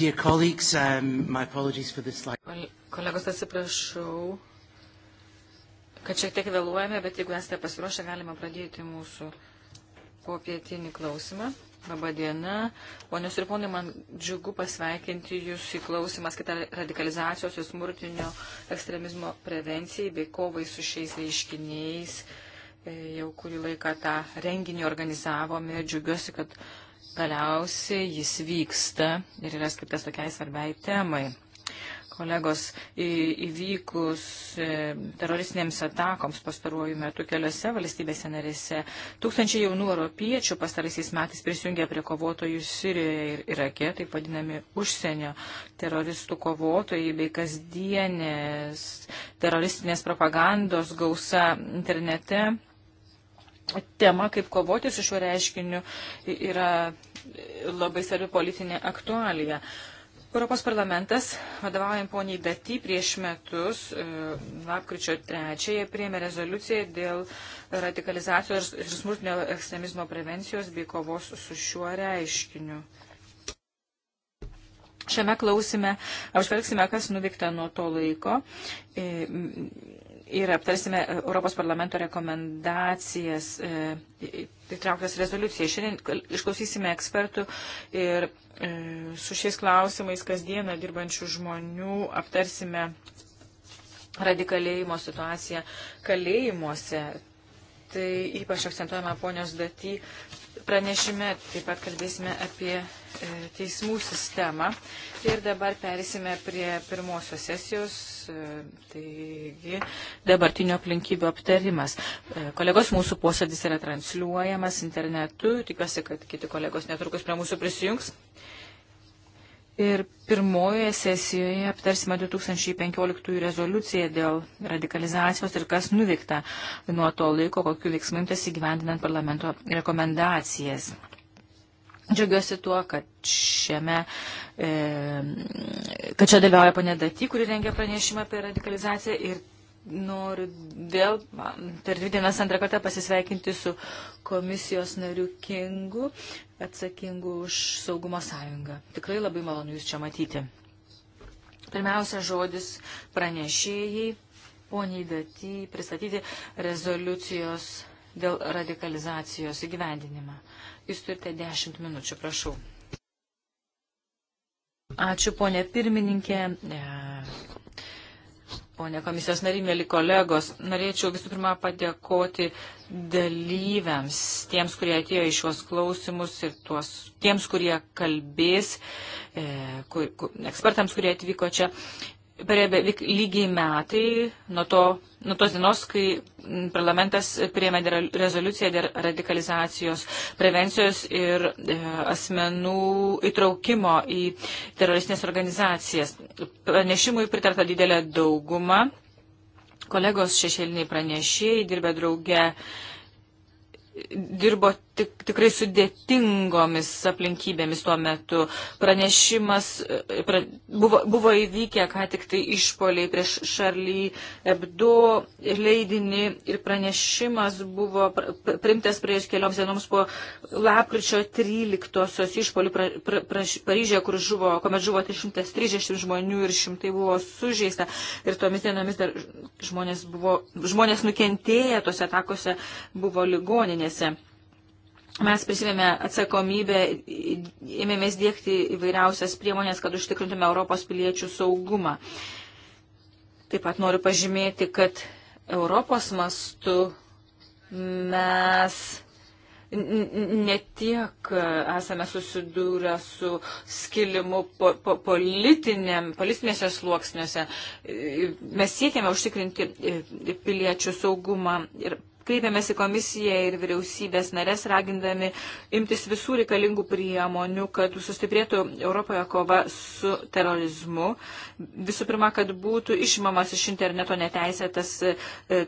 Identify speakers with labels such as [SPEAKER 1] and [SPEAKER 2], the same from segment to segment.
[SPEAKER 1] Dear colleagues, um, my apologies for this slide.
[SPEAKER 2] Kolegos, atsiprašau, kad šiek tiek vėluojame, bet jeigu esate pasiruošę, galime pradėti mūsų popietinį klausimą. Labadiena. Ponios ir ponai, man džiugu pasveikinti Jūs į klausimą skirtą radikalizacijos ir smurtinio ekstremizmo prevencijai bei kovai su šiais reiškiniais. E, jau kurį laiką tą renginį organizavome ir džiugiuosi, kad uh, galiausiai jis vyksta ir yra skirtas tokiai svarbiai temai. Kolegos, įvykus e, teroristinėms atakoms pastaruoju metu keliose valstybėse narėse, tūkstančiai jaunų europiečių pastaraisiais metais prisijungė prie kovotojų Sirijoje ir Irake, taip vadinami užsienio teroristų kovotojai, bei kasdienės teroristinės propagandos gausa internete tema, kaip kovoti su šiuo reiškiniu, yra labai svarbi politinė aktualija. Europos parlamentas, vadovaujant poniai Dati, prieš metus, e, lapkričio 3-ąją, priėmė rezoliuciją dėl radikalizacijos ir smurtinio ekstremizmo prevencijos bei kovos su šiuo reiškiniu. Šiame klausime apžvelgsime, kas nuveikta nuo to laiko. E, ir aptarsime Europos parlamento rekomendacijas, e, įtrauktas rezoliuciją. Šiandien išklausysime ekspertų ir e, su šiais klausimais kasdieną dirbančių žmonių aptarsime radikalėjimo situaciją kalėjimuose. Tai ypač akcentuojama ponios daty Pranešime taip pat kalbėsime apie e, teismų sistemą. Ir dabar perėsime prie pirmosios sesijos, e, taigi dabartinio aplinkybių aptarimas. E, kolegos, mūsų posėdis yra transliuojamas internetu, tikiuosi, kad kiti kolegos netrukus prie mūsų prisijungs. Ir pirmojoje sesijoje aptarsime 2015 rezoliuciją dėl radikalizacijos ir kas nuveikta nuo to laiko, kokiu veiksmu imtas įgyvendinant parlamento rekomendacijas. Džiaugiuosi tuo, kad, šiame, e, kad čia dalyvauja ponė Dati, kuri rengia pranešimą apie radikalizaciją ir noriu vėl per dvi dienas antrą kartą pasisveikinti su komisijos nariu Kingu, atsakingu už saugumo sąjungą. Tikrai labai malonu Jūs čia matyti. Pirmiausia, žodis pranešėjai, poniai daty, pristatyti rezoliucijos dėl radikalizacijos įgyvendinimą. Jūs turite 10 minučių, prašau. Ačiū, ponė pirmininkė. Ja ponė komisijos nariai, mėly kolegos. Norėčiau visų pirma padėkoti dalyviams, tiems, kurie atėjo į šios klausimus ir tuos, tiems, kurie kalbės, e, kur, kur, ekspertams, kurie atvyko čia. Prie beveik lygiai metai nuo, to, nuo tos dienos, kai parlamentas priėmė rezoliuciją dėl radikalizacijos prevencijos ir e, asmenų įtraukimo į teroristinės organizacijas. Pranešimui pritarta didelė dauguma. Kolegos šešėliniai pranešėjai dirbė drauge, dirbo tik, tikrai sudėtingomis aplinkybėmis tuo metu. Pranešimas e, pra, buvo, buvo įvykę, ką tik tai išpoliai prieš Šarly Ebdo leidinį ir pranešimas buvo primtas prieš kelioms dienoms po lapkričio 13-osios išpolių pra, pra, pra, Paryžėje, kur žuvo, kuomet žuvo 330 žmonių ir šimtai buvo sužeista. Ir tomis dienomis dar žmonės, buvo, žmonės nukentėję tose atakose buvo ligoninėse. Mes prisimėme atsakomybę, ėmėmės dėkti įvairiausias priemonės, kad užtikrintume Europos piliečių saugumą. Taip pat noriu pažymėti, kad Europos mastu mes ne tiek esame susidūrę su skilimu po, po, politiniam, politinėse sluoksniuose. Mes siekiame užtikrinti piliečių saugumą ir Kreipiamės į komisiją ir vyriausybės narės, ragindami imtis visų reikalingų priemonių, kad sustiprėtų Europoje kova su terorizmu. Visų pirma, kad būtų išimamas iš interneto neteisėtas e,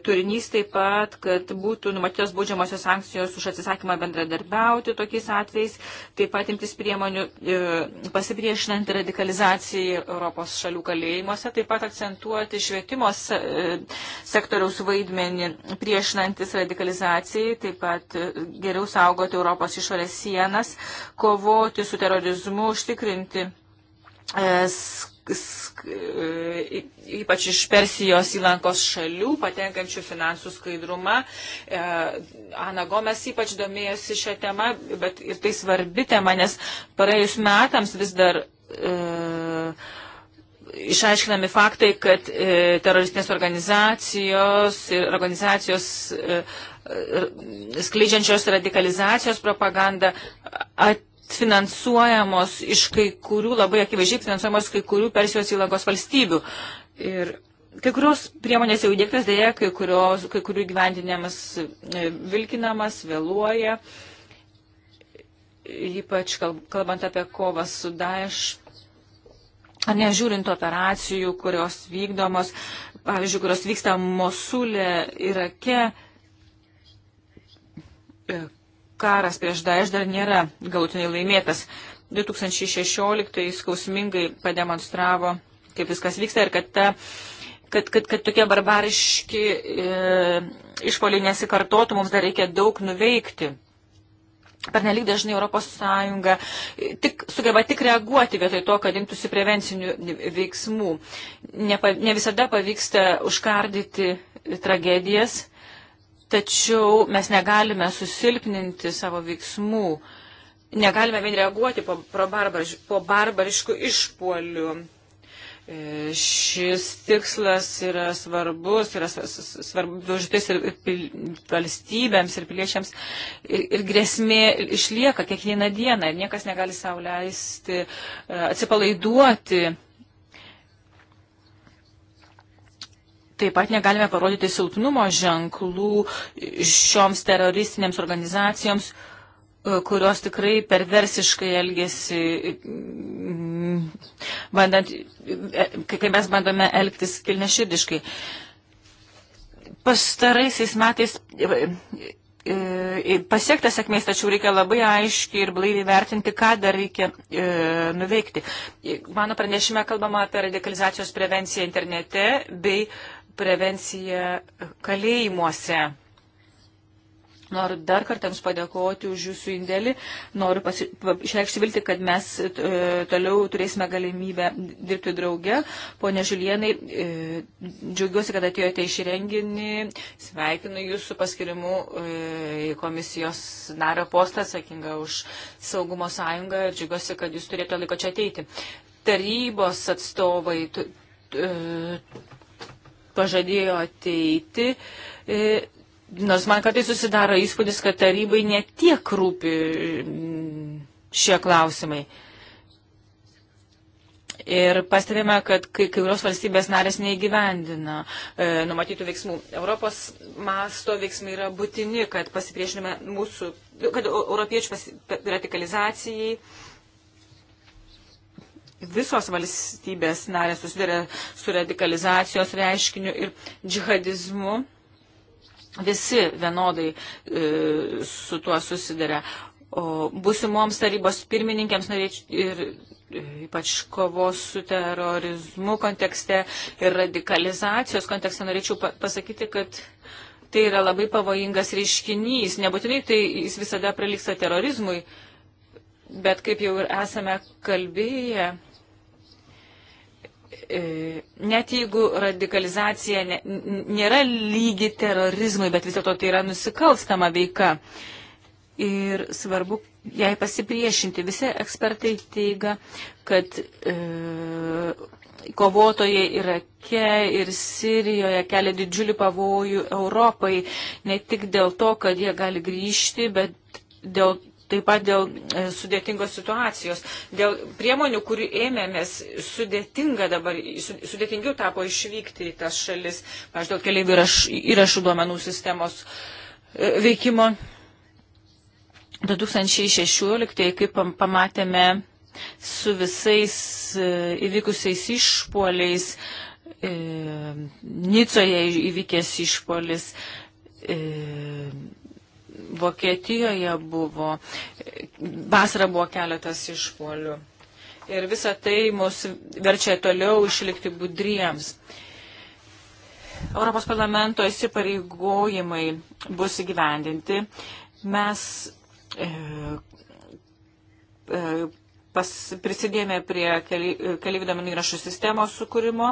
[SPEAKER 2] turinys taip pat, kad būtų numatytos baudžiamosios sankcijos už atsisakymą bendradarbiauti tokiais atvejais, taip pat imtis priemonių e, pasipriešinant radikalizacijai Europos šalių kalėjimuose, taip pat akcentuoti švietimo e, sektoriaus vaidmenį priešinantis skirtis radikalizacijai, taip pat e, geriau saugoti Europos išorės sienas, kovoti su terorizmu, užtikrinti e, e, ypač iš Persijos įlankos šalių patenkančių finansų skaidrumą. Ana Gomes ypač domėjosi šią temą, bet ir tai svarbi tema, nes praėjus metams vis dar uh, išaiškinami faktai, kad e, teroristinės organizacijos ir organizacijos e, e skleidžiančios radikalizacijos propagandą finansuojamos iš kai kurių, labai akivaizdžiai finansuojamos kai kurių Persijos įlagos valstybių. Ir kai kurios priemonės jau įdėktas dėja, kai, kurios, kai kurių gyvendinimas e, vilkinamas, vėluoja, ypač kalbant apie kovą su Daesh nežiūrint operacijų, kurios vykdomos, pavyzdžiui, kurios vyksta Mosulė, Irake, e, karas prieš Daesh dar nėra galutinai laimėtas. 2016 skausmingai pademonstravo, kaip viskas vyksta ir kad, ta, kad, kad, kad tokie barbariški e, išpoliai nesikartotų, mums dar reikia daug nuveikti. Pernelyg dažnai Europos Sąjunga tik, sugeba tik reaguoti vietoj to, kad imtųsi prevencinių veiksmų. Ne, ne visada pavyksta užkardyti tragedijas, tačiau mes negalime susilpninti savo veiksmų, negalime vien reaguoti po, po, barbariš, po barbariškų išpolių. E, šis tikslas yra svarbus, yra svarbus užduotis ir valstybėms, ir piliečiams, ir, ir grėsmė išlieka kiekvieną dieną, ir niekas negali savo leisti e, atsipalaiduoti. Taip pat negalime parodyti silpnumo ženklų šioms teroristinėms organizacijoms, kurios tikrai perversiškai elgesi, bandant, kai mes bandome elgtis kilneširdiškai. Pastaraisiais metais e, e, pasiektas sėkmės, tačiau reikia labai aiškiai ir blaiviai vertinti, ką dar reikia e, nuveikti. Mano pranešime kalbama apie radikalizacijos prevenciją internete bei prevenciją kalėjimuose. Noriu dar kartą Jums padėkoti už Jūsų indėlį. Noriu pasi... išreikšti vilti, kad mes e, toliau turėsime galimybę dirbti drauge. Pone Žilienai, e, džiaugiuosi, kad atėjote į šį renginį. Sveikinu Jūsų paskirimu e, į e, komisijos nario postą, atsakinga už saugumo sąjungą ir džiaugiuosi, kad Jūs turėjote laiko čia ateiti. Tarybos atstovai t, t, e, pažadėjo ateiti e, Nors man kartai susidaro įspūdis, kad tarybai netiek rūpi šie klausimai. Ir pastebėjome, kad kai kurios valstybės narės neįgyvendina e, numatytų veiksmų. Europos masto veiksmai yra būtini, kad pasipriešinime mūsų, kad europiečių pasi, radikalizacijai. Visos valstybės narės susiduria su radikalizacijos reiškiniu ir džihadizmu visi vienodai e, su tuo susiduria. O busimoms tarybos pirmininkėms norėčiau ir e, ypač kovos su terorizmu kontekste ir radikalizacijos kontekste norėčiau pasakyti, kad tai yra labai pavojingas reiškinys. Nebūtinai tai jis visada praliksta terorizmui, bet kaip jau ir esame kalbėję, E, net jeigu radikalizacija nėra lygi terorizmui, bet vis dėlto tai yra nusikalstama veika. Ir svarbu jai pasipriešinti. Visi ekspertai teiga, kad e, kovotojai Irake ir Sirijoje kelia didžiulį pavojų Europai, ne tik dėl to, kad jie gali grįžti, bet dėl taip pat dėl e, sudėtingos situacijos, dėl priemonių, kurių ėmėmės, sudėtinga dabar, sudėtingiau tapo išvykti į tas šalis, maždaug keliaivių įrašų, įrašų duomenų sistemos e, veikimo. 2016, kaip pamatėme, su visais e, įvykusiais išpoliais, Nicoje įvykęs išpolis, Vokietijoje buvo, vasara buvo keletas išpolių. Ir visa tai mus verčia toliau išlikti budriems. Europos parlamento įsipareigojimai bus įgyvendinti. Mes e, e, pas, prisidėjome prie keliaivių domenų įrašų sistemos sukūrimo.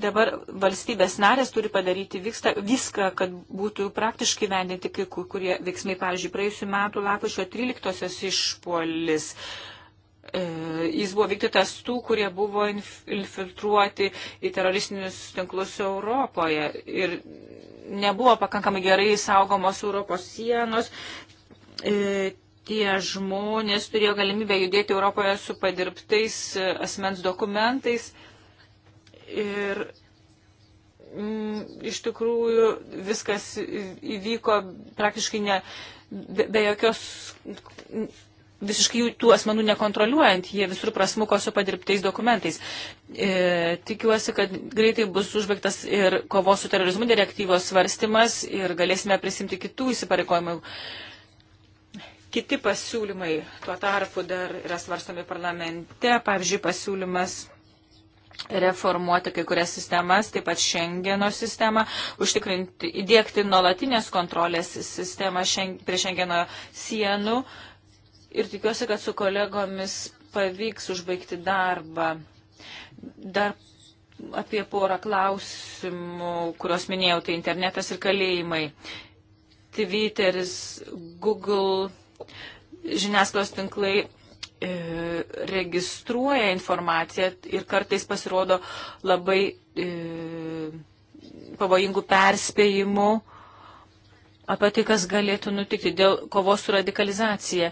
[SPEAKER 2] Dabar valstybės narės turi padaryti vyksta, viską, kad būtų praktiškai vendinti kai kurie veiksmai. Pavyzdžiui, praėjusiu metu lapkričio 13-osios išpuolis. E, jis buvo vykdytas tų, kurie buvo infiltruoti į teroristinius tinklus Europoje. Ir nebuvo pakankamai gerai saugomos Europos sienos. E, tie žmonės turėjo galimybę judėti Europoje su padirbtais e, asmens dokumentais. Ir mm, iš tikrųjų viskas įvyko praktiškai ne, be, be jokios visiškai jų tų asmenų nekontroliuojant, jie visur prasmuko su padirbtais dokumentais. E, tikiuosi, kad greitai bus užbaigtas ir kovos su terorizmu direktyvos svarstymas ir galėsime prisimti kitų įsipareikojimų. E, Kiti pasiūlymai tuo tarpu dar yra svarstomi parlamente, pavyzdžiui, pasiūlymas reformuoti kai kurias sistemas, taip pat Schengeno sistemą, užtikrinti, įdėkti nuolatinės kontrolės sistemą šeng, prie Schengeno sienų. Ir tikiuosi, kad su kolegomis pavyks užbaigti darbą. Dar apie porą klausimų, kuriuos minėjau, tai internetas ir kalėjimai. Twitteris, Google Žiniasklaidos tinklai e, registruoja informaciją ir kartais pasirodo labai e, pavojingų perspėjimų apie tai, kas galėtų nutikti dėl kovos su radikalizacija.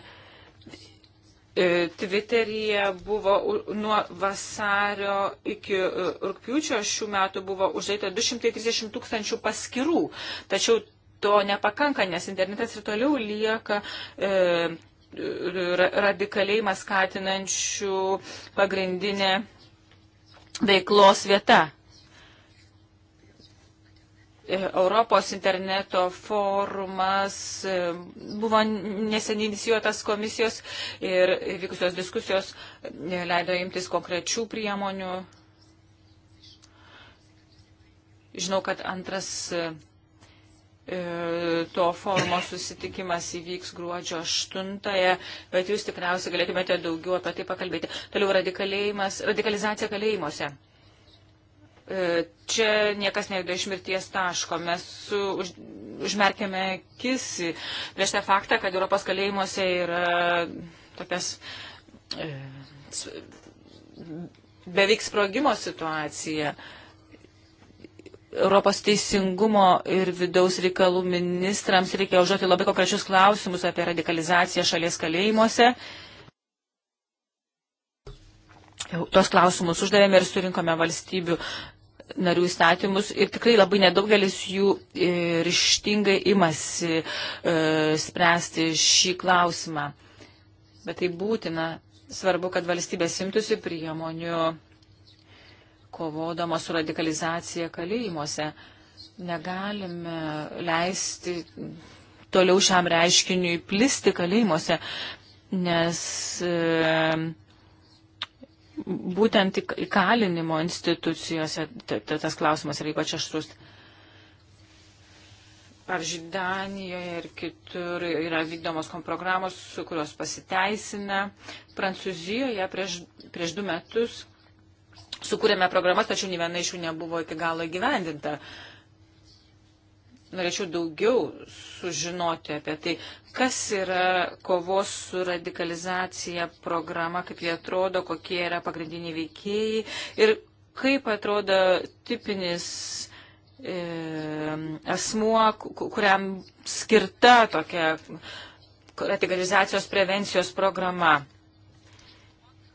[SPEAKER 2] E, Twitteryje buvo nuo vasario iki e, rūpiučio šių metų buvo uždaryta 230 tūkstančių paskirų, tačiau to nepakanka, nes internetas ir toliau lieka. E, radikaliai skatinančių pagrindinė veiklos vieta. E, Europos interneto forumas e, buvo neseniai inicijuotas komisijos ir vykusios diskusijos e, leido imtis konkrečių priemonių. Žinau, kad antras E, to forumo susitikimas įvyks gruodžio 8-ąją, bet jūs tikriausiai galėtumėte daugiau apie tai pakalbėti. Toliau radikalizacija kalėjimuose. E, čia niekas nejuda iš mirties taško. Mes už, užmerkėme kisi prieš tą faktą, kad Europos kalėjimuose yra tokias e, beveik sprogimo situacija. E, Europos teisingumo ir vidaus reikalų ministrams reikia užduoti labai konkrečius klausimus apie radikalizaciją šalies kalėjimuose. Tos klausimus uždavėme ir surinkome valstybių narių įstatymus ir tikrai labai nedaugelis jų e, ryštingai imasi e, spręsti šį klausimą. Bet tai būtina. Svarbu, kad valstybės imtųsi priemonių kovodama su radikalizacija kalėjimuose. Negalime leisti toliau šiam reiškiniui plisti kalėjimuose, nes e, būtent įkalinimo institucijose tas klausimas yra ypač aštrus. Pavyzdžiui, Danijoje ir kitur yra vykdomos programos, kurios pasiteisina. Prancūzijoje prieš, prieš du metus sukūrėme programas, tačiau nei viena iš jų nebuvo iki galo įgyvendinta. Norėčiau daugiau sužinoti apie tai, kas yra kovos su radikalizacija programa, kaip jie atrodo, kokie yra pagrindiniai veikėjai ir kaip atrodo tipinis e, asmuo, kuriam skirta tokia radikalizacijos prevencijos programa.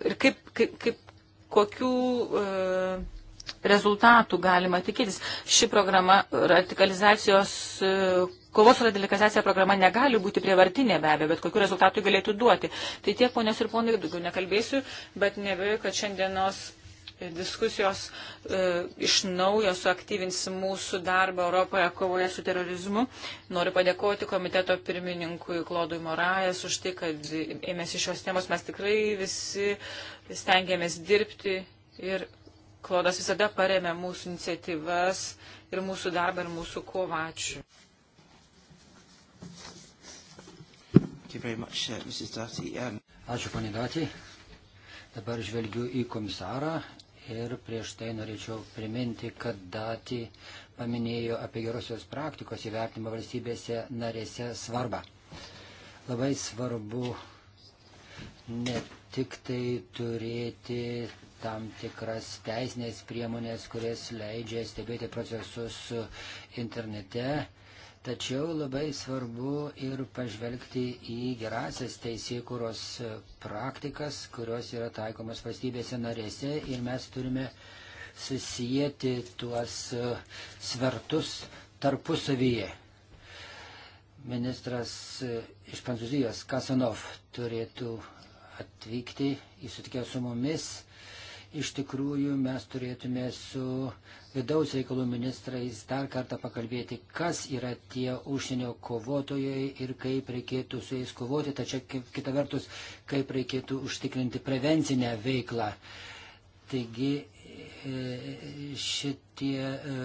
[SPEAKER 2] Ir kaip, kaip, kaip kokių e, rezultatų galima tikėtis. Ši programa radikalizacijos, e, kovos su radikalizacija programa negali būti prievartinė be abejo, bet kokiu rezultatu galėtų duoti. Tai tiek, ponios ir ponai, daugiau nekalbėsiu, bet nebejoju, kad šiandienos diskusijos e, iš naujo suaktyvins mūsų darbą Europoje kovoje su terorizmu. Noriu padėkoti komiteto pirmininkui Klodui Morajas už tai, kad ėmėsi šios temos. Mes tikrai visi stengiamės dirbti ir Klodas visada paremė mūsų iniciatyvas ir mūsų darbą ir mūsų kovačių.
[SPEAKER 1] Ačiū, uh, um, ponė Datį. Dabar žvelgiu į komisarą Ir prieš tai norėčiau priminti, kad Dati paminėjo apie gerosios praktikos įvertinimą valstybėse narėse svarbą. Labai svarbu ne tik tai turėti tam tikras teisinės priemonės, kurias leidžia stebėti procesus internete, Tačiau labai svarbu ir pažvelgti į gerasias teisėkuros praktikas, kurios yra taikomas valstybėse narėse ir mes turime susijęti tuos e, svertus tarpusavyje. Ministras e, iš Prancūzijos Kasanov turėtų atvykti, jis sutikė su mumis iš tikrųjų mes turėtume su vidaus reikalų ministrais dar kartą pakalbėti, kas yra tie užsienio kovotojai ir kaip reikėtų su jais kovoti, tačiau kita vertus, kaip reikėtų užtikrinti prevencinę veiklą. Taigi e, šitie e,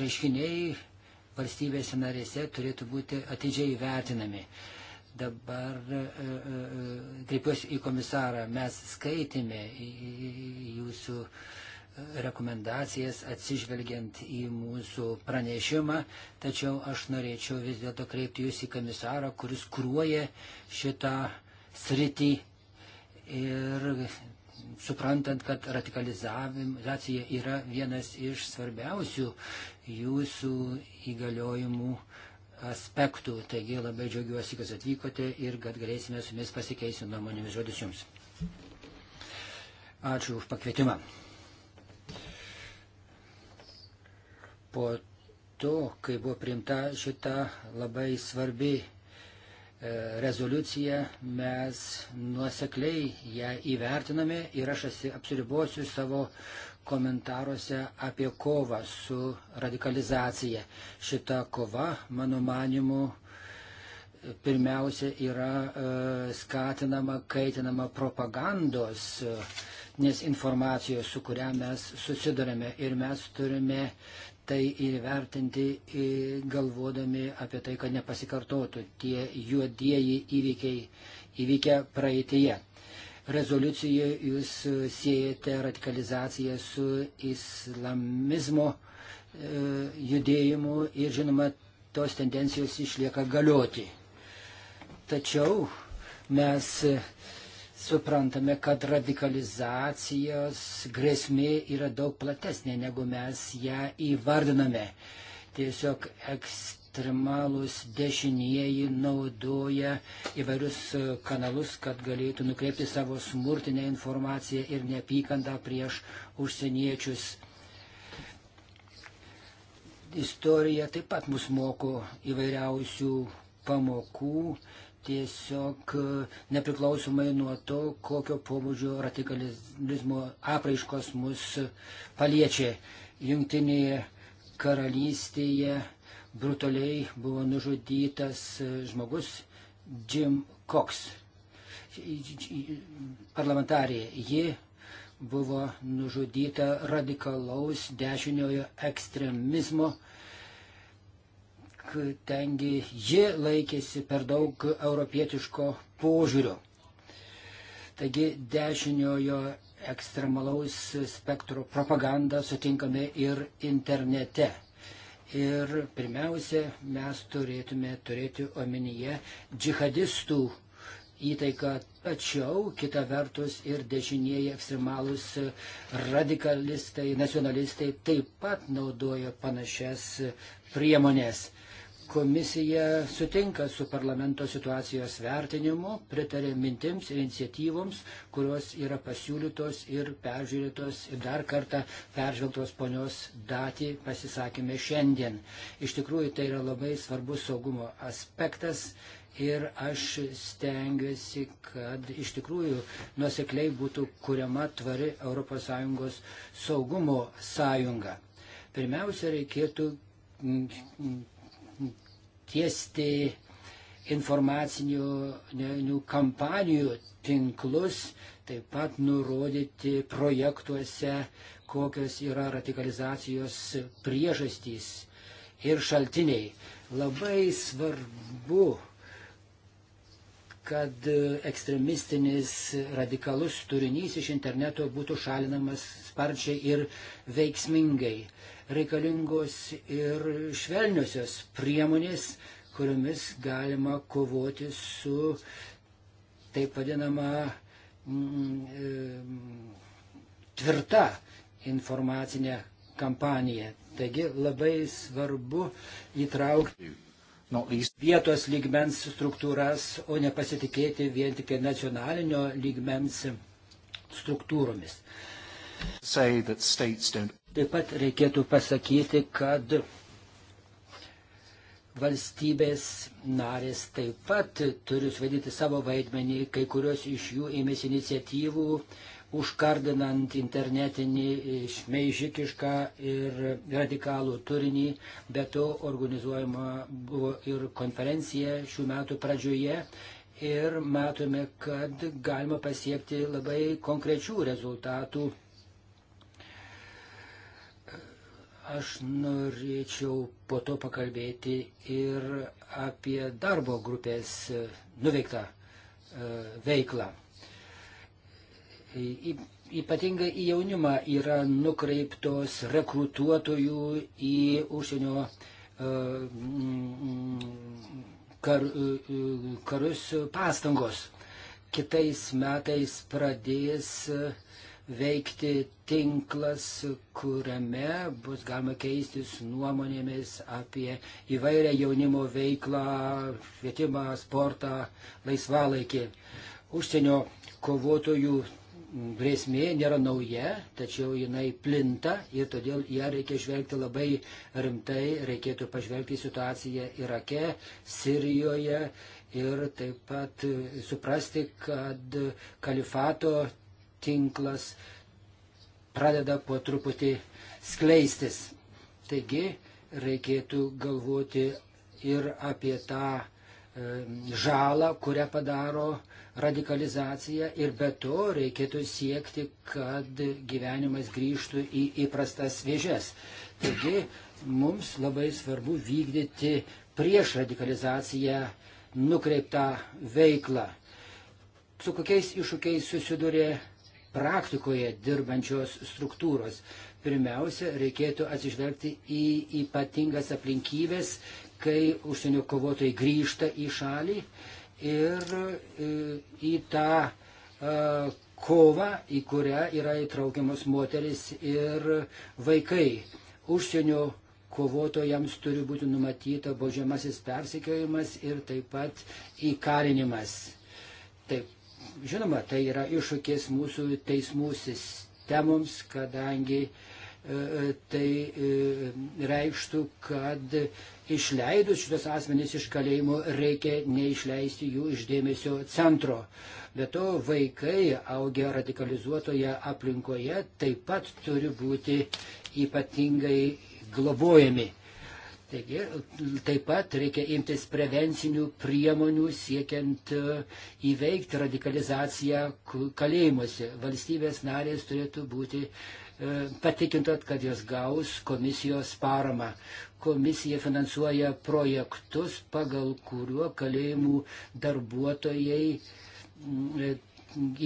[SPEAKER 1] reiškiniai valstybėse narėse turėtų būti atidžiai vertinami. Dabar e, e, e, kreipiuosi į komisarą. Mes skaitėme jūsų rekomendacijas atsižvelgiant į mūsų pranešimą, tačiau aš norėčiau vis dėlto kreipti jūs į komisarą, kuris kruoja šitą sritį ir suprantant, kad radikalizacija yra vienas iš svarbiausių jūsų įgaliojimų aspektų. Taigi labai džiaugiuosi, kad atvykote ir kad galėsime su jumis pasikeisti nuomonėmis žodis jums. Ačiū už pakvietimą. Po to, kai buvo priimta šita labai svarbi e, rezoliuciją mes nuosekliai ją įvertiname ir aš apsiribosiu savo komentaruose apie kovą su radikalizacija. Šita kova, mano manimu, pirmiausia yra e, skatinama, kaitinama propagandos, e, nes informacijos, su kuria mes susidurime ir mes turime tai įvertinti e, galvodami apie tai, kad nepasikartotų tie juodieji įvykiai įvykę praeitėje rezoliucijoje jūs e, siejate radikalizaciją su islamizmo e, judėjimu ir žinoma, tos tendencijos išlieka galioti. Tačiau mes e, suprantame, kad radikalizacijos grėsmė yra daug platesnė, negu mes ją įvardiname. Tiesiog ekstremizmas ekstremalūs dešinieji naudoja įvairius kanalus, kad galėtų nukreipti savo smurtinę informaciją ir neapykantą prieš užsieniečius. Istorija taip pat mus moko įvairiausių pamokų, tiesiog e, nepriklausomai nuo to, kokio pobūdžio radikalizmo apraiškos mus paliečia. Jungtinėje karalystėje brutaliai buvo nužudytas žmogus Jim Cox. Parlamentarė. Ji buvo nužudyta radikalaus dešiniojo ekstremizmo kadangi ji laikėsi per daug europietiško požiūrio. Taigi dešiniojo ekstremalaus spektro propagandą sutinkame ir internete. Ir pirmiausia, mes turėtume turėti omenyje džihadistų įtaiką, tačiau kita vertus ir dešinieji ekstremalus radikalistai, nacionalistai taip pat naudoja panašias priemonės. Komisija sutinka su parlamento situacijos vertinimu, pritarė mintims ir iniciatyvoms, kurios yra pasiūlytos ir peržiūrėtos ir dar kartą peržvelgtos ponios datį pasisakymė šiandien. Iš tikrųjų tai yra labai svarbus saugumo aspektas ir aš stengiuosi, kad iš tikrųjų nuosekliai būtų kuriama tvari ES saugumo sąjunga. Pirmiausia, reikėtų tiesti informacinių kampanijų tinklus, taip pat nurodyti projektuose, kokios yra radikalizacijos priežastys ir šaltiniai. Labai svarbu, kad ekstremistinis radikalus turinys iš interneto būtų šalinamas sparčiai ir veiksmingai reikalingos ir švelniosios priemonės, kuriomis galima kovoti su taip vadinama mm, e, tvirta informacinė kampanija. Taigi labai svarbu įtraukti vietos lygmens struktūras, o nepasitikėti vien tik nacionalinio lygmens struktūromis. Taip pat reikėtų pasakyti, kad valstybės narės taip pat turi suvedyti savo vaidmenį, kai kurios iš jų ėmėsi iniciatyvų, užkardinant internetinį šmeižikišką ir radikalų turinį, bet to organizuojama buvo ir konferencija šių metų pradžioje ir matome, kad galima pasiekti labai konkrečių rezultatų Aš norėčiau po to pakalbėti ir apie darbo grupės nuveiktą e, veiklą. Ypatingai į jaunimą yra nukreiptos rekrutuotojų į užsienio e, mm, kar, e, karus pastangos. Kitais metais pradės veikti tinklas, kuriame bus galima keistis nuomonėmis apie įvairią jaunimo veiklą, švietimą, sportą, laisvalaikį. Užsienio kovotojų grėsmė nėra nauja, tačiau jinai plinta ir todėl ją reikia žvelgti labai rimtai, reikėtų pažvelgti situaciją Irake, Sirijoje ir taip pat suprasti, kad kalifato tinklas pradeda po truputį skleistis. Taigi reikėtų galvoti ir apie tą žalą, kurią padaro radikalizacija ir be to reikėtų siekti, kad gyvenimas grįžtų į įprastas vėžes. Taigi mums labai svarbu vykdyti prieš radikalizaciją nukreiptą veiklą. Su kokiais iššūkiais susidurė praktikoje dirbančios struktūros. Pirmiausia, reikėtų atsižvelgti į ypatingas aplinkybės, kai užsienio kovotojai grįžta į šalį ir e, į tą e, kovą, į kurią yra įtraukiamos moteris ir vaikai. Užsienio kovotojams turi būti numatyta baudžiamasis persikiojimas ir taip pat įkalinimas. Taip Žinoma, tai yra iššūkis mūsų teismų sistemoms, kadangi e, e, tai e, reikštų, kad išleidus šitos asmenys iš kalėjimo reikia neišleisti jų iš dėmesio centro. Be to vaikai augia radikalizuotoje aplinkoje taip pat turi būti ypatingai globojami. Taigi taip pat reikia imtis prevencinių priemonių siekiant e, įveikti radikalizaciją kalėjimuose. Valstybės narės turėtų būti e, patikintot, kad jos gaus komisijos paramą. Komisija finansuoja projektus, pagal kuriuo kalėjimų darbuotojai e,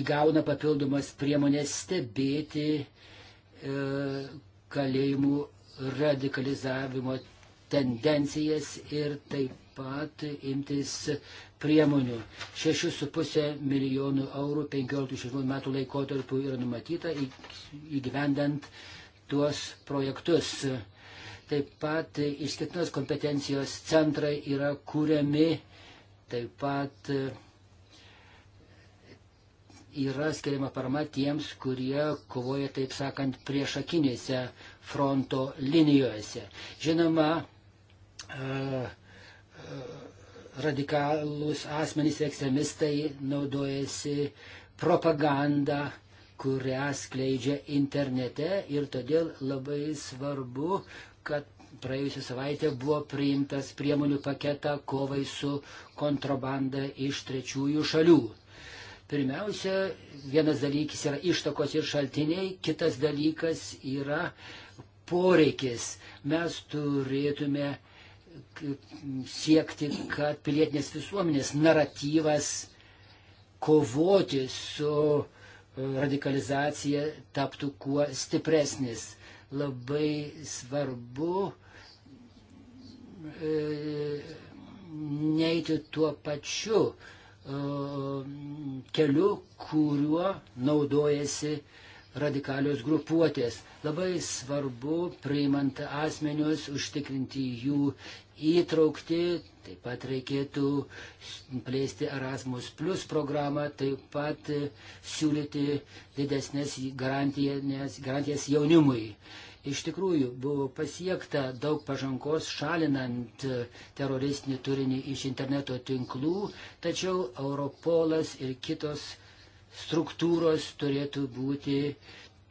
[SPEAKER 1] įgauna papildomas priemonės stebėti kalėjimų radikalizavimo tendencijas ir taip pat imtis priemonių. 6,5 milijonų eurų 15-16 metų laikotarpiu yra numatyta įgyvendant tuos projektus. Taip pat išskirtinos kompetencijos centrai yra kūriami, taip pat yra skiriama parama tiems, kurie kovoja, taip sakant, priešakinėse fronto linijose. Žinoma, radikalus asmenys ekstremistai naudojasi propagandą, kurią skleidžia internete ir todėl labai svarbu, kad praėjusią savaitę buvo priimtas priemonių paketą kovai su kontrabanda iš trečiųjų šalių. Pirmiausia, vienas dalykas yra ištakos ir šaltiniai, kitas dalykas yra poreikis. Mes turėtume siekti, kad pilietinės visuomenės naratyvas kovoti su e, radikalizacija taptų kuo stipresnis. Labai svarbu e, neiti tuo pačiu e, keliu, kuriuo naudojasi uh, radikalios grupuotės. Labai svarbu, priimant asmenius, užtikrinti jų įtraukti, taip pat reikėtų plėsti Erasmus Plus programą, taip pat siūlyti didesnės garantijas, garantijas jaunimui. Iš tikrųjų, buvo pasiekta daug pažangos šalinant teroristinį turinį iš interneto tinklų, tačiau Europolas ir kitos struktūros turėtų būti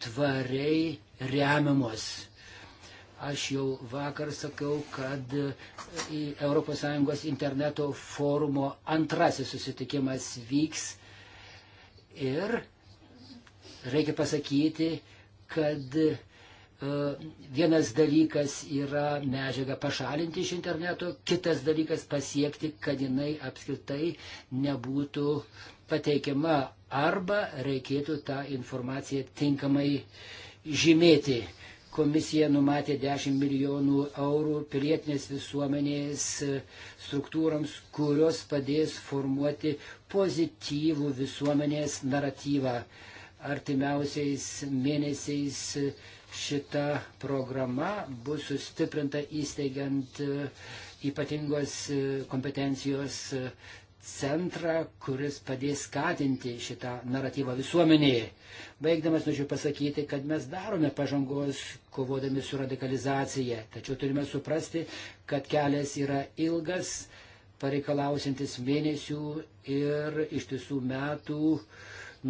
[SPEAKER 1] tvariai remiamos. Aš jau vakar sakiau, kad ES interneto forumo antrasis susitikimas vyks ir reikia pasakyti, kad e, vienas dalykas yra medžiaga pašalinti iš interneto, kitas dalykas pasiekti, kad jinai apskritai nebūtų uh, pateikiama arba reikėtų tą informaciją tinkamai žymėti. Komisija numatė 10 milijonų eurų pilietinės visuomenės struktūrams, kurios padės formuoti pozityvų visuomenės naratyvą. Artimiausiais mėnesiais šita programa bus sustiprinta įsteigiant ypatingos kompetencijos centrą, kuris padės skatinti šitą naratyvą visuomenėje. Baigdamas norėčiau pasakyti, kad mes darome pažangos kovodami su radikalizacija, tačiau turime suprasti, kad kelias yra ilgas, pareikalausintis mėnesių ir iš tiesų metų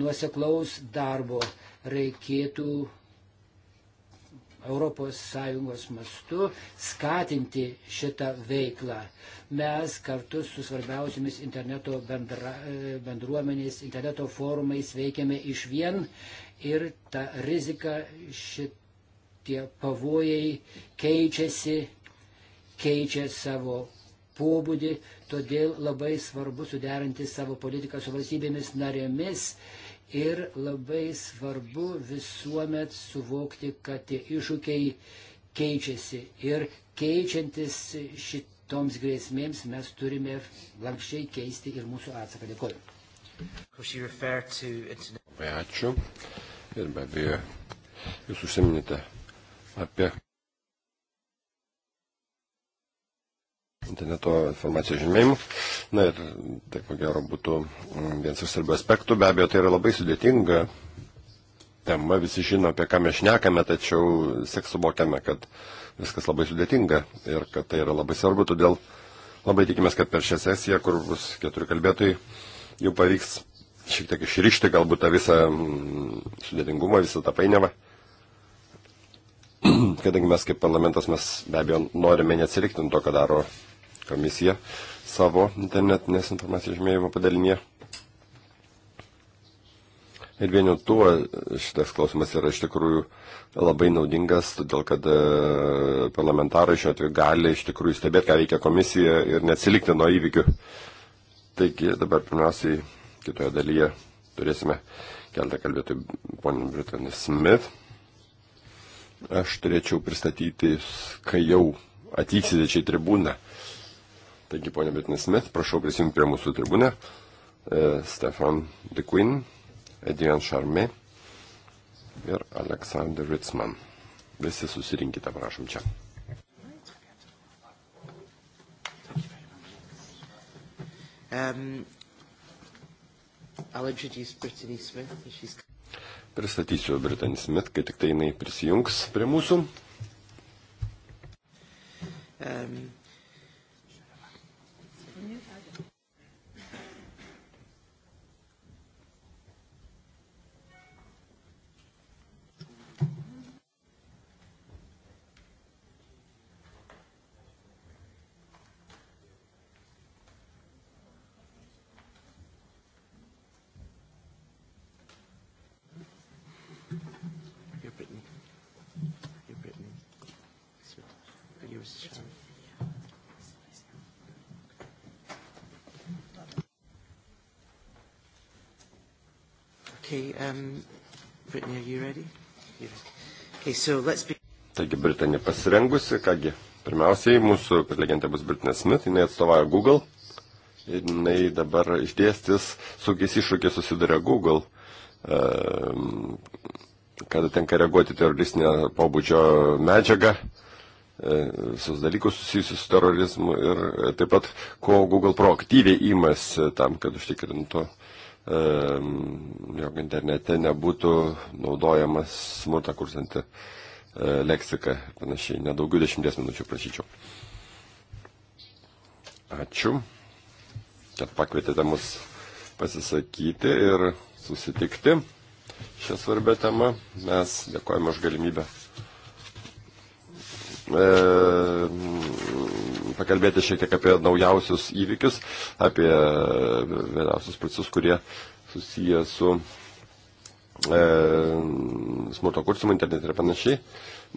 [SPEAKER 1] nuoseklaus darbo reikėtų ES mastu skatinti šitą veiklą. Mes kartu su svarbiausiamis interneto bendra, e, bendruomenės, interneto forumais veikiame iš vien ir ta rizika šitie pavojai keičiasi, keičia savo pobūdį, todėl labai svarbu suderinti savo politiką su valstybėmis narėmis ir labai svarbu visuomet suvokti, kad tie iššūkiai keičiasi ir keičiantis šitoms grėsmėms mes turime lankščiai keisti ir mūsų atsaką. Dėkuoju.
[SPEAKER 3] Ačiū. Ir be abejo, jūs užsiminėte apie interneto informacijos žymėjimu. Na ir tai ko gero būtų mm, vienas iš svarbių aspektų. Be abejo, tai yra labai sudėtinga tema, visi žino, apie ką mes šnekame, tačiau seks suvokiame, kad viskas labai sudėtinga ir kad tai yra labai svarbu, todėl labai tikimės, kad per šią sesiją, kur bus keturi kalbėtojai, jau pavyks šiek tiek išrišti galbūt tą visą mm, sudėtingumą, visą tą painiavą. Kadangi mes kaip parlamentas, mes be abejo norime neatsilikti nuo to, ką daro komisija savo internetinės informacijos žymėjimo padalinėje. Ir vien jau tuo šitas klausimas yra iš tikrųjų labai naudingas, todėl kad e, parlamentarai šiuo atveju gali iš tikrųjų stebėti, ką veikia komisija ir neatsilikti nuo įvykių. Taigi dabar pirmiausiai kitoje dalyje turėsime keltą kalbėtojų ponin Britanį Smith. Aš turėčiau pristatyti, kai jau atvyksite čia į tribūną. Taigi, ponia Betinis Smith, prašau prisijungti prie mūsų tribūnę. E, Stefan De Quinn, Edian Charme ir Alexander Ritzman. Visi susirinkite, prašom čia. Um, Smith, Pristatysiu Britanį Smith, kai tik tai jinai prisijungs prie mūsų. Um,
[SPEAKER 2] Okay, um, Brittany, are you ready? You're ready. Okay, so let's be...
[SPEAKER 3] Taigi, Britanija pasirengusi, kągi, pirmiausiai mūsų prelegentė bus Britanija Smith, jinai atstovauja Google ir jinai dabar išdėstys, su kokiais iššūkiais susiduria Google, ehm, kada tenka reaguoti teroristinio pobūdžio medžiagą, e, visus dalykus susijusius su terorizmu ir e, taip pat, ko Google proaktyviai įmasi tam, kad užtikrintų uh, Ehm, jog internete nebūtų naudojamas smurtą kursanti e, leksika ir panašiai. Nedaugiau dešimties minučių prašyčiau. Ačiū, kad pakvietėte mus pasisakyti ir susitikti šią svarbę temą. Mes dėkojame už galimybę. E, pakalbėti šiek tiek apie naujausius įvykius, apie e, vėliausius procesus, kurie susiję su e, smurto kursimu internete ir panašiai.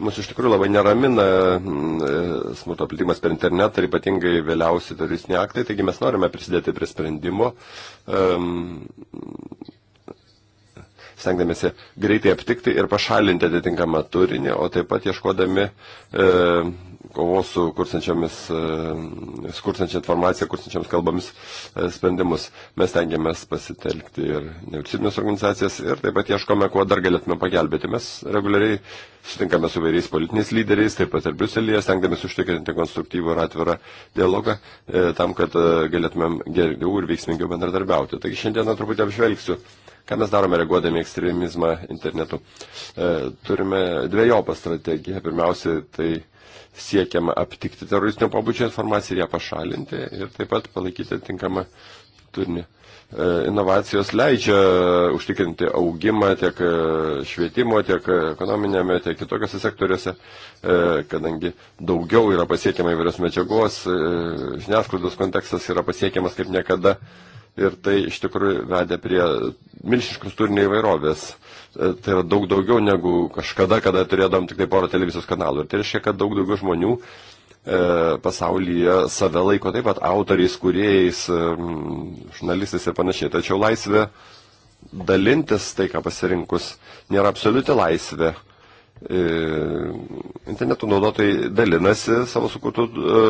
[SPEAKER 3] Mūsų iš tikrųjų labai neramina mm, e, smurto plitimas per internetą ir ypatingai vėliausi teroristiniai aktai, taigi mes norime prisidėti prie sprendimo. E, stengdamėsi greitai aptikti ir pašalinti atitinkamą turinį, o taip pat ieškodami e, kovos su kursančiamis, e, skursančia informacija, kursančiams kalbomis e, sprendimus. Mes tengiamės pasitelkti ir nevyriausybinės organizacijas ir taip pat ieškome, kuo dar galėtume pagelbėti. Mes reguliariai sutinkame su vairiais politiniais lyderiais, taip pat ir Briuselėje, stengiamės užtikrinti konstruktyvų ir atvirą dialogą e, tam, kad galėtumėm geriau ir veiksmingiau bendradarbiauti. Taigi šiandieną truputį apžvelgsiu Ką mes darome reaguodami ekstremizmą internetu? Turime dviejopą strategiją. Pirmiausia, tai siekiama aptikti teroristinio pabudžio informaciją ir ją pašalinti ir taip pat palaikyti tinkamą turinį. E, inovacijos leidžia užtikrinti augimą tiek e, švietimo, tiek ekonominėme, tiek kitokiose sektoriuose, e, kadangi daugiau yra pasiekiama įvairios medžiagos, žiniasklaidos kontekstas yra pasiekiamas kaip niekada ir tai iš tikrųjų vedė prie milšiniškos turinio įvairovės. E, tai yra daug daugiau negu kažkada, kada turėdom tik tai porą televizijos kanalų. Ir tai reiškia, kad daug daugiau žmonių e, pasaulyje save laiko taip pat autoriais, kuriejais, e, žurnalistais ir panašiai. Tačiau laisvė dalintis tai, ką pasirinkus, nėra absoliuti laisvė e, interneto naudotojai dalinasi savo sukurtų e,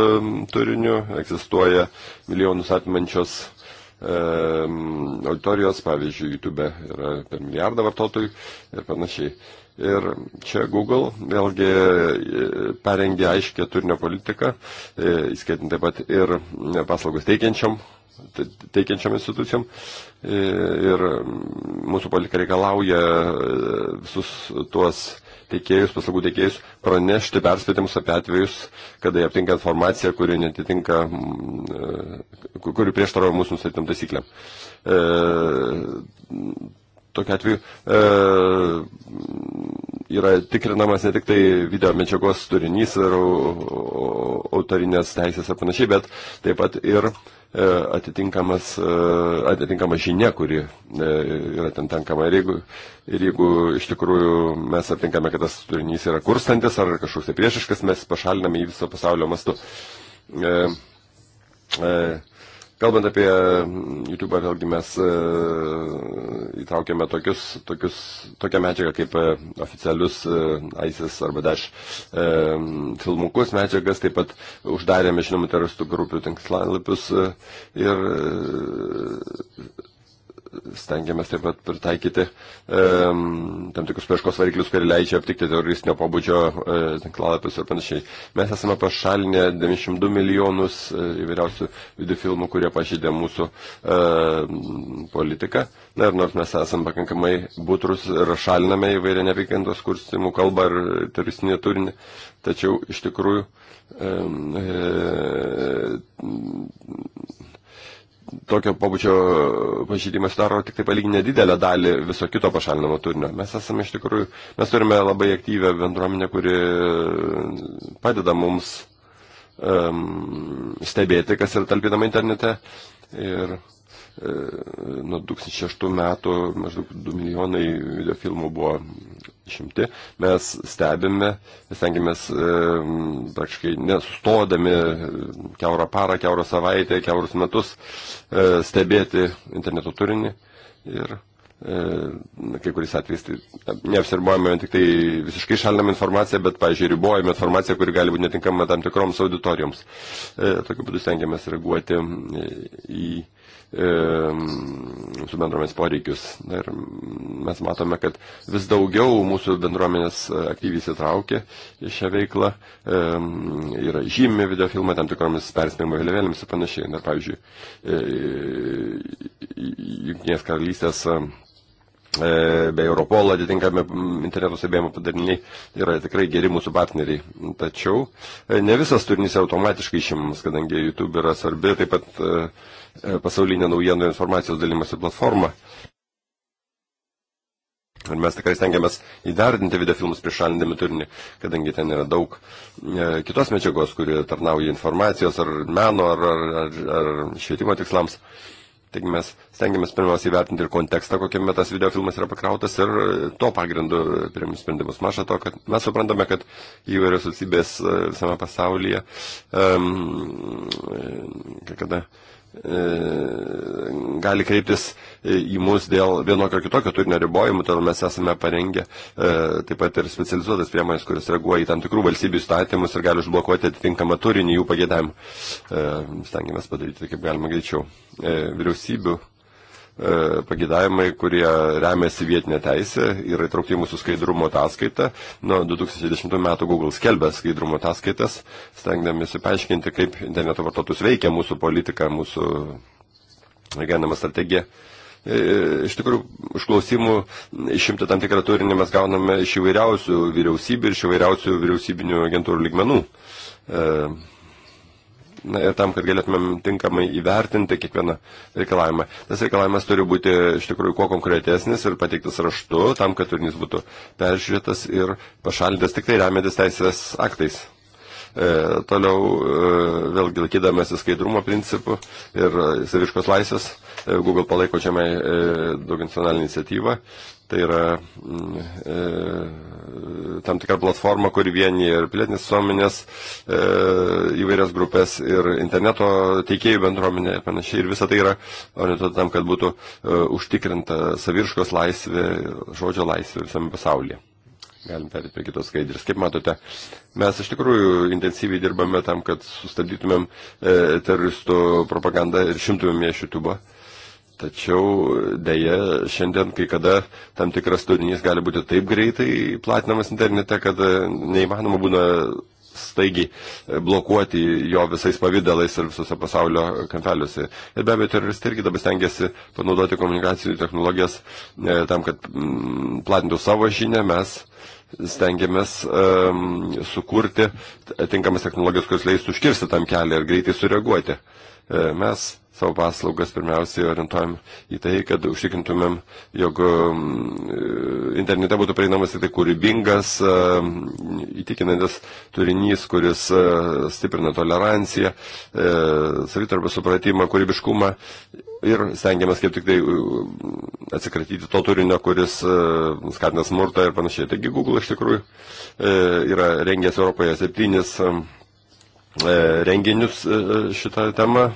[SPEAKER 3] turiniu, egzistuoja milijonus atmančios Ehm, auditorijos, pavyzdžiui, YouTube yra per milijardą vartotojų ir panašiai. Ir čia Google vėlgi e, parengė aiškę turinio politiką, e, įskaitant taip pat ir e, paslaugas teikiančiam teikiančiam institucijom ir mūsų politika reikalauja visus tuos teikėjus, paslaugų teikėjus pranešti perspėtimus apie atvejus, kada jie aptinka informaciją, kuri netitinka, mm, e, kuri prieštarauja mūsų nustatytam taisyklėm. E, Tokiu atveju e, yra tikrinamas ne tik tai video medžiagos turinys ir autorinės teisės ir panašiai, bet taip pat ir e, E, atitinkamas, e, atitinkama žinia, kuri e, yra ten tenkama. Ir jeigu, ir jeigu iš tikrųjų mes aptinkame, kad tas turinys yra kurstantis ar kažkoks tai priešiškas, mes pašaliname jį viso pasaulio mastu. E, e, Kalbant apie mm, YouTube, vėlgi mes e, įtraukėme tokius, tokius, tokią medžiagą kaip e, oficialius e, ISIS arba DAŠ filmukus medžiagas, taip pat uždarėme, žinoma, teroristų grupių tinklalapius ir stengiamės taip pat pritaikyti um, tam tikrus paieškos variklius, kurie leidžia aptikti teroristinio pobūdžio uh, tinklalapius ir panašiai. Mes esame pašalinę 92 milijonus uh, įvairiausių video filmų, kurie pažydė mūsų uh, politiką. Na ir nors mes esame pakankamai būtrus ir šaliname įvairią neapykantos kurstimų kalbą ir teroristinį turinį, tačiau iš tikrųjų um, uh, tokio pabučio pažydimas daro tik tai palyginę didelę dalį viso kito pašalinamo turinio. Mes esame iš tikrųjų, mes turime labai aktyvę bendruomenę, kuri padeda mums um, stebėti, kas yra talpinama internete. Ir E, nuo 2006 metų maždaug 2 milijonai videofilmų buvo išimti. Mes stebime, stengiamės e, praktiškai nesustodami keurą parą, keurą savaitę, keurus metus e, stebėti interneto turinį. Ir kai kuris atvejais tai neapsiribojame tik tai visiškai šalinam informaciją, bet, pažiūrėjau, ribojame informaciją, kuri gali būti netinkama tam tikroms auditorijoms. Tokiu būdu stengiamės reaguoti į su bendromis poreikius. Ir mes matome, kad vis daugiau mūsų bendruomenės e, aktyviai įsitraukia į šią veiklą. Yra žymi videofilmai tam tikromis perspėjimo vėliavėlėmis ir panašiai. Ir pavyzdžiui, e, Junktinės karalystės e, bei Europolo atitinkami interneto stebėjimo padariniai yra tikrai geri mūsų partneriai. Tačiau ne visas turinys automatiškai išimamas, kadangi YouTube yra svarbi taip pat E, pasaulinė naujienų informacijos dalymosi platforma. Ir mes tikrai stengiamės įdardinti video filmus prišalindami turinį, kadangi ten yra daug e, kitos medžiagos, kuri tarnauja informacijos ar meno ar, ar, ar, ar švietimo tikslams. Taigi mes stengiamės pirmiausiai įvertinti ir kontekstą, kokiame tas video filmas yra pakrautas ir tuo pagrindu priemi sprendimus. Maša to, kad mes suprantame, kad įvairios valstybės e, visame pasaulyje, um, e, kada e, E, gali kreiptis į mus dėl vienokio ar kitokio turinio ribojimų, todėl mes esame parengę e, taip pat ir specializuotas priemonės, kuris reaguoja į tam tikrų valstybių įstatymus ir gali užblokuoti atitinkamą turinį jų pagėdavimą. E, stengiamės padaryti tai kaip galima greičiau. Vyriausybių E, pagidavimai, kurie remiasi vietinė teisė, yra įtraukti mūsų skaidrumo ataskaitą. Nuo 2010 metų Google skelbė skaidrumo ataskaitas, stengdamėsi paaiškinti, kaip interneto vartotus veikia mūsų politika, mūsų genama strategija. E, iš tikrųjų, užklausimų išimti tam tikrą turinį mes gauname iš įvairiausių vyriausybių ir iš įvairiausių vyriausybinių agentūrų ligmenų. E, na, ir tam, kad galėtumėm tinkamai įvertinti kiekvieną reikalavimą. Tas reikalavimas turi būti iš tikrųjų kuo konkretesnis ir pateiktas raštu, tam, kad turinys būtų peržiūrėtas ir pašalintas tik tai remiantis teisės aktais. E, toliau e, vėlgi laikydamasi skaidrumo principų ir saviškos laisvės, e, Google palaiko čia e, daug nacionalinį iniciatyvą. E, Tai yra mm, e, tam tikra platforma, kuri vienyje ir pilietinės visuomenės, e, įvairias grupės ir interneto teikėjų bendruomenė ir panašiai. Ir visa tai yra orientuota tam, kad būtų e, užtikrinta savirškos laisvė, žodžio laisvė visame pasaulyje. Galim perėti prie kitos skaidrės. Kaip matote, mes iš tikrųjų intensyviai dirbame tam, kad sustabdytumėm e, teroristų propagandą ir šimtumėm ją iš YouTube. Tačiau dėja, šiandien kai kada tam tikras turinys gali būti taip greitai platinamas internete, kad e, neįmanoma būna staigiai e, blokuoti jo visais pavydalais ir visose pasaulio kampeliuose. Ir be abejo, teroristai irgi dabar stengiasi panaudoti komunikacijų technologijas e, tam, kad m, mm, platintų savo žinę, mes stengiamės um, e, sukurti tinkamas technologijas, kurios leistų užkirsti tam kelią ir greitai sureaguoti. E, mes savo paslaugas pirmiausiai orientuojam į tai, kad užtikrintumėm, jog um, e, internete būtų prieinamas tik tai kūrybingas, um, įtikinantis turinys, kuris e, stiprina toleranciją, e, savitarbą supratimą, kūrybiškumą ir stengiamės kaip tik tai atsikratyti to turinio, kuris skatina smurtą ir panašiai. Taigi Google iš tikrųjų yra rengęs Europoje septynis um, renginius šitą temą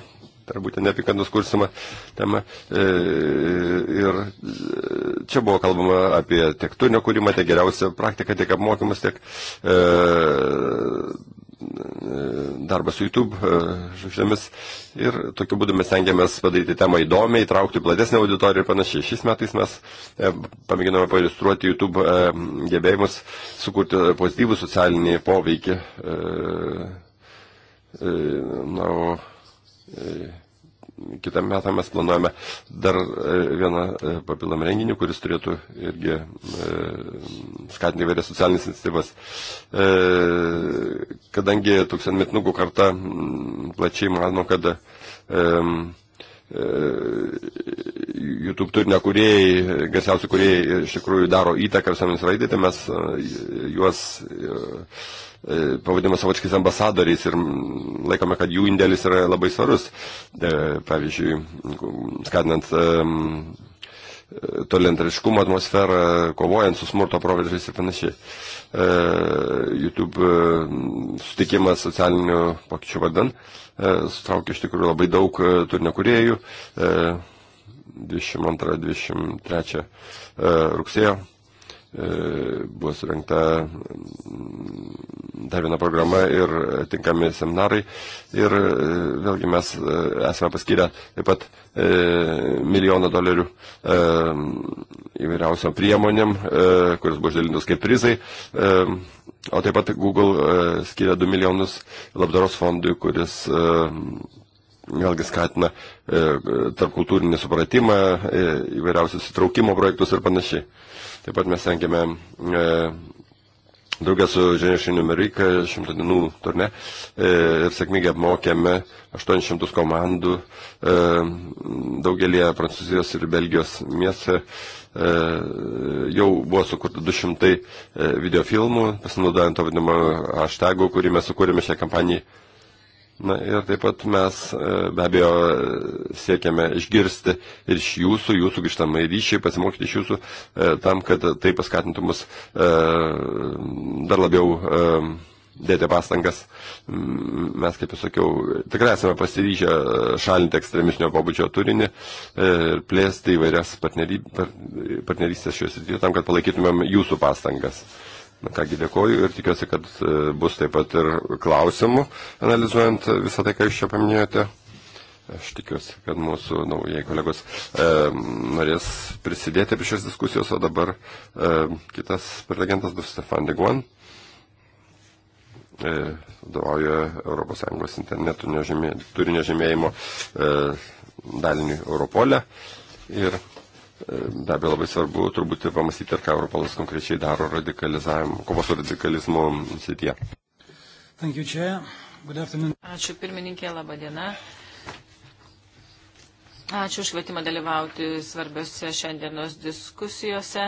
[SPEAKER 3] per būtent neapykantos kursimą temą. E, ir čia buvo kalbama apie tiek turinio kūrimą, tiek geriausią praktiką, tiek apmokymus, tiek e, e, darbą su YouTube žvaigždėmis. Ir tokiu būdu mes stengiamės padaryti temą įdomią, įtraukti platesnę auditoriją ir panašiai. Šiais metais mes pamėginome pailistruoti YouTube gebėjimus, sukurti pozityvų socialinį poveikį. Na, o E, kitą metą mes planuojame dar e, vieną e, papildomą renginį, kuris turėtų irgi skatinti įvairias socialinės iniciatyvas. Kadangi tūkstantmetnukų karta plačiai mano, kad YouTube turinio kuriejai, garsiausi kuriejai iš tikrųjų daro įtaką visuomenės raidai, tai mes juos E, pavadinimo savočkis ambasadoriais ir laikome, kad jų indėlis yra labai svarus. E, pavyzdžiui, skatinant e, tolentriškumo atmosferą, kovojant su smurto proveržiais ir panašiai. YouTube sutikimas socialinių pokyčių vardan sutraukė iš tikrųjų labai daug turinio kuriejų. 22-23 rugsėjo E, buvo surinkta mm, dar viena programa ir tinkami seminarai. Ir e, vėlgi mes e, esame paskyrę taip pat milijoną dolerių įvairiausiam priemonėm, kuris buvo išdalintos kaip prizai. O taip pat Google skiria 2 milijonus labdaros fondui, kuris vėlgi skatina tarpkultūrinį supratimą, įvairiausius įtraukimo projektus ir panašiai. Taip pat mes rengėme e, draugę su Ženišiniu Merika šimto dienų turne e, ir sėkmingai apmokėme 800 komandų e, daugelie Prancūzijos ir Belgijos miestų. E, jau buvo sukurta 200 e, videofilmų, pasinaudojant to vadinamą hashtagų, kurį mes sukūrėme šią kampaniją Na ir taip pat mes e, be abejo siekiame išgirsti ir iš jūsų, jūsų grįžtamai ryšiai, pasimokyti iš jūsų, e, tam, kad tai paskatintų mus e, dar labiau dėti pastangas. Mes, kaip jau sakiau, tikrai esame pasiryžę šalinti ekstremistinio pobūdžio turinį ir plėsti įvairias partnerystės šios rytyje tam, kad palaikytumėm jūsų pastangas. Na kągi dėkoju ir tikiuosi, kad e, bus taip pat ir klausimų, analizuojant visą tai, ką jūs čia paminėjote. Aš tikiuosi, kad mūsų naujai kolegos e, norės prisidėti prie šios diskusijos, o dabar e, kitas prelegentas bus Stefan Diguan e, vadovauja ES internetų nežymė, turinio žymėjimo e, daliniui Europolė. Ir Be abejo, labai svarbu turbūt pamastyti, ar ką Europolas konkrečiai daro kovos su radikalizmu sityje.
[SPEAKER 1] Ačiū
[SPEAKER 2] pirmininkė, laba diena. Ačiū už kvietimą dalyvauti svarbiose šiandienos diskusijose.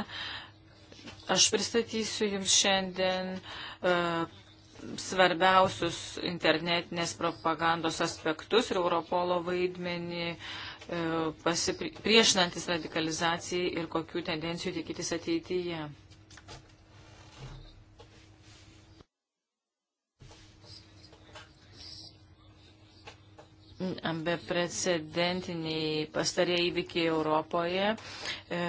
[SPEAKER 2] Aš pristatysiu Jums šiandien uh, svarbiausius internetinės propagandos aspektus ir Europolo vaidmenį uh, E, pasipriešinantis radikalizacijai ir kokių tendencijų tikytis ateityje. Beprecedentiniai pastarėjai įvykiai Europoje. E,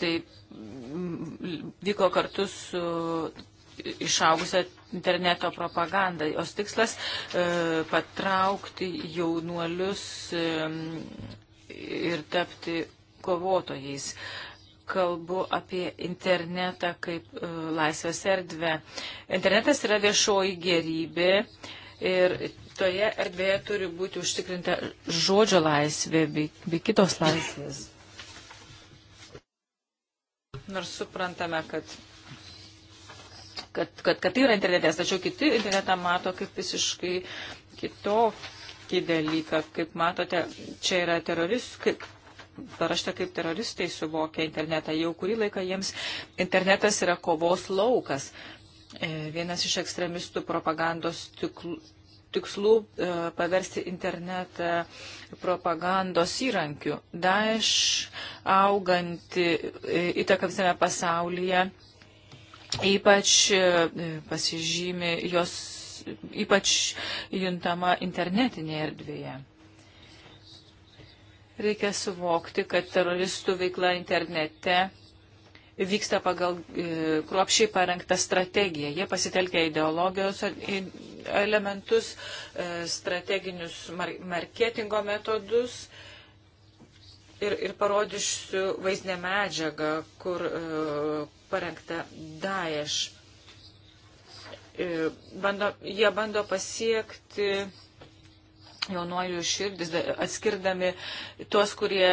[SPEAKER 2] tai mm, vyko kartu su išaugusią interneto propagandą. Jos tikslas e, patraukti jaunuolius e, ir tapti kovotojais. Kalbu apie internetą kaip e, laisvės erdvę. Internetas yra viešoji gerybė ir toje erdvėje turi būti užtikrinta žodžio laisvė bei, bei kitos laisvės. Nors suprantame, kad kad, kad, kad tai yra internetas, tačiau kiti internetą mato kaip visiškai kitokį tokį dalyką. Kaip matote, čia yra teroristų, kaip parašta, kaip teroristai suvokia internetą. Jau kurį laiką jiems internetas yra kovos laukas. E, vienas iš ekstremistų propagandos tiklų, tikslų e, paversti internetą propagandos įrankiu. Daesh auganti e, įtaka visame pasaulyje ypač e, pasižymi jos ypač juntama internetinėje erdvėje. Reikia suvokti, kad teroristų veikla internete vyksta pagal e, kruopšiai parengtą strategiją. Jie pasitelkia ideologijos elementus, e, strateginius mar marketingo metodus ir, ir parodysiu vaizdinę medžiagą, kur e, parengta Daesh. E, bando, jie bando pasiekti jaunuolių širdis, atskirdami tuos, kurie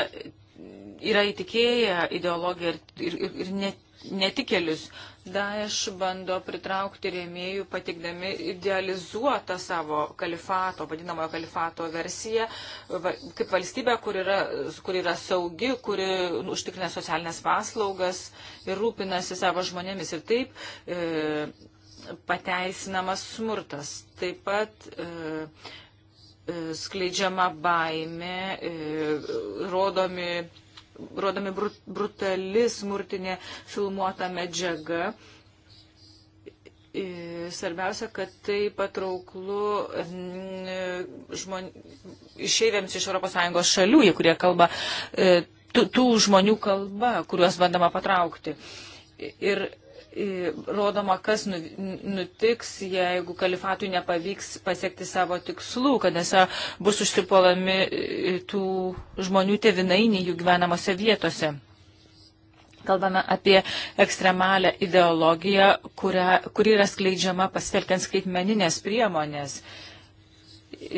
[SPEAKER 2] yra įtikėję ideologiją ir, ir, ir, ir net netikėlius. Daesh bando pritraukti rėmėjų, patikdami idealizuotą savo kalifato, vadinamojo kalifato versiją, kaip valstybę, kur yra, kur yra saugi, kuri užtikrina socialinės paslaugas ir rūpinasi savo žmonėmis. Ir taip e, pateisinamas smurtas. Taip pat e, e skleidžiama baime, e, rodomi, rodomi brut, brutali smurtinė filmuota medžiaga. E, svarbiausia, kad tai patrauklu e, žmon... išėjams iš ES šalių, jie kurie kalba e, tų žmonių kalba, kuriuos bandama patraukti. Ir rodoma, kas nu, nutiks, jeigu kalifatui nepavyks pasiekti savo tikslų, kad esą bus užsipuolami e, tų žmonių tevinainiai jų gyvenamose vietose. Kalbame apie ekstremalią ideologiją, kuria, kuri yra skleidžiama pasitelkiant skaitmeninės priemonės. Uh,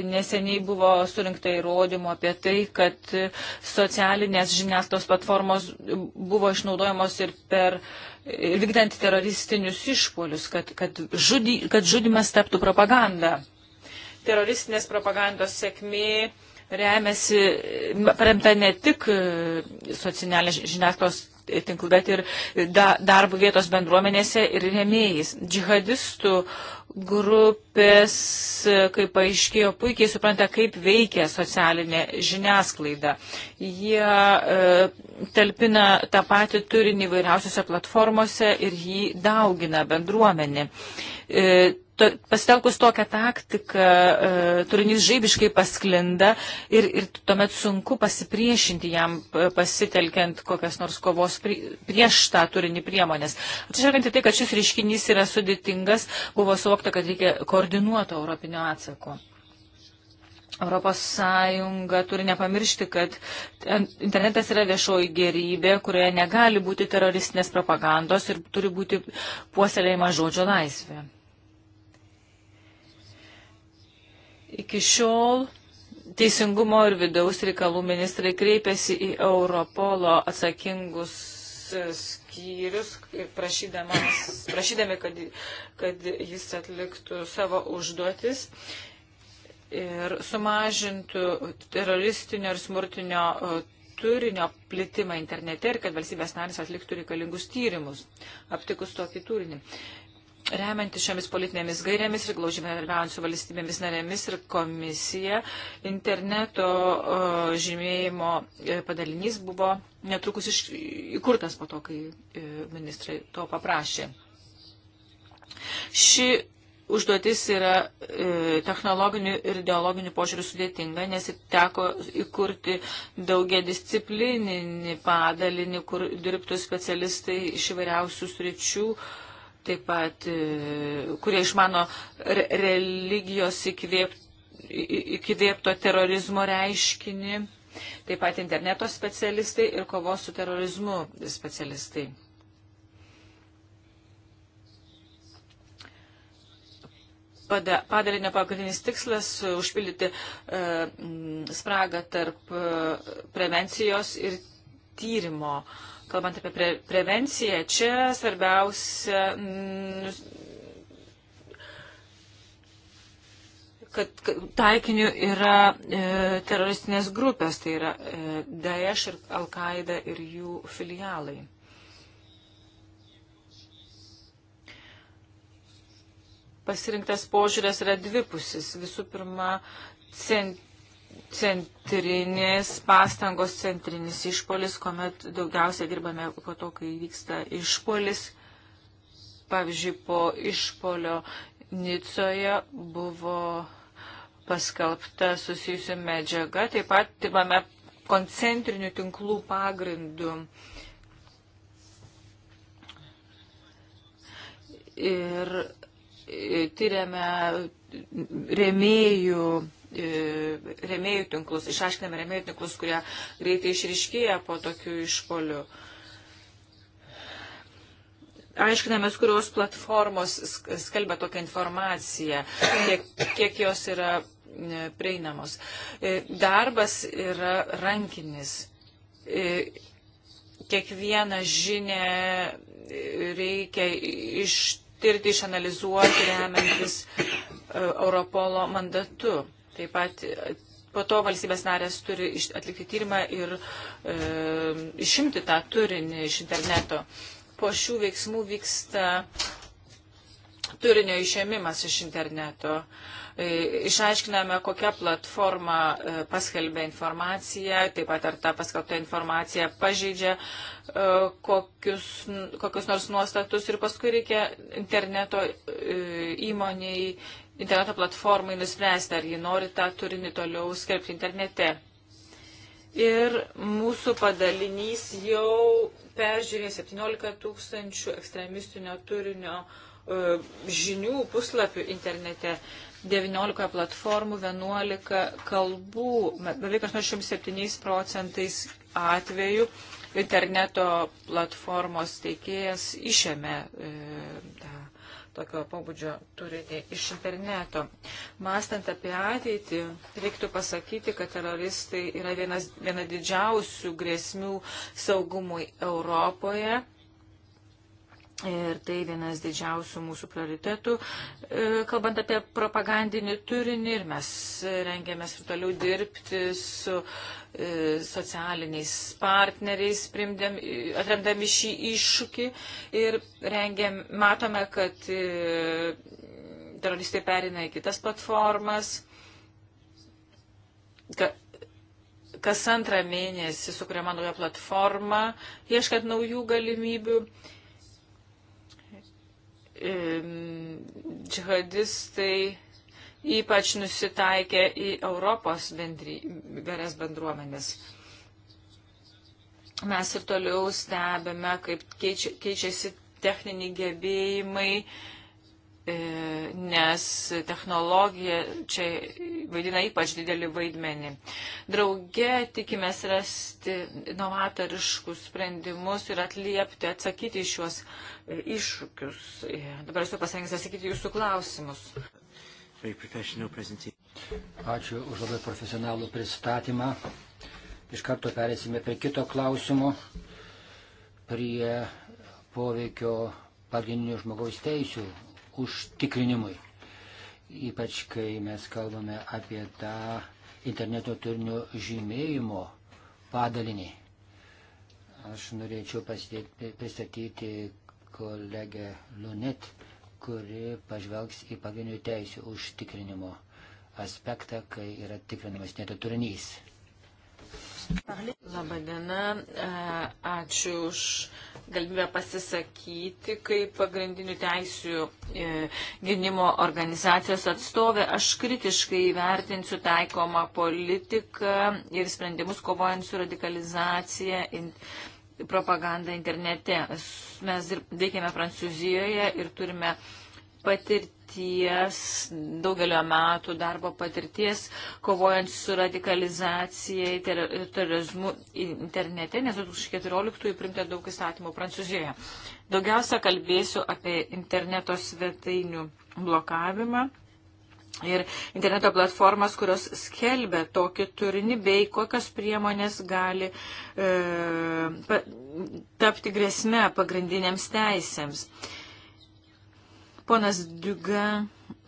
[SPEAKER 2] Neseniai buvo surinkta įrodymų apie tai, kad socialinės žiniasklaidos platformos buvo išnaudojamos ir per ir vykdant teroristinius išpolius, kad, kad, žudy, kad žudimas taptų propaganda. Teroristinės propagandos sėkmė remiasi, paremta ne tik socialinės žiniasklaidos tinklų, bet ir da, darbo vietos bendruomenėse ir remėjais. Džihadistų grupės, kaip paaiškėjo, puikiai supranta, kaip veikia socialinė žiniasklaida. Jie e, talpina tą patį turinį įvairiausiose platformose ir jį daugina bendruomenė. E, to, pasitelkus tokią taktiką e, turinys žaibiškai pasklinda ir, ir tuomet sunku pasipriešinti jam e, pasitelkiant kokias nors kovos prie, prieš tą turinį priemonės. Atsižvelgiant į tai, kad šis reiškinys yra sudėtingas, buvo suvokta, kad reikia koordinuoto europinio atsako. Europos Sąjunga turi nepamiršti, kad internetas yra viešoji gerybė, kurioje negali būti teroristinės propagandos ir turi būti puoselėjama žodžio laisvė. Iki šiol Teisingumo ir vidaus reikalų ministrai kreipėsi į Europolo atsakingus e, skyrius, prašydami, kad, kad jis atliktų savo užduotis ir sumažintų teroristinio ir smurtinio e, turinio plitimą internete ir kad valstybės narys atliktų reikalingus tyrimus, aptikus tokį turinį. Remiantis šiomis politinėmis gairėmis ir glaužime dalyvaujant su valstybėmis narėmis ir komisija, interneto uh, žymėjimo e, padalinys buvo netrukus iš, įkurtas po to, kai uh, ministrai to paprašė. Ši užduotis yra e, technologinių ir ideologinių požiūrių sudėtinga, nes teko įkurti daugia disciplininį padalinį, kur dirbtų specialistai iš įvairiausių sričių. E, taip pat, e, kurie išmano re religijos įkvėpto terorizmo reiškinį, taip pat interneto specialistai ir kovos su terorizmu specialistai. padalinio pagrindinis tikslas - užpildyti e, spragą tarp e, prevencijos ir tyrimo uh, kalbant apie pre prevenciją, čia svarbiausia, mm, kad taikiniu yra e, teroristinės grupės, tai yra e, Daesh ir Al-Qaeda ir jų filialai. Pasirinktas požiūrės yra dvipusis. Visų pirma, cent, centrinės pastangos, centrinis išpolis, kuomet daugiausia dirbame po to, kai vyksta išpolis. Pavyzdžiui, po išpolio Nicoje buvo paskelbta susijusi medžiaga, taip pat dirbame koncentrinių tinklų pagrindų. Ir e, tyriame rėmėjų E, remėjų tinklus, išaiškiname remėjų tinklus, kurie greitai išriškėja po tokių išpolių. Aiškinamės, kurios platformos skelbia tokią informaciją, kiek, kiek jos yra e, prieinamos. E, darbas yra rankinis. Kiekvieną žinę reikia ištirti, išanalizuoti, remiantis Europolo mandatu. Taip pat po to valstybės narės turi atlikti tyrimą ir e, išimti tą turinį iš interneto. Po šių veiksmų vyksta turinio išėmimas iš interneto. E, išaiškiname, kokia platforma e, paskelbė informaciją, taip pat ar ta paskelbta informacija pažeidžia e, kokius, kokius nors nuostatus ir paskui reikia interneto e, įmoniai interneto platformai nuspręsti, ar ji nori tą turinį toliau skelbti internete. Ir mūsų padalinys jau peržiūrė 17 tūkstančių ekstremistinio turinio e, žinių puslapių internete, 19 platformų, 11 kalbų, beveik 87 procentais atvejų interneto platformos teikėjas išėmė e, tokio pobūdžio turinį iš interneto. Mastant apie ateitį, reiktų pasakyti, kad teroristai yra vienas, viena didžiausių grėsmių saugumui Europoje Ir tai vienas didžiausių mūsų prioritetų. E, kalbant apie propagandinį turinį, ir mes rengiamės ir toliau dirbti su e, socialiniais partneriais, primdėm, atremdami šį iššūkį ir rengiam, matome, kad e, teroristai perina į kitas platformas. Ka, kas antrą mėnesį sukuriama nauja platforma, ieškant naujų galimybių džihadistai ypač nusitaikė į Europos bendry, geras bendruomenės. Mes ir toliau stebime, kaip keičia, keičiasi techniniai gebėjimai, E, nes technologija čia vaidina ypač didelį vaidmenį. Drauge tikimės rasti novatoriškus sprendimus ir atliepti, atsakyti į šiuos e, iššūkius. E, dabar esu pasirengęs atsakyti jūsų klausimus.
[SPEAKER 1] Ačiū už labai profesionalų pristatymą. Iš karto perėsime prie kito klausimo, prie poveikio pagrindinių žmogaus teisų užtikrinimui. Ypač kai mes kalbame apie tą interneto turinio žymėjimo padalinį. Aš norėčiau pristatyti kolegę Lunet, kuri pažvelgs į pagrindinių teisų užtikrinimo aspektą, kai yra tikrinamas neto turinys.
[SPEAKER 2] Labadiena, e, ačiū už galimybę pasisakyti kaip pagrindinių teisių e, gynimo organizacijos atstovė. Aš kritiškai vertinsiu taikomą politiką ir sprendimus kovojant su radikalizacija propagandą internete. Mes veikiame Prancūzijoje ir turime patirti patirties, daugelio metų darbo patirties, kovojant su radikalizacija ir terorizmu internete, nes 2014-ųjų primta daug įstatymų Prancūzijoje. Daugiausia kalbėsiu apie interneto svetainių blokavimą. Ir interneto platformas, kurios skelbia tokį turinį, bei kokios priemonės gali e, pa, tapti grėsme pagrindiniams teisėms. E, Ponas Duga,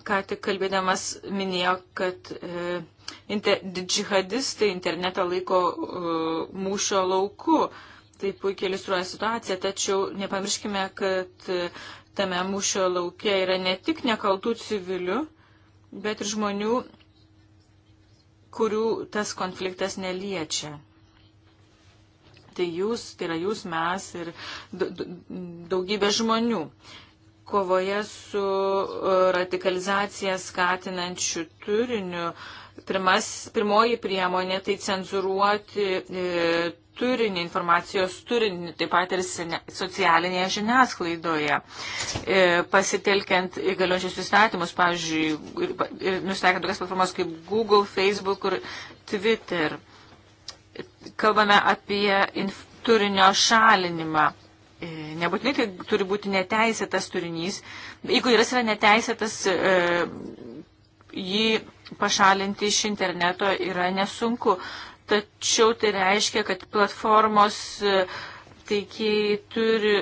[SPEAKER 2] ką tik kalbėdamas, minėjo, kad e, inter, džihadistai internetą laiko e, mūšio lauku. Tai puikiai iliustruoja situaciją, tačiau nepamirškime, kad e, tame mūšio laukia yra ne tik nekaltų civilių, bet ir žmonių, kurių tas konfliktas neliečia. Tai jūs, tai yra jūs, mes ir daugybė žmonių. E, kovoje su e, radikalizacija skatinančiu turiniu. Pirmas, pirmoji priemonė tai cenzuruoti e, turinį, informacijos turinį, taip pat ir socialinėje žiniasklaidoje, e, pasitelkiant įgaliojančius įstatymus, pavyzdžiui, ir, ir nustekiant tokias platformas kaip Google, Facebook ir Twitter. Kalbame apie inf, turinio šalinimą E, nebūtinai tai turi būti neteisėtas turinys. Jeigu jis yra neteisėtas, e, jį pašalinti iš interneto yra nesunku. Tačiau tai reiškia, kad platformos e, teikėjai turi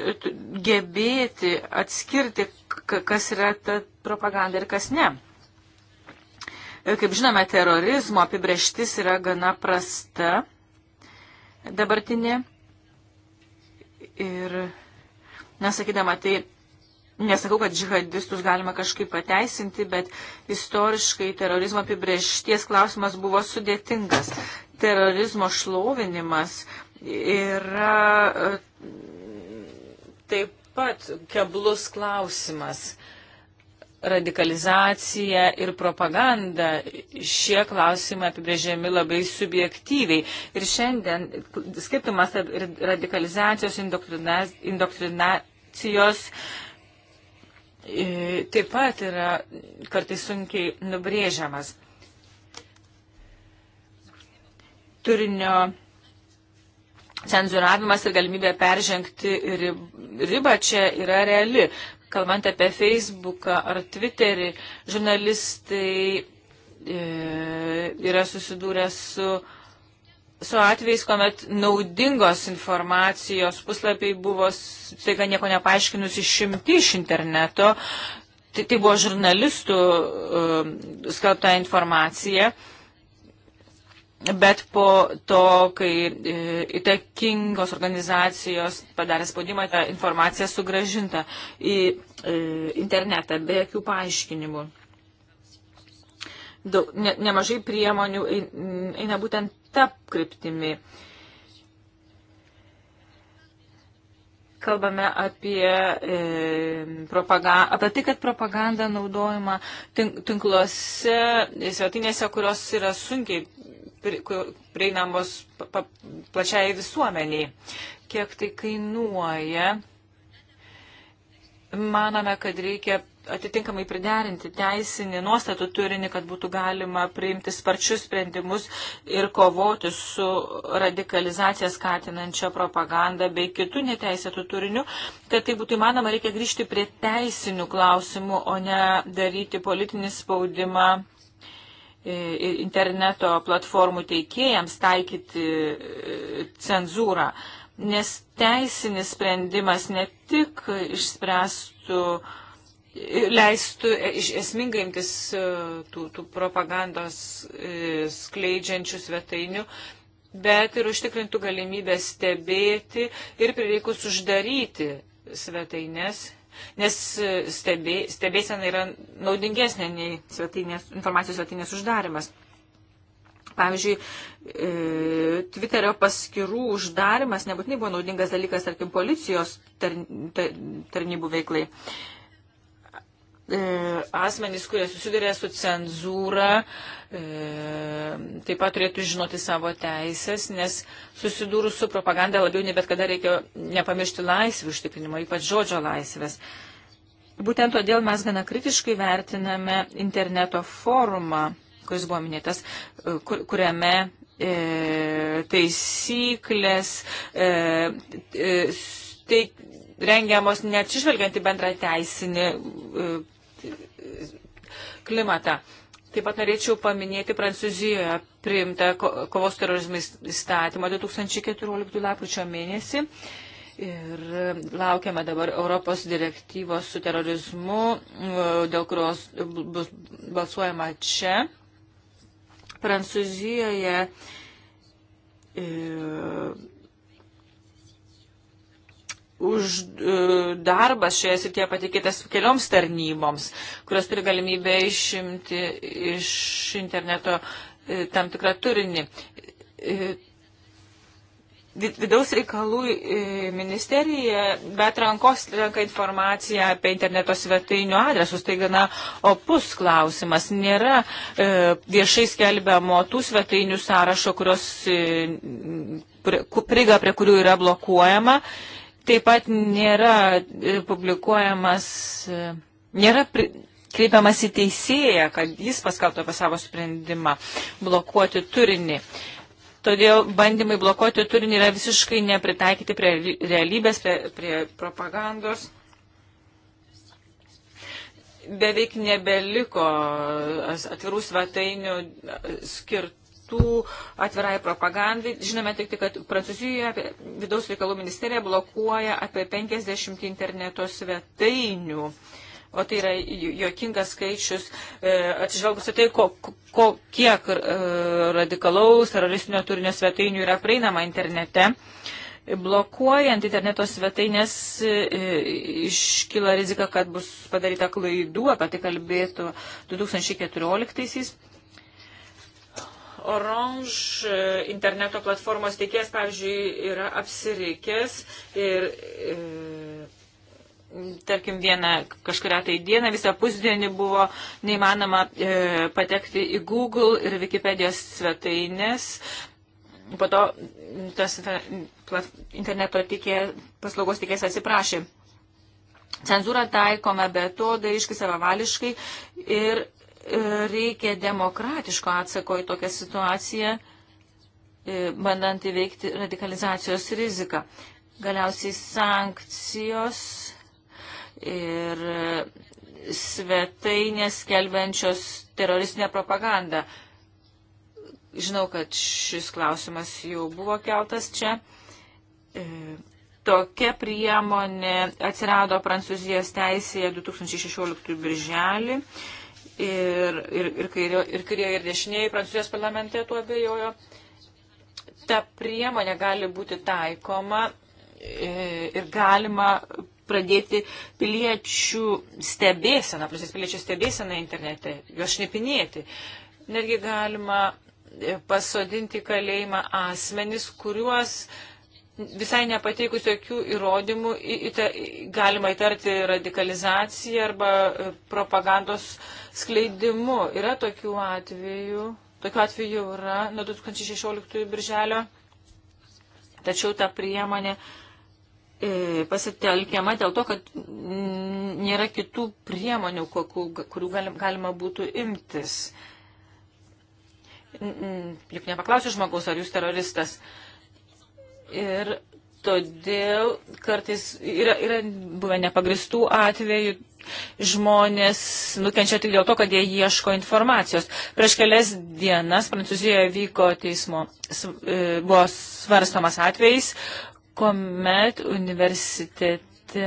[SPEAKER 2] gebėti atskirti, kas yra ta propaganda ir kas ne. Ir kaip žinome, terorizmo apibrieštis yra gana prasta dabartinė. Ir nesakydama tai, nesakau, kad džihadistus galima kažkaip pateisinti, bet istoriškai terorizmo apibriešties klausimas buvo sudėtingas. Terorizmo šlovinimas yra e, taip pat keblus klausimas radikalizacija ir propaganda. Šie klausimai apibrėžiami labai subjektyviai. Ir šiandien skirtumas tarp radikalizacijos, indoktrinacijos e, taip pat yra kartais sunkiai nubrėžiamas. Turinio cenzuravimas ir galimybė peržengti ribą čia yra reali kalbant apie Facebooką ar Twitterį, žurnalistai e, yra susidūrę su, su atvejais, kuomet naudingos informacijos puslapiai buvo, staiga nieko nepaaiškinus, išimti iš interneto. Tai, tai buvo žurnalistų e, skalbta informacija. E, Bet po to, kai e, įtakingos organizacijos padarė spaudimą, ta informacija sugražinta į e, internetą be jokių paaiškinimų. Daug, ne, nemažai priemonių eina būtent ta kryptimi. Kalbame apie, e, propagandą, apie tai, kad propaganda naudojama tinkluose, svetainėse, kurios yra sunkiai prieinamos plačiai visuomeniai. Kiek tai kainuoja? Manome, kad reikia atitinkamai priderinti teisinį nuostatų turinį, kad būtų galima priimti sparčius sprendimus ir kovoti su radikalizacija skatinančia propaganda bei kitų neteisėtų turinių. Kad tai būtų įmanoma, reikia grįžti prie teisinių klausimų, o ne daryti politinį spaudimą E, interneto platformų teikėjams taikyti e, cenzūrą, nes teisinis sprendimas ne tik išspręstų, e, leistų esmingai imtis tų, tų propagandos skleidžiančių svetainių, bet ir užtikrintų galimybę stebėti ir prireikus uždaryti svetainės nes e, stebė, stebėsena yra naudingesnė nei svetainės, informacijos svetainės uždarimas. Pavyzdžiui, e, Twitterio paskirų uždarimas nebūtinai buvo naudingas dalykas, tarkim, policijos tarnybų veiklai. E, asmenys, kurie susiduria su cenzūra, E, taip pat turėtų žinoti savo teisės, nes susidūrus su propaganda labiau ne bet kada reikia nepamiršti laisvių užtikrinimo, ypač žodžio laisvės. Būtent todėl mes gana kritiškai vertiname interneto forumą, kuris buvo minėtas, e, kur, kuriame e, taisyklės e, e, tai rengiamos neatsižvelgiant į bendrą teisinį e, klimatą. E, Taip pat norėčiau paminėti Prancūzijoje priimtą kovos terorizmą įstatymą 2014 lapkričio mėnesį. Ir laukiame dabar Europos direktyvos su terorizmu, e, dėl kurios bus balsuojama čia. Prancūzijoje. Ir e, už e, darbas šioje srityje patikėtas kelioms tarnyboms, kurios turi galimybę išimti iš interneto e, tam tikrą turinį. E, vidaus reikalų ministerija be atrankos renka informaciją apie interneto svetainių adresus. Tai gana opus klausimas. Nėra e, viešai skelbiamo tų svetainių sąrašo, kurios e, priga prie kurių yra blokuojama. E, Taip pat nėra e, publikuojamas, e, nėra pri, kreipiamas į teisėją, kad jis paskaltų apie savo sprendimą blokuoti turinį. Todėl bandymai blokuoti turinį yra visiškai nepritaikyti prie realybės, prie, prie propagandos. Beveik nebeliko atvirų svetainių e, skirt, skirtų atvirai propagandai. Žinome tik, tai, kad Prancūzijoje vidaus reikalų ministerija blokuoja apie 50 interneto svetainių. O tai yra juokingas skaičius, e, atsižvelgus į tai, ko, ko, kiek e, radikalaus teroristinio turinio svetainių yra prieinama internete. Blokuojant interneto svetainės e, iškyla rizika, kad bus padaryta klaidų, apie tai kalbėtų 2014-aisiais. Orange e, interneto platformos teikėjas, pavyzdžiui, yra apsirikęs ir, e, tarkim, vieną kažkurią tai dieną, visą pusdienį buvo neįmanoma e, patekti į Google ir Wikipedijos svetainės. Po to tas interneto teikė, paslaugos teikėjas atsiprašė. Cenzūrą taikome betodariškai, savavališkai ir E, reikia demokratiško atsako į tokią situaciją, e, bandant įveikti radikalizacijos riziką. Galiausiai sankcijos ir svetainės kelbenčios teroristinę propagandą. Žinau, kad šis klausimas jau buvo keltas čia. E, tokia priemonė atsirado Prancūzijos teisėje 2016 birželį ir, ir, ir kairioje ir, kairio, ir dešinėje Prancūzijos parlamente tuo abejojo. Ta priemonė gali būti taikoma e, ir galima pradėti piliečių stebėseną, prancūzijos piliečių stebėseną internete, juos šnipinėti. Netgi galima e, pasodinti kalėjimą asmenis, kuriuos visai nepateikus jokių įrodymų įta, galima įtarti radikalizaciją arba e, propagandos skleidimu. Yra tokių atvejų, tokių atvejų yra nuo 2016 birželio, tačiau ta priemonė e, pasitelkiama dėl to, kad nėra kitų priemonių, kurių galima būtų imtis. Juk nepaklausiu žmogaus, ar jūs teroristas. Uh, Ir todėl kartais yra, yra buvę nepagristų atvejų. Žmonės nukenčia tik dėl to, kad jie ieško informacijos. Prieš kelias dienas Prancūzijoje vyko teismo, e, buvo svarstomas atvejais, kuomet universitete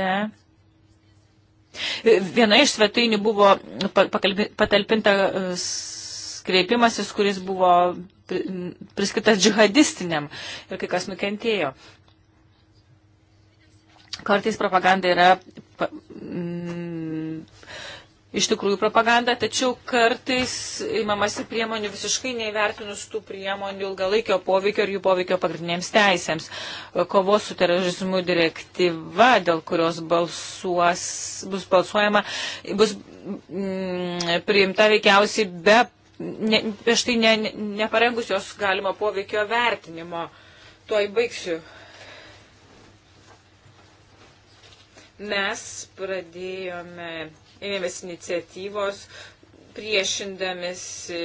[SPEAKER 2] e, Viena iš svetainių buvo patalpinta e, kreipimasis, kuris buvo priskirtas džihadistiniam ir kai kas nukentėjo. Kartais propaganda yra mm, iš tikrųjų propaganda, tačiau kartais imamasi priemonių visiškai neįvertinus tų priemonių ilgalaikio poveikio ir jų poveikio pagrindinėms teisėms. Kovos su terorizmu direktyva, dėl kurios balsuos, bus balsuojama, bus mm, priimta veikiausiai be ne, aš tai ne, ne, neparengus jos galima poveikio vertinimo. Tuo įbaigsiu. Mes pradėjome, ėmėmės iniciatyvos priešindamis e,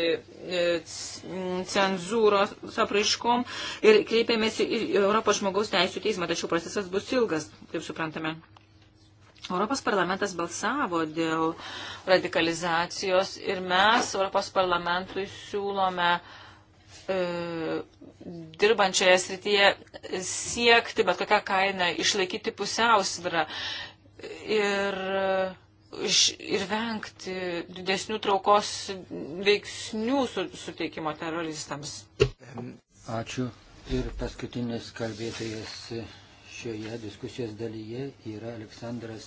[SPEAKER 2] cenzūros apraiškom ir kreipėmės į Europos žmogaus teisų teismą, tačiau procesas bus ilgas, kaip suprantame. Europos parlamentas balsavo dėl radikalizacijos ir mes Europos parlamentui siūlome e, dirbančioje srityje siekti bet kokią kainą, išlaikyti pusiausvyrą ir, e, ir vengti didesnių traukos veiksnių su, suteikimo teroristams.
[SPEAKER 1] Ačiū. Ir paskutinis kalbėtojas šioje diskusijos dalyje yra Aleksandras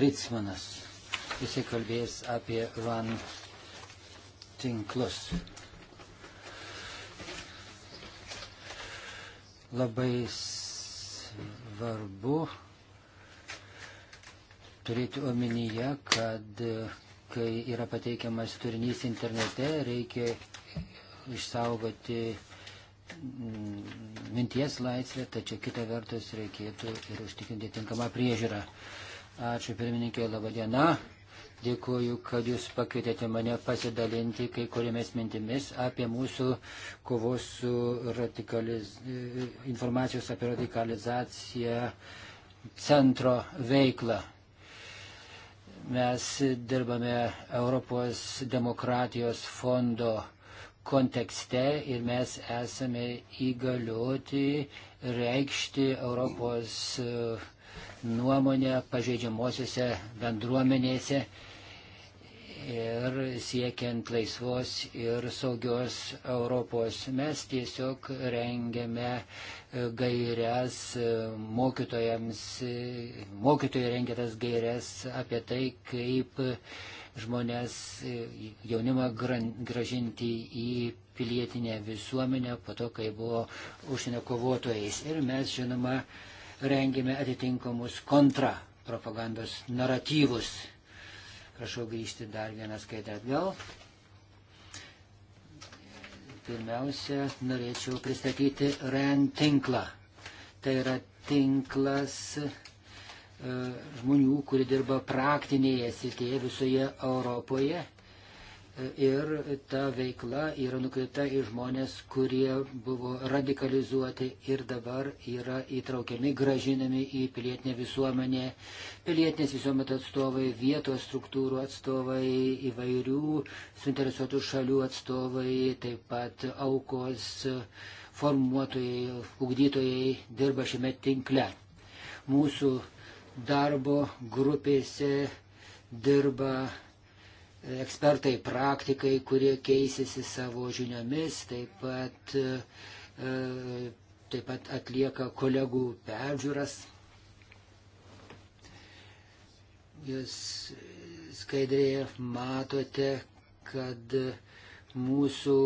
[SPEAKER 1] Ritsmanas. Jisai kalbės apie RAN tinklus. Labai svarbu turėti omenyje, kad kai yra pateikiamas turinys internete, reikia išsaugoti uh, Mm, minties laisvę, tačiau kita vertus reikėtų ir užtikrinti tinkamą priežiūrą. Ačiū pirmininkė, laba diena. Dėkuoju, kad jūs pakvietėte mane pasidalinti kai kuriamis mintimis apie mūsų kovos su radikaliz... informacijos apie radikalizaciją centro veiklą. Mes dirbame Europos demokratijos fondo kontekste ir mes esame įgalioti reikšti Europos e, nuomonę pažeidžiamosiose bendruomenėse ir siekiant laisvos ir saugios Europos. Mes tiesiog rengiame e, gairias e, mokytojams, mokytojai rengia tas gairias apie tai, kaip žmonės, e, jaunimą gražinti į pilietinę visuomenę po to, kai buvo užsienio kovotojais. Ir mes, žinoma, rengėme atitinkamus kontrapropagandos naratyvus. Prašau grįžti dar vieną skaitę atgal. Pirmiausia, norėčiau pristatyti REN tinklą. Tai yra tinklas E, žmonių, kurie dirba praktinėje srityje visoje Europoje. E, ir ta veikla yra nukreipta į žmonės, kurie buvo radikalizuoti ir dabar yra įtraukiami, gražinami į pilietinę visuomenę. Pilietinės visuomet atstovai, vietos struktūrų atstovai, įvairių suinteresuotų šalių atstovai, taip pat aukos formuotojai, ugdytojai dirba šiame tinkle. Mūsų darbo grupėse dirba ekspertai, praktikai, kurie keisėsi savo žiniomis, taip pat, e, taip pat atlieka kolegų peržiūras. Jūs skaidrėje matote, kad mūsų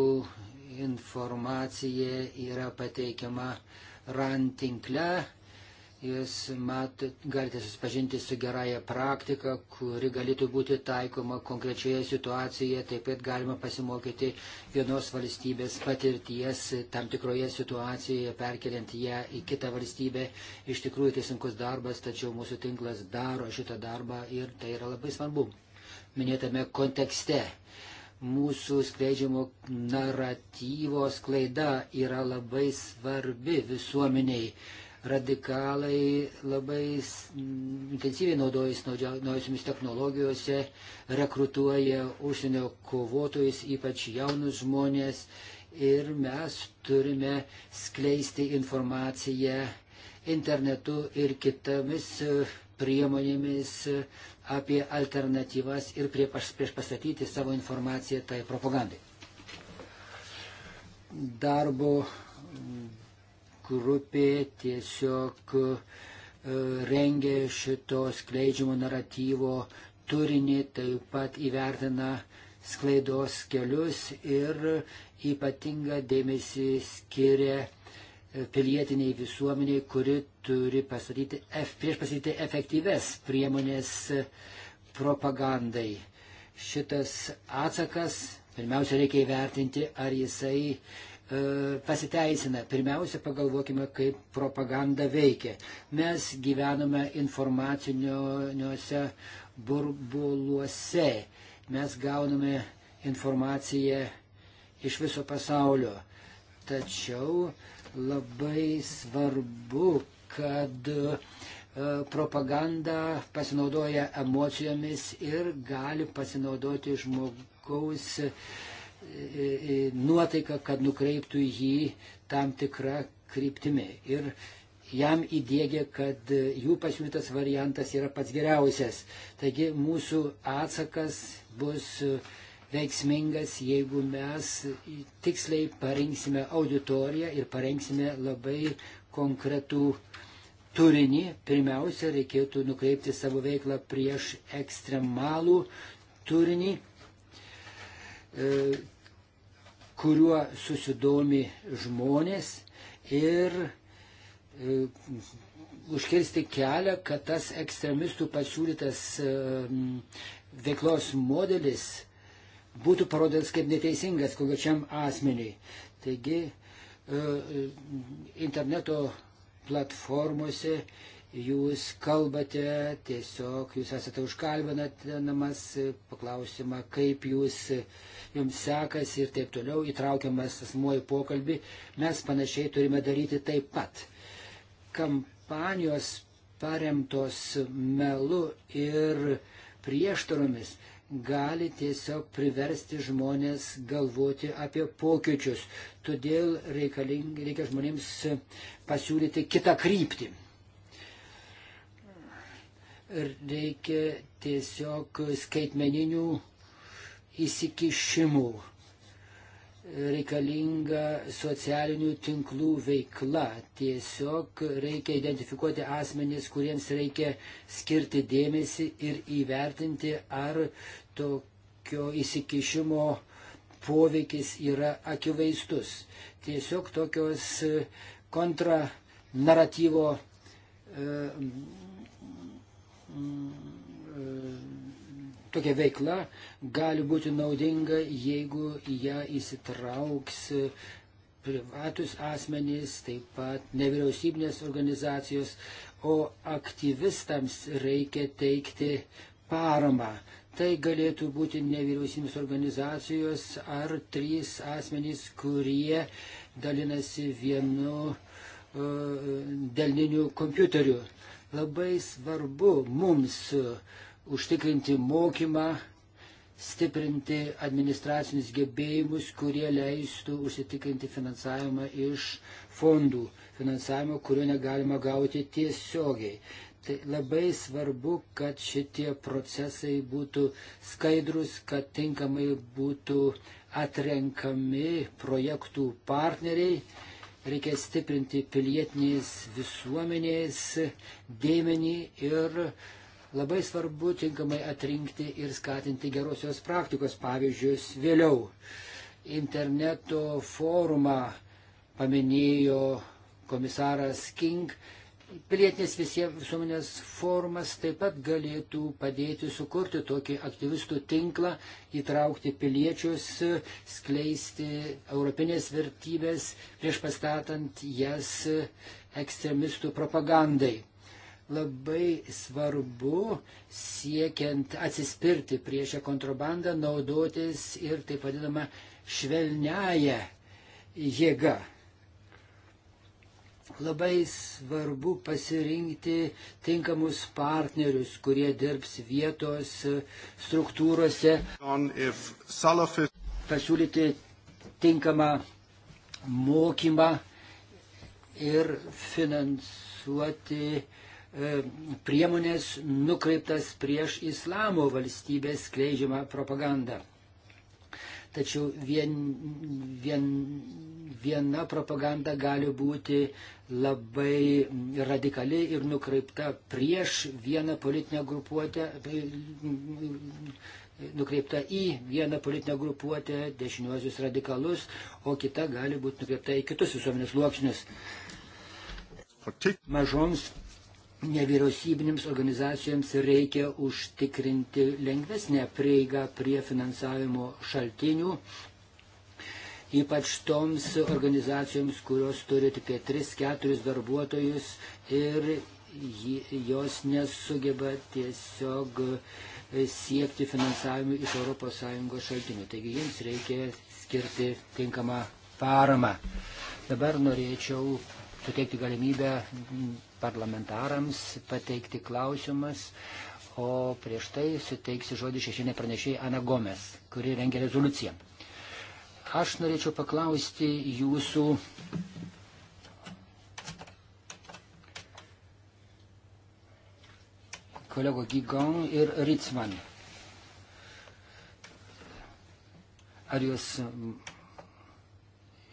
[SPEAKER 1] informacija yra pateikiama RAN tinkle Jūs matot, galite susipažinti su gerąją praktiką, kuri galėtų būti taikoma konkrečioje situacijoje. Taip pat galima pasimokyti vienos valstybės patirties tam tikroje situacijoje, perkeliant ją į kitą valstybę. Iš tikrųjų, tai sunkus darbas, tačiau mūsų tinklas daro šitą darbą ir tai yra labai svarbu. Minėtame kontekste mūsų skleidžiamo naratyvo sklaida yra labai svarbi visuomeniai radikalai labai intensyviai naudojasi naujosiomis technologijose, rekrutuoja užsienio kovotojus, ypač jaunus žmonės. Ir mes turime skleisti informaciją internetu ir kitomis priemonėmis apie alternatyvas ir prieš pastatyti savo informaciją tai propagandai. Darbo grupė tiesiog e, rengė šito skleidžiamo naratyvo turinį, taip pat įvertina sklaidos kelius ir ypatingą dėmesį skiria e, pilietiniai visuomeniai, kuri turi pasakyti, prieš pasakyti efektyves priemonės e, propagandai. Šitas atsakas, pirmiausia, reikia įvertinti, ar jisai E, pasiteisina. Pirmiausia, pagalvokime, kaip propaganda veikia. Mes gyvename informaciniuose burbuluose. Mes gauname informaciją iš viso pasaulio. Tačiau labai svarbu, kad e, propaganda pasinaudoja emocijomis ir gali pasinaudoti žmogaus uh, nuotaiką, kad nukreiptų jį tam tikrą kryptimį. Ir jam įdėgė, kad jų pasiūlytas variantas yra pats geriausias. Taigi mūsų atsakas bus veiksmingas, jeigu mes tiksliai parinksime auditoriją ir parinksime labai konkretų turinį. Pirmiausia, reikėtų nukreipti savo veiklą prieš ekstremalų turinį e, kuriuo susidomi žmonės ir e, užkirsti kelią, kad tas ekstremistų pasiūlytas e, veiklos modelis būtų parodytas kaip neteisingas kokiam asmeniui. Taigi e, interneto platformose jūs kalbate, tiesiog jūs esate užkalbinamas, paklausima, kaip jūs, jums sekasi ir taip toliau, įtraukiamas asmuo į pokalbį. Mes panašiai turime daryti taip pat. Kampanijos paremtos melu ir prieštaromis gali tiesiog priversti žmonės galvoti apie pokyčius. Todėl reikia žmonėms pasiūlyti kitą kryptį reikia tiesiog skaitmeninių įsikišimų. Reikalinga socialinių tinklų veikla. Tiesiog reikia identifikuoti asmenys, kuriems reikia skirti dėmesį ir įvertinti, ar tokio įsikišimo poveikis yra akivaizdus. Tiesiog tokios kontra naratyvo e, Mm, e, tokia veikla gali būti naudinga, jeigu į ją įsitrauks privatus asmenys, taip pat nevyriausybinės organizacijos, o aktyvistams reikia teikti paramą. Tai galėtų būti nevyriausybinės organizacijos ar trys asmenys, kurie dalinasi vienu uh, delniniu kompiuteriu. Uh, Labai svarbu mums užtikrinti mokymą, stiprinti administracinius gebėjimus, kurie leistų užsitikrinti finansavimą iš fondų, finansavimo, kurio negalima gauti tiesiogiai. Tai labai svarbu, kad šitie procesai būtų skaidrus, kad tinkamai būtų atrenkami projektų partneriai Reikia stiprinti pilietinės visuomenės dėmenį ir labai svarbu tinkamai atrinkti ir skatinti gerosios praktikos pavyzdžius vėliau. Interneto forumą paminėjo komisaras King pilietinės visuomenės formas taip pat galėtų padėti sukurti tokį aktyvistų tinklą, įtraukti piliečius, skleisti europinės vertybės, prieš pastatant jas ekstremistų propagandai. Labai svarbu siekiant atsispirti prieš šią kontrabandą naudotis ir taip vadinamą švelniają jėgą Labai svarbu pasirinkti tinkamus partnerius, kurie dirbs vietos struktūrose, pasiūlyti tinkamą mokymą ir finansuoti e, priemonės nukreiptas prieš islamo valstybės skleidžiamą propagandą. Tačiau vien, vien, viena propaganda gali būti labai radikali ir nukreipta prieš vieną politinę grupuotę, nukreipta į vieną politinę grupuotę, dešiniuosius radikalus, o kita gali būti nukreipta į kitus visuomenės sluoksnius. Mažoms nevyriausybinėms organizacijoms reikia užtikrinti lengvesnę prieigą prie finansavimo šaltinių, ypač toms organizacijoms, kurios turi tik 3-4 darbuotojus ir jos nesugeba tiesiog siekti finansavimų iš ES šaltinių. Taigi jiems reikia skirti tinkamą paramą. Dabar norėčiau suteikti galimybę parlamentarams pateikti klausimas, o prieš tai suteiksiu žodį šešinė pranešėjai Ana Gomes, kuri rengia rezoliuciją. Aš norėčiau paklausti jūsų kolego Gigon ir Ritzman. Ar jūs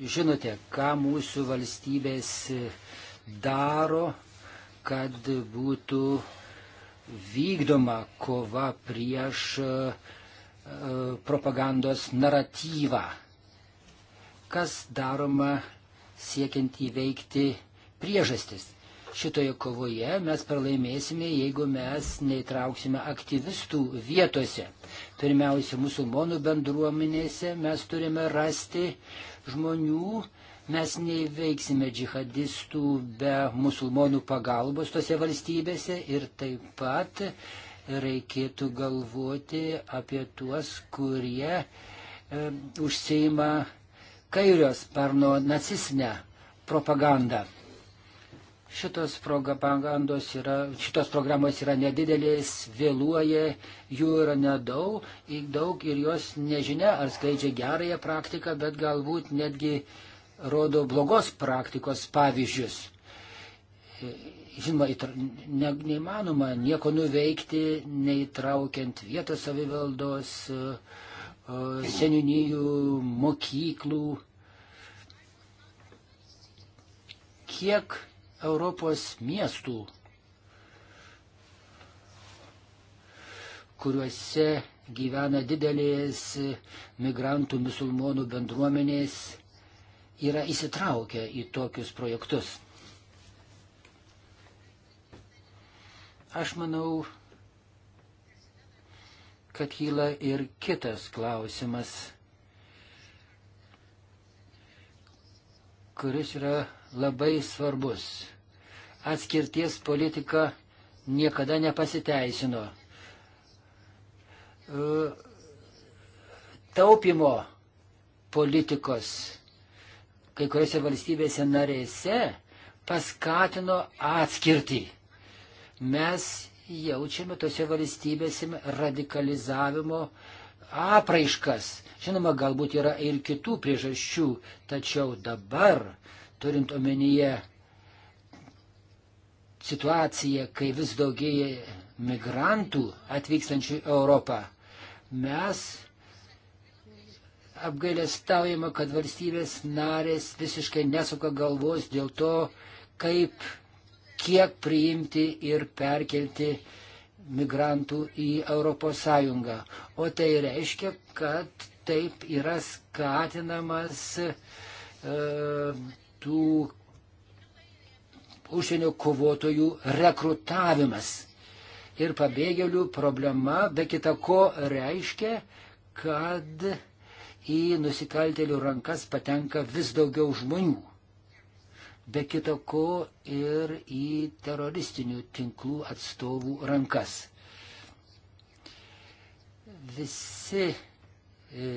[SPEAKER 1] žinote, ką mūsų valstybės daro kad būtų vykdoma kova prieš e, e, propagandos naratyvą. Kas daroma siekiant įveikti priežastis? šitoje kovoje mes pralaimėsime, jeigu mes neįtrauksime aktyvistų vietose. Pirmiausia, musulmonų bendruomenėse mes turime rasti žmonių, Mes neįveiksime džihadistų be musulmonų pagalbos tose valstybėse ir taip pat reikėtų galvoti apie tuos, kurie e, užseima kairios parno nacistinę propagandą. Šitos propagandos yra, šitos programos yra nedidelės, vėluoja, jų yra nedaug, daug ir jos nežinia, ar skleidžia gerąją praktiką, bet galbūt netgi rodo blogos praktikos pavyzdžius. Žinoma, ne, neįmanoma nieko nuveikti, neįtraukiant vietos savivaldos, e, e, seninijų, mokyklų. Kiek Europos miestų, kuriuose gyvena didelės migrantų musulmonų bendruomenės, yra įsitraukę į tokius projektus. Aš manau, kad kyla ir kitas klausimas, kuris yra labai svarbus. Atskirties politika niekada nepasiteisino. E, taupimo politikos kai kuriuose valstybėse narėse paskatino atskirtį. Mes jaučiame tose valstybėse radikalizavimo apraiškas. Žinoma, galbūt yra ir kitų priežasčių, tačiau dabar, turint omenyje situaciją, kai vis daugėja migrantų atvykstančių į Europą, mes apgailestaujama, kad valstybės narės visiškai nesuka galvos dėl to, kaip, kiek priimti ir perkelti migrantų į ES. O tai reiškia, kad taip yra skatinamas e, tų užsienio kovotojų rekrutavimas. Ir pabėgėlių problema, be kita ko, reiškia, kad į nusikaltėlių rankas patenka vis daugiau žmonių. Be kita ko ir į teroristinių tinklų atstovų rankas. Visi e,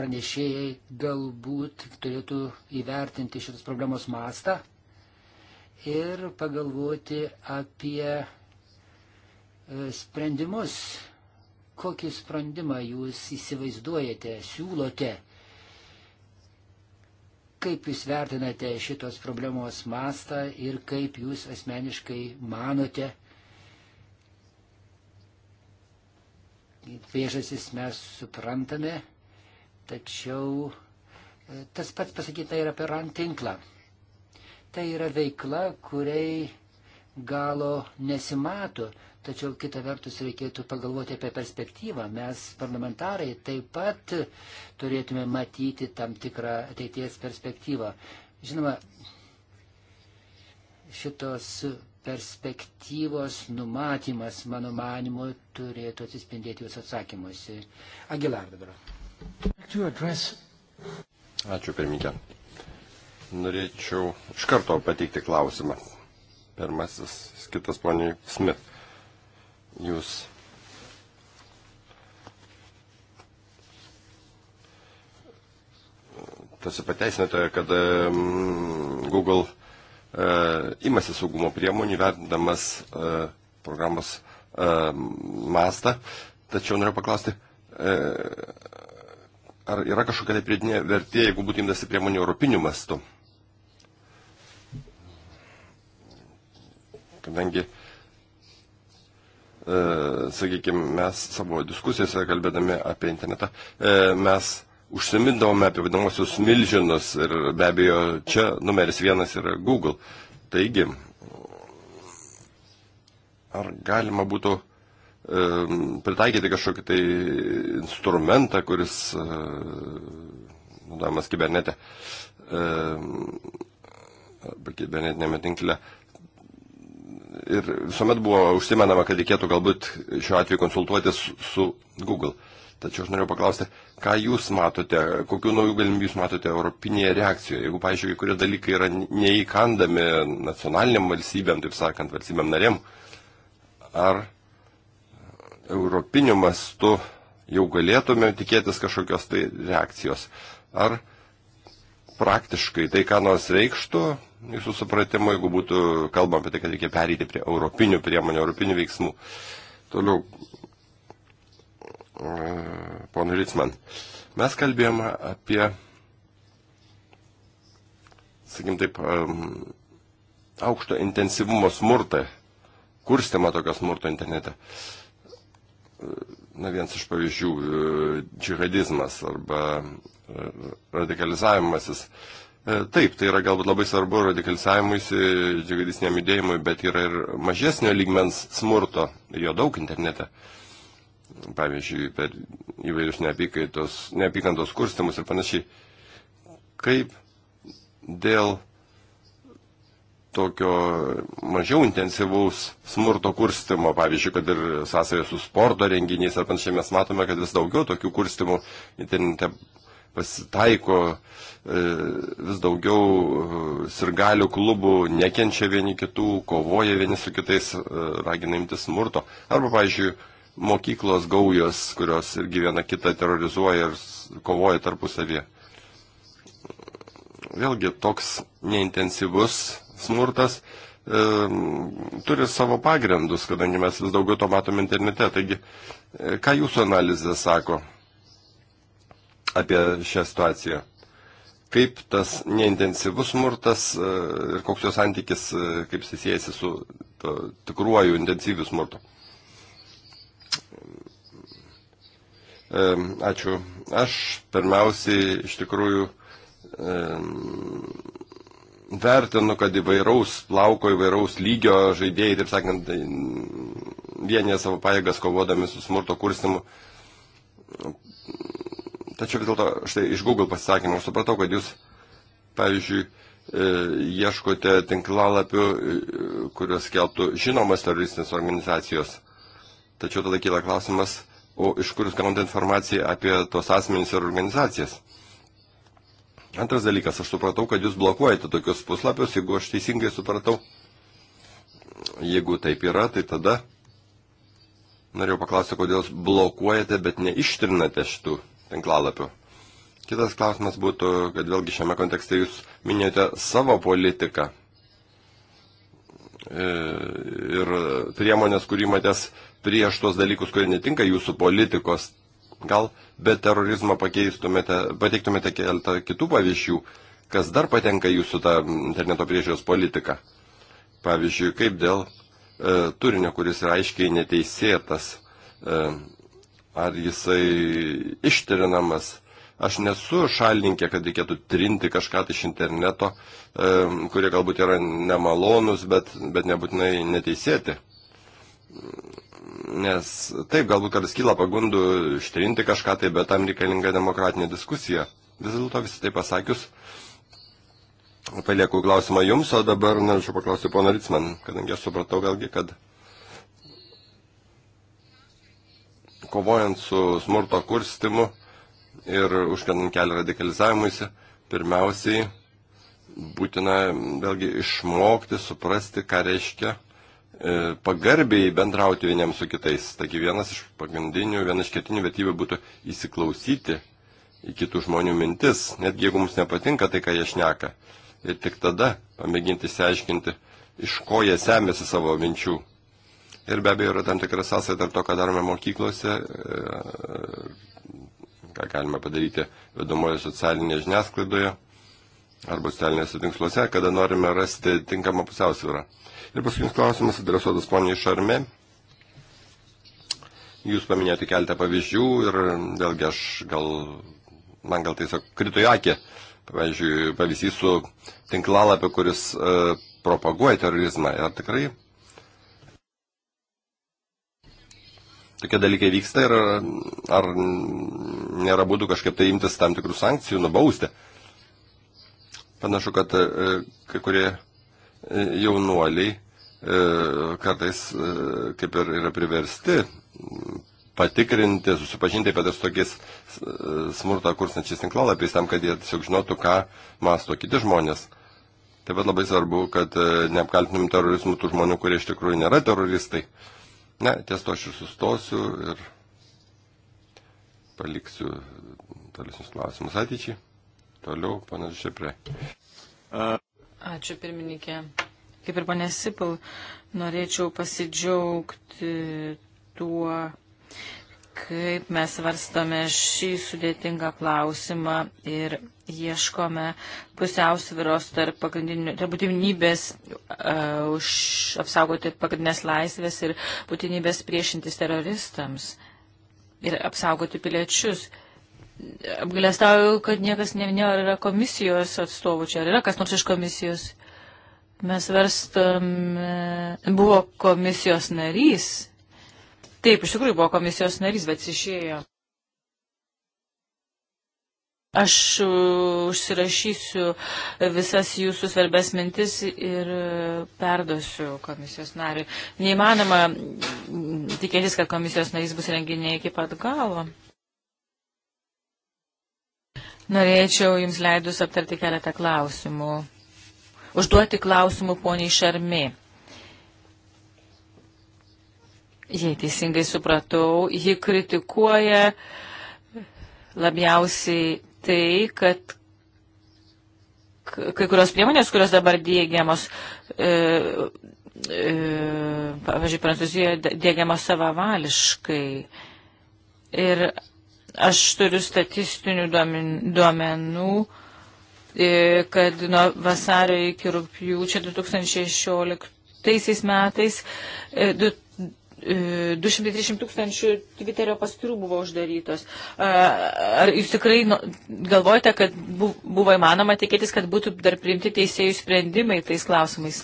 [SPEAKER 1] pranešėjai galbūt turėtų įvertinti šitos problemos mastą ir pagalvoti apie e, sprendimus kokį sprendimą jūs įsivaizduojate, siūlote, kaip jūs vertinate šitos problemos mastą ir kaip jūs asmeniškai manote. Priežasis mes suprantame, tačiau e, tas pats pasakyta ir apie RAN tinklą. Tai yra veikla, kuriai galo nesimato Tačiau kita vertus reikėtų pagalvoti apie perspektyvą. Mes, parlamentarai, taip pat turėtume matyti tam tikrą ateities perspektyvą. Žinoma, šitos perspektyvos numatymas, mano manimu, turėtų atsispindėti jūsų atsakymuose. Agilar dabar.
[SPEAKER 3] Ačiū, pirmininkė. Norėčiau iš karto pateikti klausimą. Pirmasis skirtas poniai Smith. Jūs tarsi pateisinote, kad Google e, imasi saugumo priemonių, vertindamas e, programos e, mastą. Tačiau noriu paklausti, ar yra kažkokia tai pridinė vertė, jeigu būtų imtasi priemonių europinių mastų? Kadangi E, sakykime, mes savo diskusijose, kalbėdami apie internetą, e, mes užsimindavome apie vadinamosius milžinus ir be abejo čia numeris vienas yra Google. Taigi, ar galima būtų e, pritaikyti kažkokį tai instrumentą, kuris, naudojamas kibernete, arba kibernetinėme tinkle, ir visuomet buvo užsimenama, kad reikėtų galbūt šiuo atveju konsultuotis su, su Google. Tačiau aš norėjau paklausti, ką jūs matote, kokiu naujų galimybių jūs matote europinėje reakcijoje, jeigu, paaiškiai, kurie dalykai yra neįkandami nacionaliniam valstybėm, taip sakant, valstybėm narėm, ar europiniu mastu jau galėtume tikėtis kažkokios tai reakcijos, ar praktiškai tai, ką nors reikštų, jūsų supratimo, jeigu būtų kalbama apie tai, kad reikia perėti prie europinių priemonių, europinių veiksmų. Toliau, e, ponu Ritsman, mes kalbėjome apie, sakim taip, aukšto intensyvumo smurtą, kurstimą tokio smurto internete. E, na, vienas iš pavyzdžių e, - džihadizmas arba radikalizavimasis. Uh, E, taip, tai yra galbūt labai svarbu radikalizavimuisi, džihaidistiniam judėjimui, bet yra ir mažesnio lygmens smurto, jo daug internete. Pavyzdžiui, per įvairius neapykantos kurstimus ir panašiai. Kaip dėl tokio mažiau intensyvaus smurto kurstimo, pavyzdžiui, kad ir sąsąją su sporto renginiais ar panašiai, mes matome, kad vis daugiau tokių kurstimų internete pasitaiko e, vis daugiau e, sirgalių klubų, nekenčia vieni kitų, kovoja vieni su kitais, e, ragina imtis smurto. Arba, pavyzdžiui, mokyklos gaujos, kurios irgi viena kitą terrorizuoja ir kovoja tarpusavie. Vėlgi toks neintensyvus smurtas e, turi savo pagrindus, kadangi mes vis daugiau to matom internete. Taigi, e, ką jūsų analizė sako? apie šią situaciją. Kaip tas neintensyvus smurtas e, ir koks jo santykis, e, kaip jis siejasi su to, tikruoju intensyviu smurtu. E, ačiū. Aš pirmiausiai iš tikrųjų vertinu, kad įvairaus plauko, įvairaus lygio žaidėjai, taip sakant, tai vienyje savo pajėgas kovodami su smurto kurstimu. Tačiau vis dėlto, štai iš Google pasisakymų supratau, kad jūs, pavyzdžiui, e, ieškote tinklalapių, e, kurios keltų žinomas teroristinės organizacijos. Tačiau tada kyla klausimas, o iš kur jūs gaunate informaciją apie tos asmenys ir organizacijas. Antras dalykas, aš supratau, kad jūs blokuojate tokius puslapius, jeigu aš teisingai supratau. Jeigu taip yra, tai tada norėjau paklausti, kodėl blokuojate, bet neištrinate šitų tinklalapių. Kitas klausimas būtų, kad vėlgi šiame kontekste jūs minėjote savo politiką e, ir priemonės, kurį matės prieš tuos dalykus, kurie netinka jūsų politikos. Gal be terorizmo pateiktumėte keletą kitų pavyzdžių, kas dar patenka jūsų tą interneto priežiūros politiką. Pavyzdžiui, kaip dėl e, turinio, kuris yra aiškiai neteisėtas, e, ar jisai ištirinamas. Aš nesu šalininkė, kad reikėtų trinti kažką iš interneto, kurie galbūt yra nemalonus, bet, bet nebūtinai neteisėti. Nes taip, galbūt kartais kyla pagundų ištrinti kažką, tai bet tam reikalinga demokratinė diskusija. Vis dėlto visi tai pasakius, palieku klausimą jums, o dabar norėčiau paklausti pono Ritsman, kadangi aš supratau galgi, kad kovojant su smurto kurstimu ir užkendant kelią radikalizavimuisi, pirmiausiai būtina vėlgi išmokti, suprasti, ką reiškia e, pagarbiai bendrauti vieniam su kitais. Taigi vienas iš pagrindinių, viena iš ketinių vertybių būtų įsiklausyti į kitų žmonių mintis, netgi jeigu mums nepatinka tai, ką jie šneka. Ir tik tada pamėginti įsiaiškinti, iš ko jie semėsi savo minčių. Ir be abejo yra tam tikra sąsaja tarp to, ką darome mokyklose, e, ką galime padaryti vedomoje socialinėje žiniasklaidoje arba socialinėse tinkluose, kada norime rasti tinkamą pusiausvyrą. Ir paskutinis klausimas adresuotas poniai Šarme. Jūs paminėjote keletą pavyzdžių ir vėlgi aš gal, man gal tiesiog krito į akį, pavyzdžiui, pavyzdys su tinklalapio, kuris e, propaguoja terorizmą. Ar tikrai tokie dalykai vyksta ir ar nėra būdų kažkaip tai imtis tam tikrų sankcijų, nubausti. Panašu, kad e, kai kurie e, jaunuoliai e, kartais kaip ir yra priversti patikrinti, susipažinti apie tas tokiais smurtą kursnačiais tinklalapiais, tam, kad jie tiesiog žinotų, ką masto kiti žmonės. Taip pat labai svarbu, kad neapkaltinam terorizmų tų žmonių, kurie iš tikrųjų nėra teroristai. Uh, Na, ties to aš ir sustosiu ir paliksiu tolesnius klausimus ateičiai. Toliau, panas Šeprė.
[SPEAKER 2] Ačiū, pirmininkė. Kaip ir panė Sipil, norėčiau pasidžiaugti tuo kaip mes varstome šį sudėtingą klausimą ir ieškome pusiausviros tarp pagrindinių, tarp būtinybės uh, už apsaugoti pagrindinės laisvės ir būtinybės priešintis teroristams ir apsaugoti piliečius. Apgalėstauju, kad niekas nevinėjo, ar yra komisijos atstovų čia, ar yra kas nors iš komisijos. Mes varstam, e, buvo komisijos narys, Taip, iš tikrųjų buvo komisijos narys, bet išėjo. Aš užsirašysiu visas jūsų svarbės mintis ir perduosiu komisijos nariui. Neįmanoma tikėtis, kad komisijos narys bus renginė iki pat galo. Norėčiau Jums leidus aptarti keletą klausimų. Užduoti klausimų poniai Šarmi. Jei teisingai supratau, ji kritikuoja labiausiai tai, kad kai kurios priemonės, kurios dabar dėgiamos, e, e, pavyzdžiui, Prancūzijoje dėgiamos savavališkai. Ir aš turiu statistinių duomenų, e, kad nuo vasario iki rūpjūčio 2016 metais. E, 230 e, tūkstančių Twitterio paskirų buvo uždarytos. E, ar jūs tikrai nu, galvojate, kad buvo įmanoma tikėtis, kad būtų dar priimti teisėjų sprendimai tais klausimais?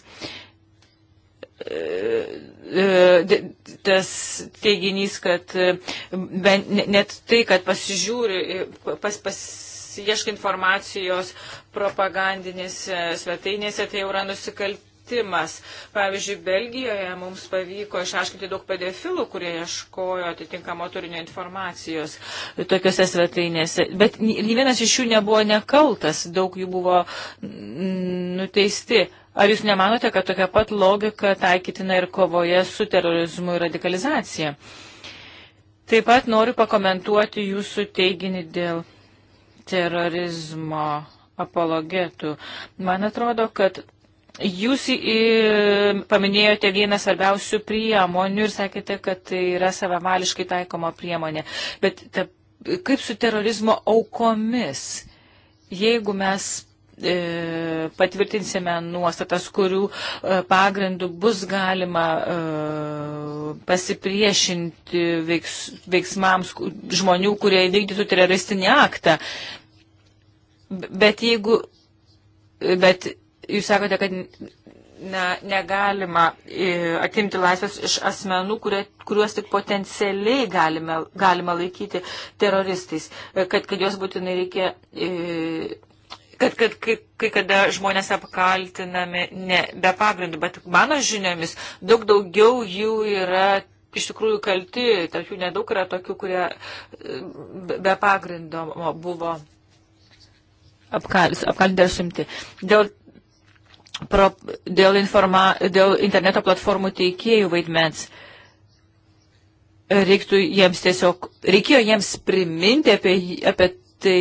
[SPEAKER 2] E, tas teiginys, kad net tai, kad pasižiūri, pas, pas, ieškai informacijos propagandinėse svetainėse, tai jau yra nusikaltimas plitimas. Pavyzdžiui, Belgijoje mums pavyko išaiškinti daug pedofilų, kurie ieškojo atitinkamo turinio informacijos tokiuose svetainėse. Bet nei vienas iš jų nebuvo nekaltas, daug jų buvo nuteisti. Ar jūs nemanote, kad tokia pat logika taikytina ir kovoje su terorizmu ir radikalizacija? Taip pat noriu pakomentuoti jūsų teiginį dėl terorizmo apologetų. Man atrodo, kad Jūs e, paminėjote vieną svarbiausių priemonių ir sakėte, kad tai yra savavališkai taikoma priemonė. Bet ta, kaip su terorizmo aukomis, jeigu mes e, patvirtinsime nuostatas, kurių e, pagrindų bus galima e, pasipriešinti veiks, veiksmams žmonių, kurie įvykdytų teroristinį aktą. Bet jeigu, bet Jūs sakote, kad ne, negalima e, atimti laisvės iš asmenų, kurie, kuriuos tik potencialiai galime, galima laikyti teroristais, e, kad, kad juos būtinai reikia. E, kad, kad kai, kai kada žmonės apkaltinami ne be pagrindų, bet mano žiniomis daug daugiau jų yra iš tikrųjų kalti, tarp jų nedaug yra tokių, kurie be pagrindo buvo apkaltinti ar sumti. Dėl pro, dėl, informa, dėl interneto platformų teikėjų vaidmens. Reiktų jiems tiesiog, reikėjo jiems priminti apie, apie tai,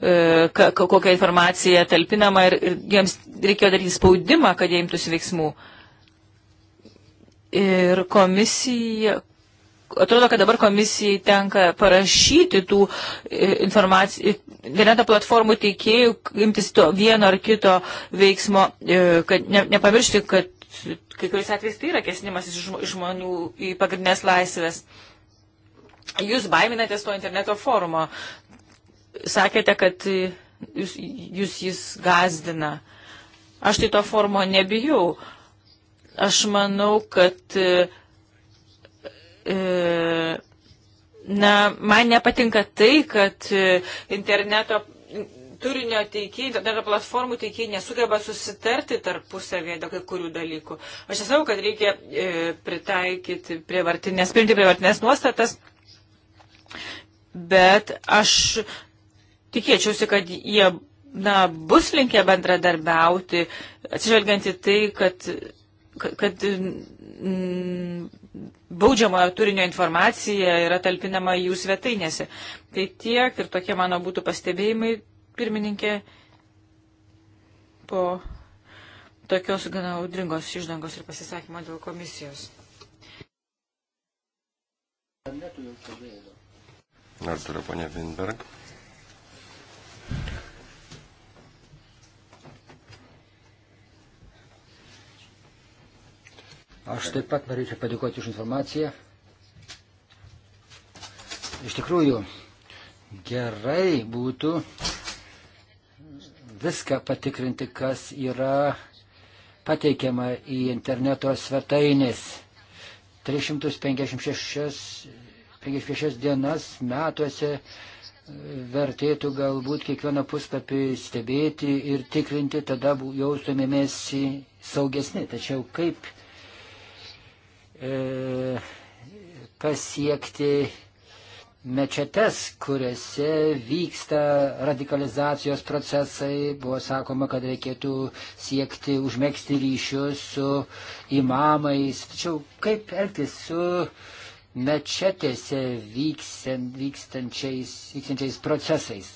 [SPEAKER 2] e, ka, kokią informaciją talpinama ir, ir jiems reikėjo daryti spaudimą, kad jie imtųsi veiksmų. Ir komisija, atrodo, kad dabar komisijai tenka parašyti tų e, informacijų, e, interneto platformų teikėjų, imtis to vieno ar kito veiksmo, e, kad ne, nepamiršti, kad kai kuris atvejs tai yra kesinimas iš žmonių į pagrindinės laisvės. Jūs baiminatės to interneto forumo. Sakėte, kad jūs, jūs jis gazdina. Aš tai to forumo nebijau. Aš manau, kad E, na, man nepatinka tai, kad e, interneto turinio teikiai, interneto platformų teikiai nesugeba susitarti tarpusavėje dėl kai kurių dalykų. Aš nesakau, kad reikia e, pritaikyti prievartinės, priimti prievartinės nuostatas, bet aš tikėčiausi, kad jie na, bus linkę bendradarbiauti, atsižvelgiant į tai, kad, kad, kad m, baudžiamojo turinio informacija yra talpinama jų svetainėse. Tai tiek ir tokie mano būtų pastebėjimai, pirmininkė, po tokios gana audringos išdangos ir pasisakymo dėl komisijos.
[SPEAKER 3] Ar turiu ponia Vinberg?
[SPEAKER 1] Aš taip pat norėčiau padėkoti už informaciją. Iš tikrųjų, gerai būtų viską patikrinti, kas yra pateikiama į interneto svetainės. 356 56 dienas metuose vertėtų galbūt kiekvieną puslapį stebėti ir tikrinti, tada jaustumėmės saugesni. Tačiau kaip E, pasiekti mečetes, kuriuose vyksta radikalizacijos procesai. Buvo sakoma, kad reikėtų siekti užmėgsti ryšius su imamais. Tačiau kaip elgtis su mečetėse vykstančiais, vykstančiais procesais?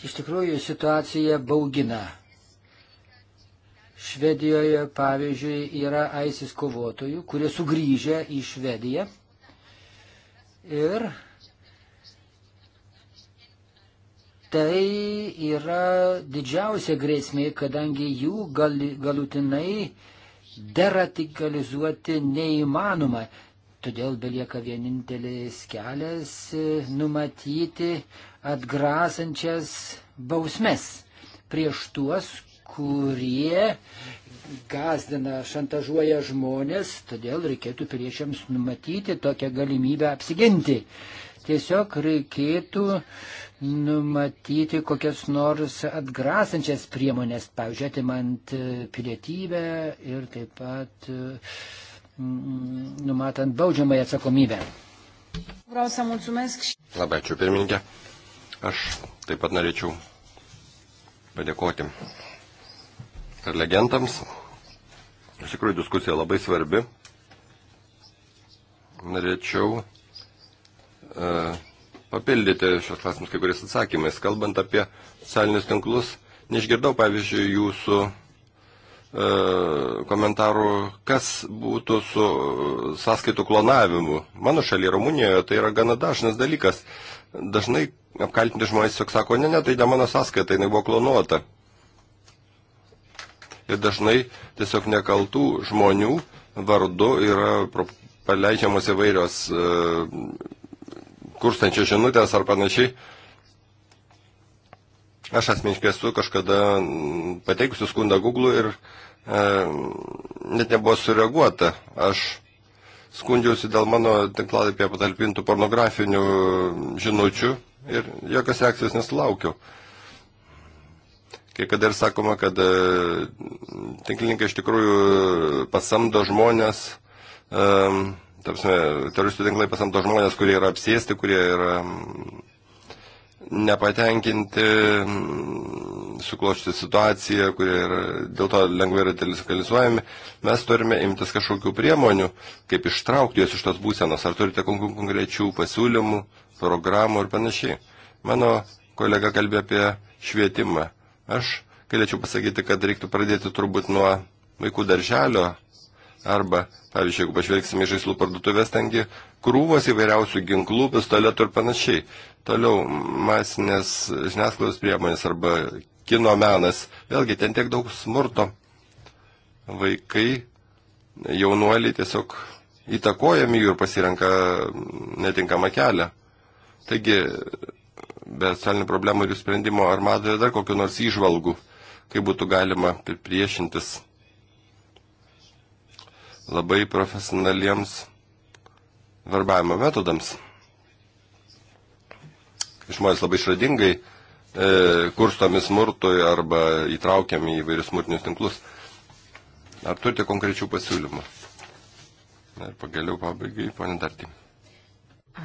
[SPEAKER 1] Iš tikrųjų situacija baugina. Švedijoje, pavyzdžiui, yra aisis kovotojų, kurie sugrįžę į Švediją ir tai yra didžiausia grėsmė, kadangi jų gal, galutinai deradikalizuoti neįmanoma. Todėl belieka vienintelis kelias numatyti atgrasančias bausmes prieš tuos, kurie gazdina, šantažuoja žmonės, todėl reikėtų piliečiams numatyti tokią galimybę apsiginti. Tiesiog reikėtų numatyti kokias nors atgrasančias priemonės, pavyzdžiui, atimant pilietybę ir taip pat mm, numatant baudžiamąją atsakomybę. Labai
[SPEAKER 3] ačiū pirmininkė. Aš taip pat norėčiau padėkoti ir legendams. Iš tikrųjų, diskusija labai svarbi. Norėčiau e, papildyti šios klausimus kai kuriais atsakymais. Kalbant apie socialinius tinklus, neišgirdau, pavyzdžiui, jūsų e, komentarų, kas būtų su sąskaitų klonavimu. Mano šalyje Rumunijoje tai yra gana dažnas dalykas dažnai apkaltinti žmonės tiesiog sako, ne, ne, tai ne mano sąskaita, jinai buvo klonuota. Ir dažnai tiesiog nekaltų žmonių vardu yra paleidžiamos įvairios e, kurstančios žinutės ar panašiai. Aš asmeniškai esu kažkada pateikusi skundą Google ir e, net nebuvo sureaguota. Aš skundžiausi dėl mano tinklalapyje patalpintų pornografinių žinučių ir jokios reakcijos nesulaukiu. Kai kada ir sakoma, kad e, tinklininkai iš tikrųjų pasamdo žmonės, um, e, tarpsime, teroristų tinklai pasamdo žmonės, kurie yra apsėsti, kurie yra nepatenkinti suklošti situaciją, kurie yra, dėl to lengvai yra deliskalizuojami, mes turime imtis kažkokių priemonių, kaip ištraukti juos iš tos būsenos. Ar turite konkrečių pasiūlymų, programų ir panašiai. Mano kolega kalbė apie švietimą. Aš galėčiau pasakyti, kad reiktų pradėti turbūt nuo vaikų darželio arba, pavyzdžiui, jeigu pažvelgsime į žaislų parduotuvės, tengi krūvos įvairiausių ginklų, pistoletų ir panašiai. Toliau masinės žiniasklaidos priemonės arba kino menas. Vėlgi, ten tiek daug smurto. Vaikai, jaunuoliai tiesiog įtakojami jų ir pasirenka netinkamą kelią. Taigi, be socialinių problemų ir jų sprendimo, ar matote dar kokiu nors įžvalgų, kaip būtų galima priešintis labai profesionaliems verbavimo metodams. Žmonės labai išradingai E, kurstomi smurtui arba įtraukiami į vairius smurtinius tinklus. Ar turite konkrečių pasiūlymų? Ir pagaliau pabaigai, ponė Dartį.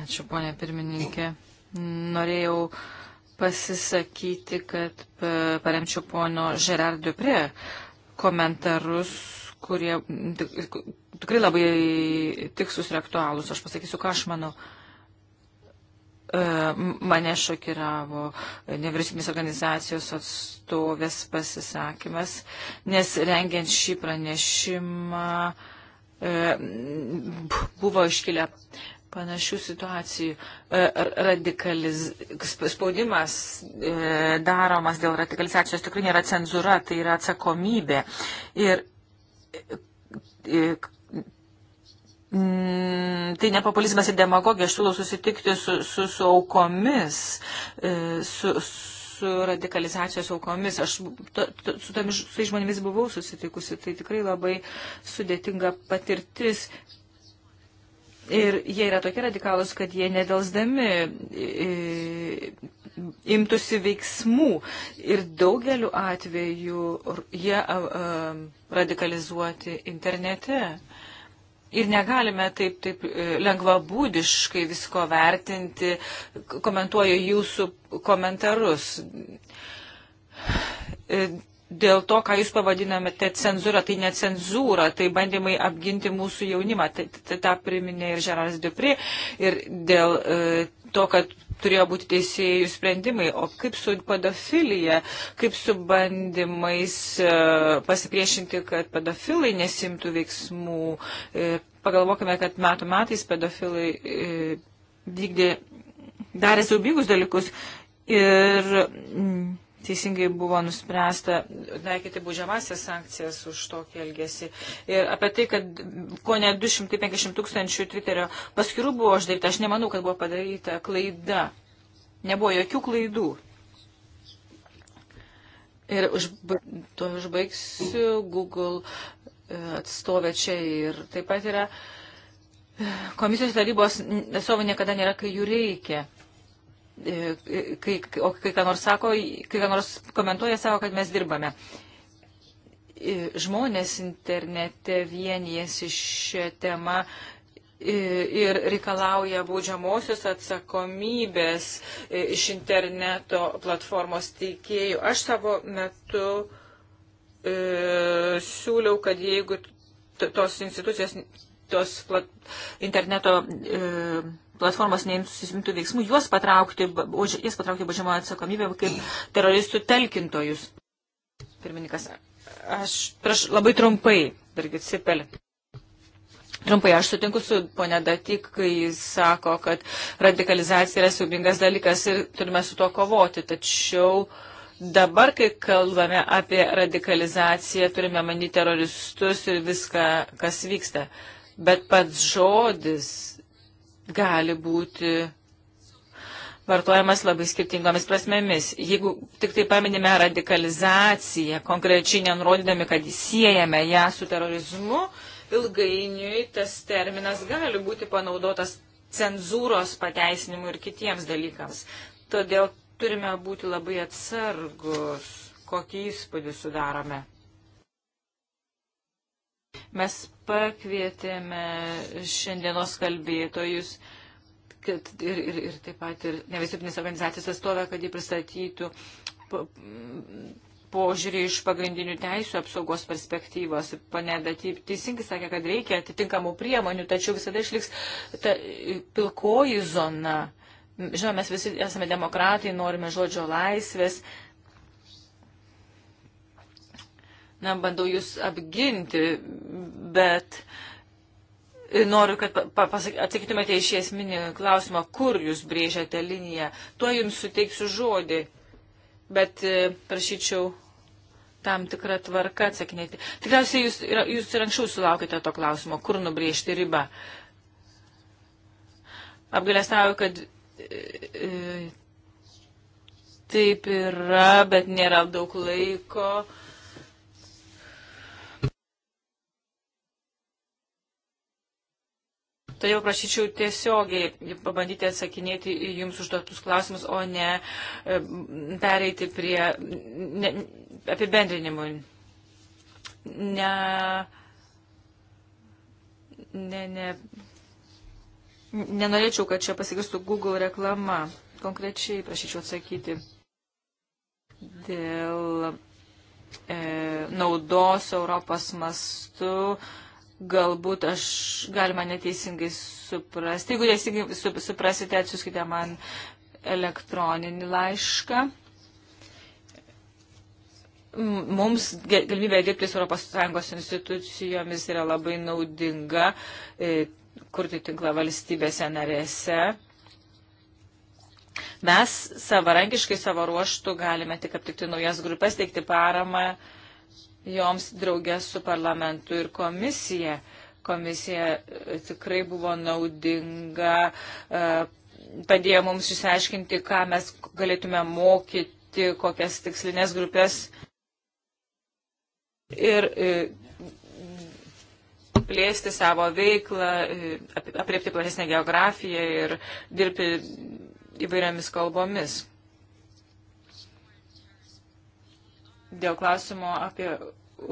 [SPEAKER 2] Ačiū, ponė pirmininkė. Norėjau pasisakyti, kad paremčiau pono Gerard Dupre komentarus, kurie tikrai labai tiksus ir aktualūs. Aš pasakysiu, ką aš manau. Uh, E, mane šokiravo nevyriausybinės organizacijos atstovės pasisakymas, nes rengiant šį pranešimą e, buvo iškilę panašių situacijų e, radikaliz... spaudimas daromas dėl radikalizacijos tikrai nėra cenzūra, tai yra atsakomybė. Ir Mm, tai ne populizmas ir demagogija, aš siūlau susitikti su, su, su aukomis, e, su, su radikalizacijos aukomis. Aš to, to, su tais su žmonėmis buvau susitikusi, tai tikrai labai sudėtinga patirtis. Ir jie yra tokie radikalus, kad jie nedelsdami e, imtųsi veiksmų. Ir daugeliu atveju jie e, radikalizuoti internete. Uh, ir negalime taip, taip e, lengvabūdiškai visko vertinti, komentuoju jūsų komentarus. E, dėl to, ką jūs pavadinamėte cenzūra, tai ne cenzūra, tai bandymai apginti mūsų jaunimą. Tai tą priminė ir Žeras Dupri. Ir dėl e, to, kad turėjo būti teisėjų sprendimai, o kaip su pedofilija, kaip su bandymais e, pasipriešinti, kad pedofilai nesimtų veiksmų. E, pagalvokime, kad metų metais pedofilai e, vykdė, darė saubygus dalykus ir mm, teisingai buvo nuspręsta taikyti būdžiamasias sankcijas už tokį elgesį. Ir apie tai, kad ko ne 250 tūkstančių Twitterio paskirų buvo uždaryta, aš nemanau, kad buvo padaryta klaida. Nebuvo jokių klaidų. Ir užba, to užbaigsiu, Google e, atstovė čia ir taip pat yra komisijos tarybos atstovai niekada nėra, kai jų reikia. E, kai, o kai ką nors sako, kai ką nors komentuoja, sako, kad mes dirbame. E, žmonės internete vienijasi šią temą e, ir reikalauja baudžiamosios atsakomybės iš interneto platformos teikėjų. Aš savo metu e, siūliau, kad jeigu tos institucijos, tos plat, interneto e, platformos neimtų veiksmų, juos patraukti, jas patraukti bažymoje atsakomybė kaip teroristų telkintojus. Pirmininkas, aš praš, labai trumpai, Birgit Sipelė. Trumpai aš sutinku su ponė Datik, kai jis sako, kad radikalizacija yra siubingas dalykas ir turime su tuo kovoti. Tačiau dabar, kai kalbame apie radikalizaciją, turime manyti teroristus ir viską, kas vyksta. Bet pats žodis gali būti vartojamas labai skirtingomis prasmėmis. Jeigu tik tai paminime radikalizaciją, konkrečiai nenurodydami, kad siejame ją su terorizmu, ilgainiui tas terminas gali būti panaudotas cenzūros pateisinimui ir kitiems dalykams. Todėl turime būti labai atsargus, kokį įspūdį sudarome. Mes pakvietėme šiandienos kalbėtojus kad ir, ir, ir taip pat ir nevisipinės organizacijos atstovę, kad jį pristatytų požiūrį iš pagrindinių teisų apsaugos perspektyvos. Pane, bet jį teisingai sakė, kad reikia atitinkamų priemonių, tačiau visada išliks ta pilkoji zona. Žinoma, mes visi esame demokratai, norime žodžio laisvės, na, bandau jūs apginti, bet noriu, kad atsakytumėte iš esminį klausimą, kur jūs brėžiate liniją. Tuo jums suteiksiu žodį, bet e, prašyčiau tam tikrą tvarką atsakinėti. Tikriausiai jūs, jūs ir anksčiau sulaukite to klausimo, kur nubrėžti ribą. Apgalėstauju, kad e, e, taip yra, bet nėra daug laiko. Tai jau prašyčiau tiesiogiai pabandyti atsakinėti į jums užduotus klausimus, o ne e, pereiti prie ne, apibendrinimų. Ne, ne, ne, nenorėčiau, kad čia pasigirstų Google reklama. Konkrečiai prašyčiau atsakyti dėl e, naudos Europos mastu. E, galbūt aš galima neteisingai suprasti. Jeigu teisingai suprasite, atsiųskite man elektroninį laišką. Mums galimybė dirbti su ES institucijomis yra labai naudinga, e, kurti tinklą valstybėse narėse. Mes savarankiškai savo ruoštų galime tik aptikti naujas grupės, teikti paramą joms draugės su parlamentu ir komisija. Komisija e, tikrai buvo naudinga, e, padėjo mums išsiaiškinti, ką mes galėtume mokyti, kokias tikslinės grupės. Ir e, plėsti savo veiklą, apriepti platesnę geografiją ir dirbti įvairiomis kalbomis. Dėl klausimo apie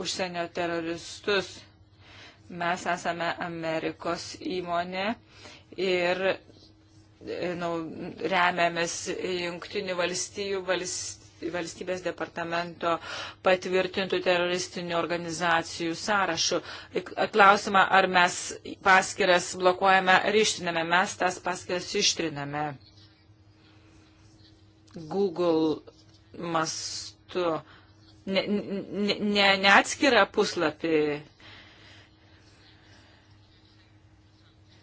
[SPEAKER 2] užsienio teroristus. Mes esame Amerikos įmonė ir nu, remiamės Junktinių valstijų valst, valstybės departamento patvirtintų teroristinių organizacijų sąrašų. E, klausimą, ar mes paskiras blokuojame ar ištriname, mes tas paskiras ištriname. Google mastu ne, ne, ne, ne atskirą puslapį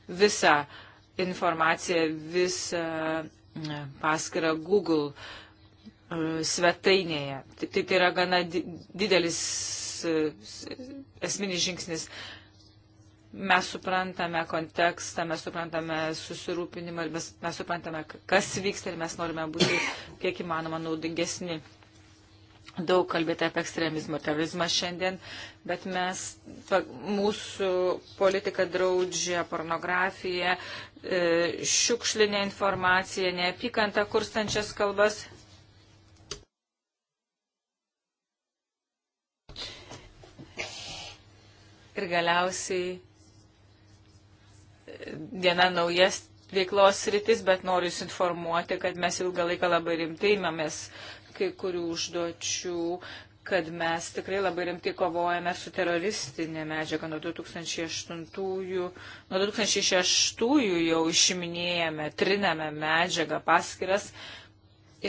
[SPEAKER 2] visą informaciją, visą paskirą Google e, svetainėje. Taip tai, tai yra gana didelis e, esminis žingsnis. Mes suprantame kontekstą, mes suprantame susirūpinimą, mes, mes suprantame, kas vyksta ir mes norime būti kiek įmanoma naudingesni daug kalbėti apie ekstremizmą, terorizmą šiandien, bet mes, mūsų politika draudžia pornografiją, e, šiukšlinę informaciją, neapykantą kurstančias kalbas. Ir galiausiai e, viena naujas veiklos rytis, bet noriu jūs informuoti, kad mes ilgą laiką labai rimtai imamės kai kurių užduočių, kad mes tikrai labai rimtai kovojame su teroristinė medžiaga. Nuo 2008, nuo 2006 jau išiminėjame, triname medžiagą paskiras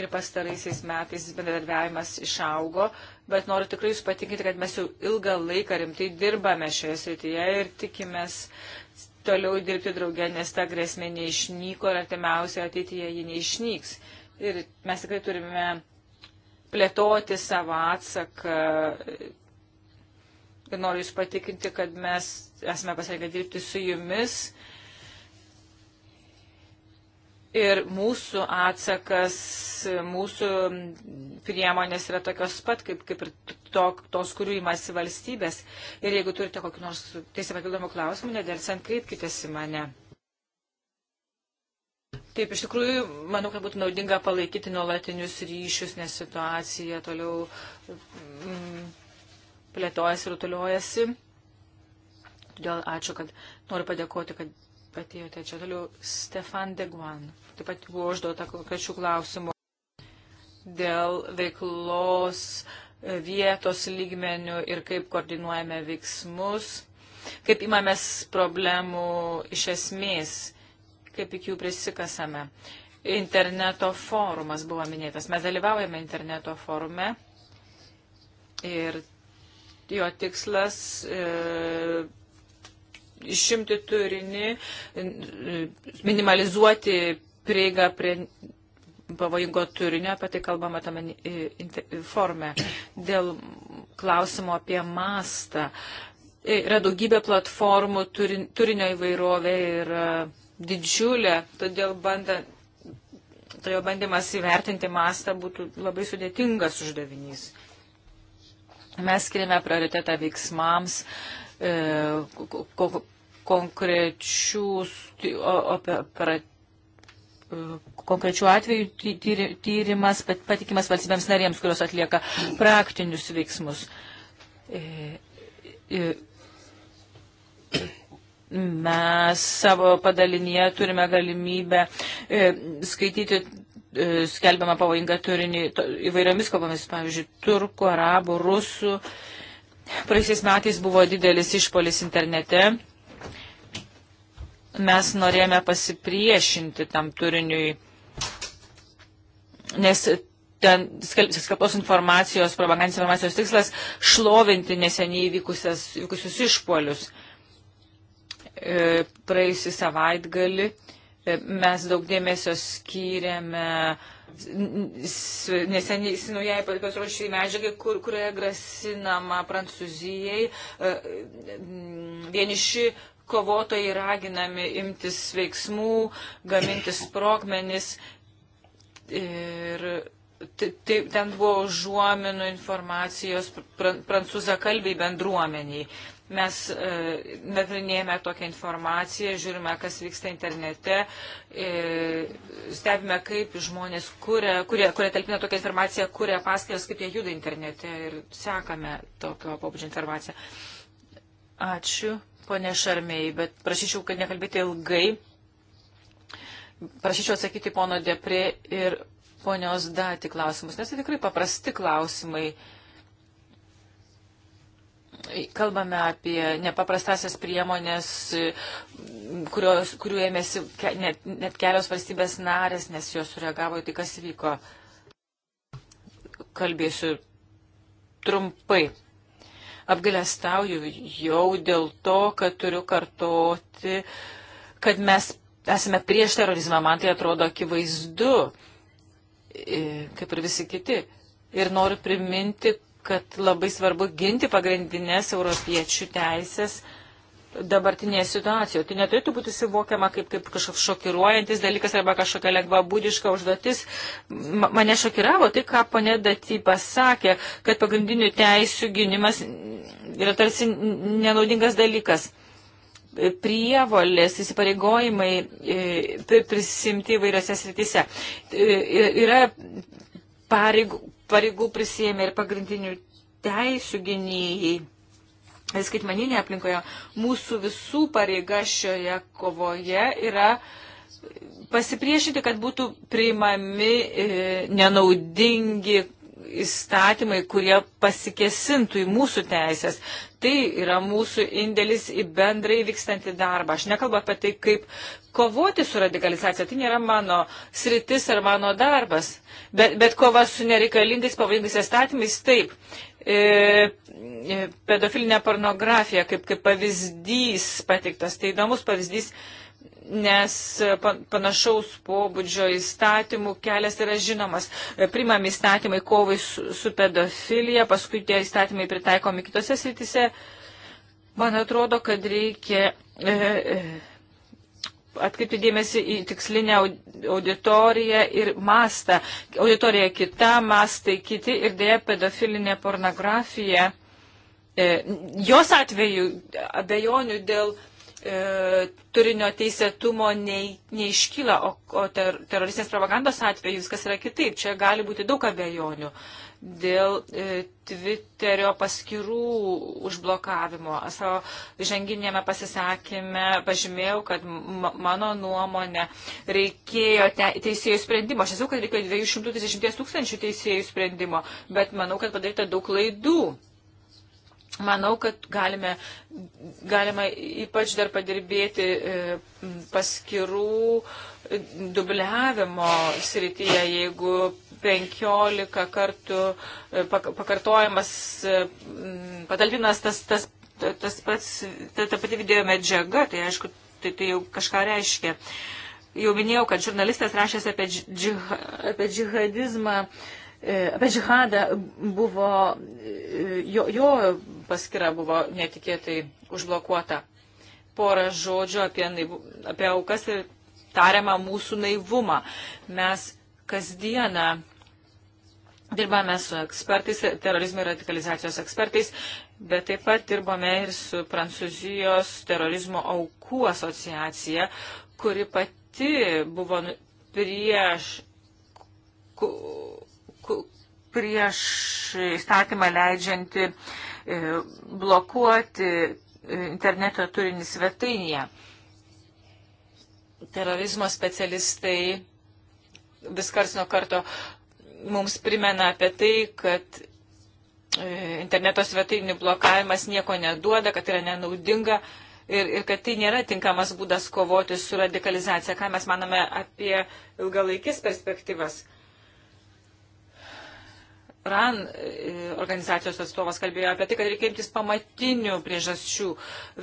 [SPEAKER 2] ir pastaraisiais metais bendradarbiavimas išaugo, bet noriu tikrai Jūs patikinti, kad mes jau ilgą laiką rimtai dirbame šioje srityje ir tikimės toliau dirbti draugė, nes ta grėsmė neišnyko ir artimiausioje ateityje ji neišnyks. Ir mes tikrai turime plėtoti savo atsaką. Ir noriu Jūs patikinti, kad mes esame pasiekę dirbti su Jumis. Ir mūsų atsakas, mūsų priemonės yra tokios pat, kaip, kaip ir to, tos, kurių įmasi valstybės. Ir jeigu turite kokį nors teisę papildomų klausimų, nedėlsant kreipkitės į mane. Taip, iš tikrųjų, manau, kad būtų naudinga palaikyti nuolatinius ryšius, nes situacija toliau mm, plėtojasi ir toliojasi. Todėl ačiū, kad noriu padėkoti, kad atėjote čia toliau. Stefan Deguan. Taip pat buvo užduota konkrečių klausimų dėl veiklos vietos lygmenių ir kaip koordinuojame veiksmus, kaip imamės problemų iš esmės kaip iki jų prisikasame. Interneto forumas buvo minėtas. Mes dalyvaujame interneto forume ir jo tikslas e, išimti turinį,
[SPEAKER 1] minimalizuoti
[SPEAKER 2] prieigą prie pavojingo turinio, apie tai kalbama tame forme. Dėl klausimo apie mastą. E, yra daugybė platformų, turinio įvairovė ir didžiulė, todėl, bandant, todėl bandymas įvertinti mastą būtų labai sudėtingas uždavinys. Mes skiriame prioritetą veiksmams, e, konkrečių, opera, e, konkrečių atvejų tyrimas patikimas valstybėms narėms, kurios atlieka praktinius veiksmus. E, e, Mes savo padalinyje turime galimybę e, skaityti e, skelbiamą pavojingą turinį įvairiomis kalbomis, pavyzdžiui, turkų, arabų, rusų. Praeisiais metais buvo didelis išpolis internete. Mes norėjome pasipriešinti tam turiniui, nes ten skelbtos informacijos, propagandinės informacijos tikslas šlovinti neseniai vykusius išpolius. E, praėjusį savaitgalį e, mes daug dėmesio skyrėme neseniai naujai pasirodžiai medžiagai, kur, kurioje grasinama Prancūzijai. E, vieniši kovotojai raginami imtis veiksmų, gaminti sprogmenis. Ir taip ten buvo užuominų informacijos prancūzakalbiai bendruomeniai. Mes e, nagrinėjame tokią informaciją, žiūrime, kas vyksta internete, e, stebime, kaip žmonės, kuria, kurie, kurie talpina tokią informaciją, kuria paskaitas, kaip jie juda internete ir sekame tokio pobūdžio informaciją. Ačiū, ponė Šarmiai, bet prašyčiau, kad nekalbėti ilgai. Prašyčiau atsakyti pono Depri ir ponios Dati klausimus, nes tai tikrai paprasti klausimai. E, kalbame apie nepaprastasias priemonės, kurios, kurių ėmėsi ke, net, net kelios valstybės narės, nes jos sureagavo į tai, kas vyko. Kalbėsiu trumpai. Apgalėstauju jau dėl to, kad turiu kartoti, kad mes esame prieš terorizmą, man tai atrodo akivaizdu, kaip ir visi kiti. Ir noriu priminti, kad labai svarbu ginti pagrindinės europiečių teisės dabartinėje situacijoje. Tai neturėtų būti suvokiama kaip, kaip kažkoks šokiruojantis dalykas arba kažkokia lengva būdiška užduotis. Mane šokiravo tai, ką ponė Daty pasakė, kad pagrindinių teisų gynimas yra tarsi nenaudingas dalykas. Prievolės, įsipareigojimai e, prisimti įvairiose srityse. E, e, yra pareigų pareigų prisėmė ir pagrindinių teisų gynėjai. Skaitmeninėje aplinkoje mūsų visų pareiga šioje kovoje yra pasipriešinti, kad būtų priimami e, nenaudingi įstatymai, kurie pasikesintų į mūsų teisės. Tai yra mūsų indėlis į bendrai vykstantį darbą. Aš nekalbu apie tai, kaip kovoti su radikalizacija. Tai nėra mano sritis ar mano darbas. Bet, bet kova su nereikalingais pavojingais įstatymais taip. E, e pedofilinė pornografija kaip, kaip pavyzdys patiktas. Tai įdomus pavyzdys. E, nes e, panašaus pobūdžio įstatymų kelias yra žinomas. E, primami įstatymai kovai su, su pedofilija, paskui tie įstatymai pritaikomi kitose srityse. Man atrodo, kad reikia e, e, atkreipti dėmesį į tikslinę auditoriją ir mastą. Auditorija kita, mastai kiti ir dėja pedofilinė pornografija. E, jos atveju abejonių dėl e, turinio teisėtumo nei, neiškyla, o, o ter, teroristinės propagandos atveju viskas yra kitaip. Čia gali būti daug abejonių dėl e, Twitterio paskirų užblokavimo. Savo ženginėme pasisakymę pažymėjau, kad mano nuomonė reikėjo te teisėjų sprendimo. Aš esu, kad reikėjo 230 tūkstančių teisėjų sprendimo, bet manau, kad padaryta daug klaidų. Manau, kad galime, galima ypač dar padirbėti e, paskirų e, dubliavimo srityje, jeigu 15 kartų e, pakartojamas patalpinas tas, tas, tas pats, ta, ta pati video medžiaga, tai aišku, tai, tai jau kažką reiškia. Jau minėjau, kad žurnalistas rašęs apie, džih, apie džihadizmą. Dži E, apie džihadą buvo, e, jo, jo paskira buvo netikėtai užblokuota. Porą žodžių apie, naivu, apie aukas ir tariamą mūsų naivumą. Mes kasdieną dirbame su ekspertais, terorizmo ir radikalizacijos ekspertais, bet taip pat dirbame ir su Prancūzijos terorizmo aukų asociacija, kuri pati buvo nu, prieš prieš įstatymą leidžianti e, blokuoti e, interneto turinį svetainėje. Terorizmo specialistai vis kars nuo karto mums primena apie tai, kad e, interneto svetainių blokavimas nieko neduoda, kad yra nenaudinga ir, ir kad tai nėra tinkamas būdas kovoti su radikalizacija. Ką mes manome apie ilgalaikis perspektyvas? RAN e, organizacijos atstovas kalbėjo apie tai, kad reikia imtis pamatinių priežasčių,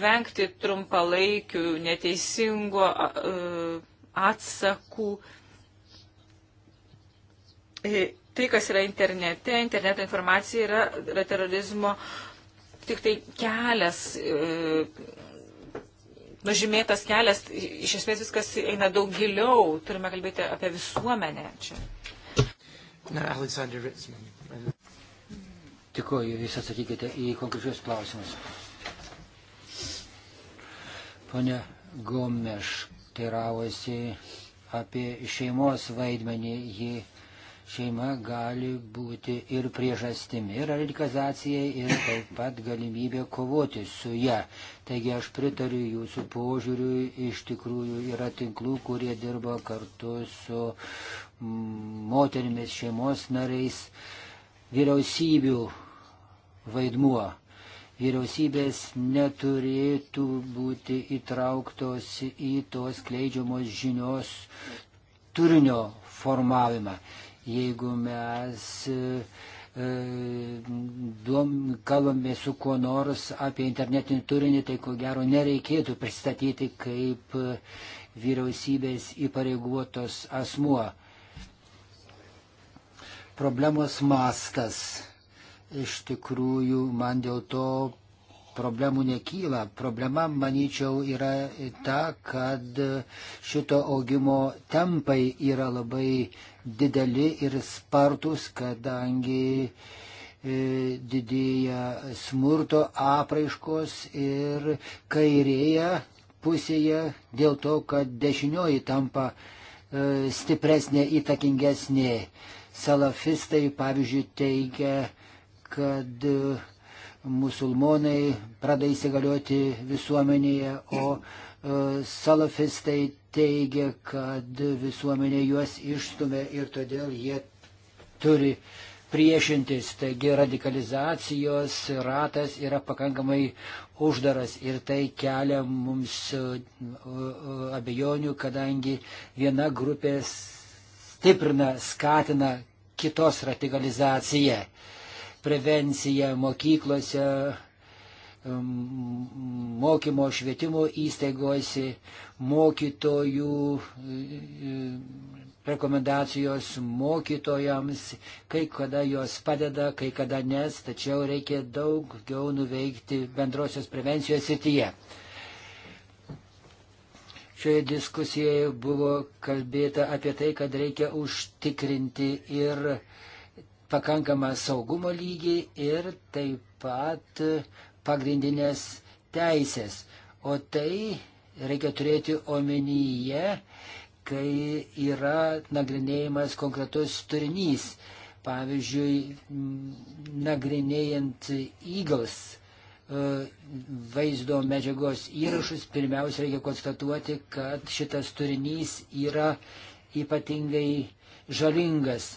[SPEAKER 2] vengti trumpalaikių, neteisingų e, atsakų. E, tai, kas yra internete, interneto informacija yra, yra terorizmo tik tai kelias, nužymėtas kelias, iš esmės viskas eina daug giliau, turime kalbėti apie visuomenę čia.
[SPEAKER 1] No, Alexander Ritzman. Tikoju, jūs atsakykite į konkrečius klausimus. Pone Gomeš teiravosi apie šeimos vaidmenį. Ji šeima gali būti ir priežastimi, ir radikalizacijai, ir taip pat galimybė kovoti su ją. Taigi aš pritariu jūsų požiūriui, iš tikrųjų yra tinklų, kurie dirba kartu su mm, moterimis šeimos nariais, vyriausybių vaidmuo. Vyriausybės neturėtų būti įtrauktos į tos kleidžiamos žinios turinio formavimą. Jeigu mes e, e, kalbame su kuo nors apie internetinį turinį, tai ko gero nereikėtų pristatyti kaip e, vyriausybės įpareigotos asmuo. Problemos mastas iš tikrųjų man dėl to problemų nekyla. Problema, manyčiau, yra ta, kad šito augimo tempai yra labai dideli ir spartus, kadangi e, didėja smurto apraiškos ir kairėje pusėje dėl to, kad dešinioji tampa e, stipresnė, įtakingesnė. Salafistai, pavyzdžiui, teigia, kad e, musulmonai pradeda įsigalioti visuomenėje, o e, salafistai teigia, kad visuomenė juos išstumė ir todėl jie turi priešintis. Taigi radikalizacijos ratas yra pakankamai uždaras ir tai kelia mums e, abejonių, kadangi viena grupė stiprina, skatina kitos radikalizaciją prevenciją mokyklose, mokymo švietimo įstaigose, mokytojų e, rekomendacijos mokytojams, kai kada jos padeda, kai kada nes, tačiau reikia daugiau nuveikti bendrosios prevencijos sityje. Šioje diskusijoje buvo kalbėta apie tai, kad reikia užtikrinti ir uh, pakankamą saugumo lygį ir taip pat pagrindinės teisės. O tai reikia turėti omenyje, kai yra nagrinėjimas konkretus turinys. Pavyzdžiui, nagrinėjant įgals e, vaizdo medžiagos įrašus, pirmiausia reikia konstatuoti, kad šitas turinys yra ypatingai žalingas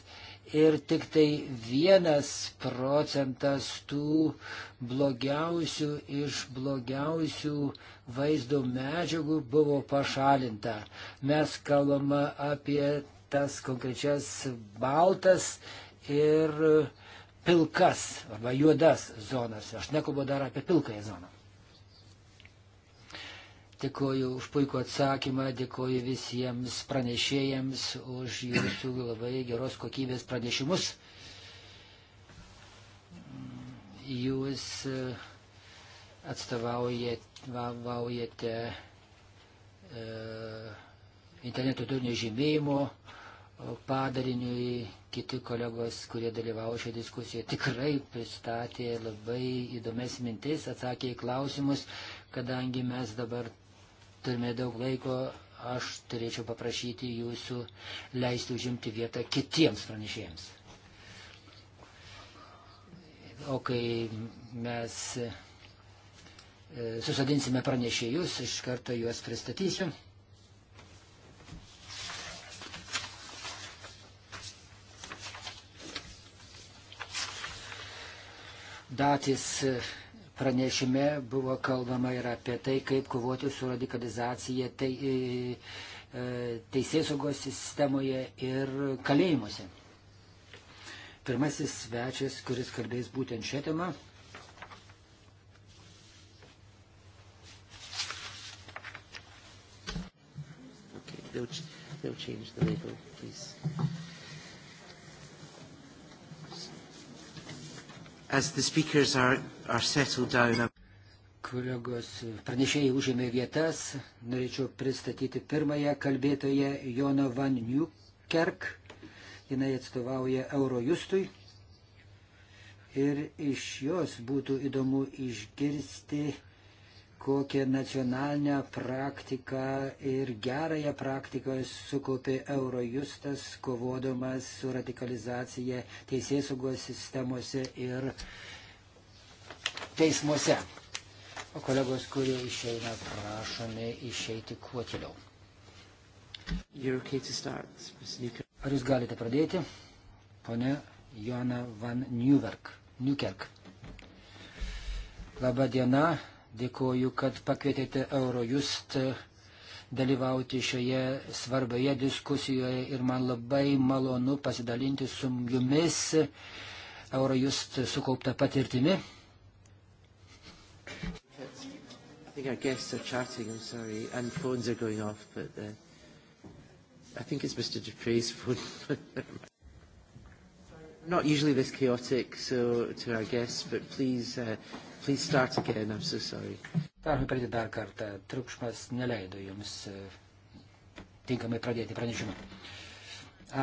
[SPEAKER 1] ir tik tai vienas procentas tų blogiausių iš blogiausių vaizdo medžiagų buvo pašalinta. Mes kalbame apie tas konkrečias baltas ir pilkas arba juodas zonas. Aš nekalbu dar apie pilkąją zoną. Dėkoju už puikų atsakymą, dėkoju visiems pranešėjams už jūsų labai geros kokybės pranešimus. Jūs e, atstovaujate e, interneto turinio žymėjimo e, padariniui, kiti kolegos, kurie dalyvavo šioje diskusijoje, tikrai pristatė labai įdomias mintis, atsakė į klausimus, kadangi mes dabar turime daug laiko, aš turėčiau paprašyti jūsų leisti užimti vietą kitiems pranešėjams. O kai mes e, susadinsime pranešėjus, iš karto juos pristatysiu. Datis e, Pranešime buvo kalbama ir apie tai, kaip kovoti su radikalizacija tai, teisėsaugos sistemoje ir kalėjimuose. Pirmasis svečias, kuris kalbės būtent šią temą, they'll, ch- they'll change the label, please. As the speakers are, are settled down. Kolegos pranešėjai užėmė vietas. Norėčiau pristatyti pirmąją kalbėtoją Joną Van Newkerk. Jis atstovauja Eurojustui. Ir iš jos būtų įdomu išgirsti kokią nacionalinę praktiką ir gerąją praktiką sukaupė Eurojustas, kovodamas su radikalizacija teisėsaugos sistemose ir teismuose. O kolegos, kurie išeina, prašome išeiti kuo tiliau. Okay Ar jūs galite pradėti? Pone Joana Van Newberg. Newkerk. Labą dieną, Dėkuoju, kad pakvietėte Eurojust dalyvauti šioje svarbioje diskusijoje ir man labai malonu pasidalinti su jumis Eurojust sukauptą patirtimi. I think our guests are chatting, I'm sorry, and phones are going off, but uh, I think it's Mr. Dupre's phone. Not usually this chaotic, so to our guests, but please uh, Please start again, I'm so sorry. Prašom pradėti dar kartą. Triukšmas neleido jums e, tinkamai pradėti pranešimą.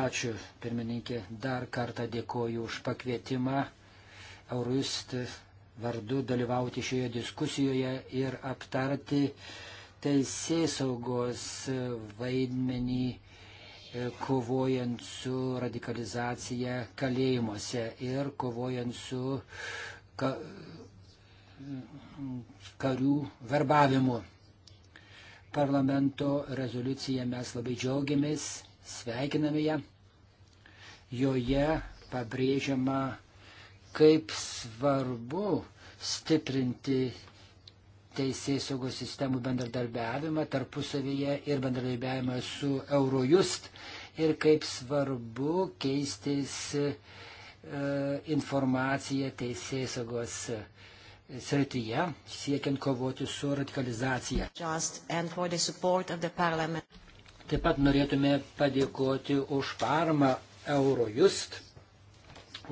[SPEAKER 1] Ačiū, pirmininkė. Dar kartą dėkoju už pakvietimą Eurist vardu dalyvauti šioje diskusijoje ir aptarti teisės saugos vaidmenį e, kovojant su radikalizacija kalėjimuose ir kovojant su karių verbavimu. Parlamento rezoliuciją mes labai džiaugiamės, sveikiname ją. Joje pabrėžiama, kaip svarbu stiprinti teisės saugos sistemų bendradarbiavimą tarpusavyje ir bendradarbiavimą su Eurojust ir kaip svarbu keistis e, informaciją teisės saugos e, srityje, siekiant kovoti su radikalizacija. Taip pat norėtume padėkoti už paramą Eurojust,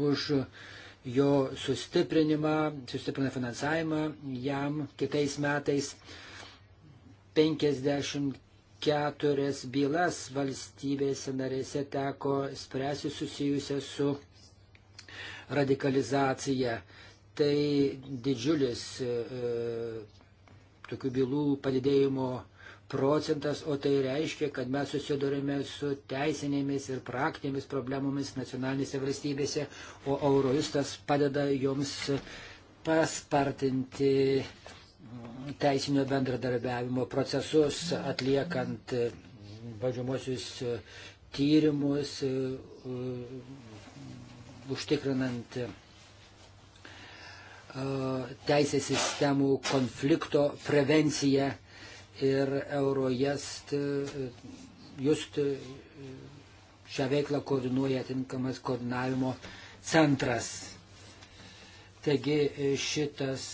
[SPEAKER 1] už jo sustiprinimą, sustiprinę finansavimą jam kitais metais 54 bylas valstybėse narėse teko spręsti susijusią su radikalizacija tai didžiulis e, tokių bylų padidėjimo procentas, o tai reiškia, kad mes susidurime su teisinėmis ir praktinėmis problemomis nacionalinėse valstybėse, o Eurojustas padeda joms paspartinti teisinio bendradarbiavimo procesus, atliekant važiuomosius tyrimus, e, užtikrinant teisės sistemų konflikto prevencija ir Eurojust e, just e, šią veiklą koordinuoja atinkamas koordinavimo centras. Taigi e, šitas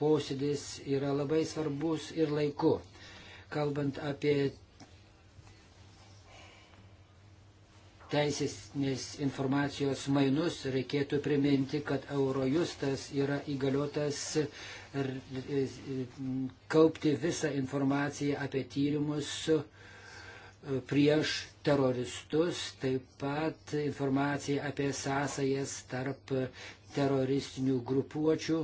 [SPEAKER 1] posėdis yra labai svarbus ir laiku. Kalbant apie teisės informacijos mainus, reikėtų priminti, kad Eurojustas yra įgaliotas e, kaupti visą informaciją apie tyrimus e, prieš teroristus, taip pat informaciją apie sąsajas tarp teroristinių grupuočių,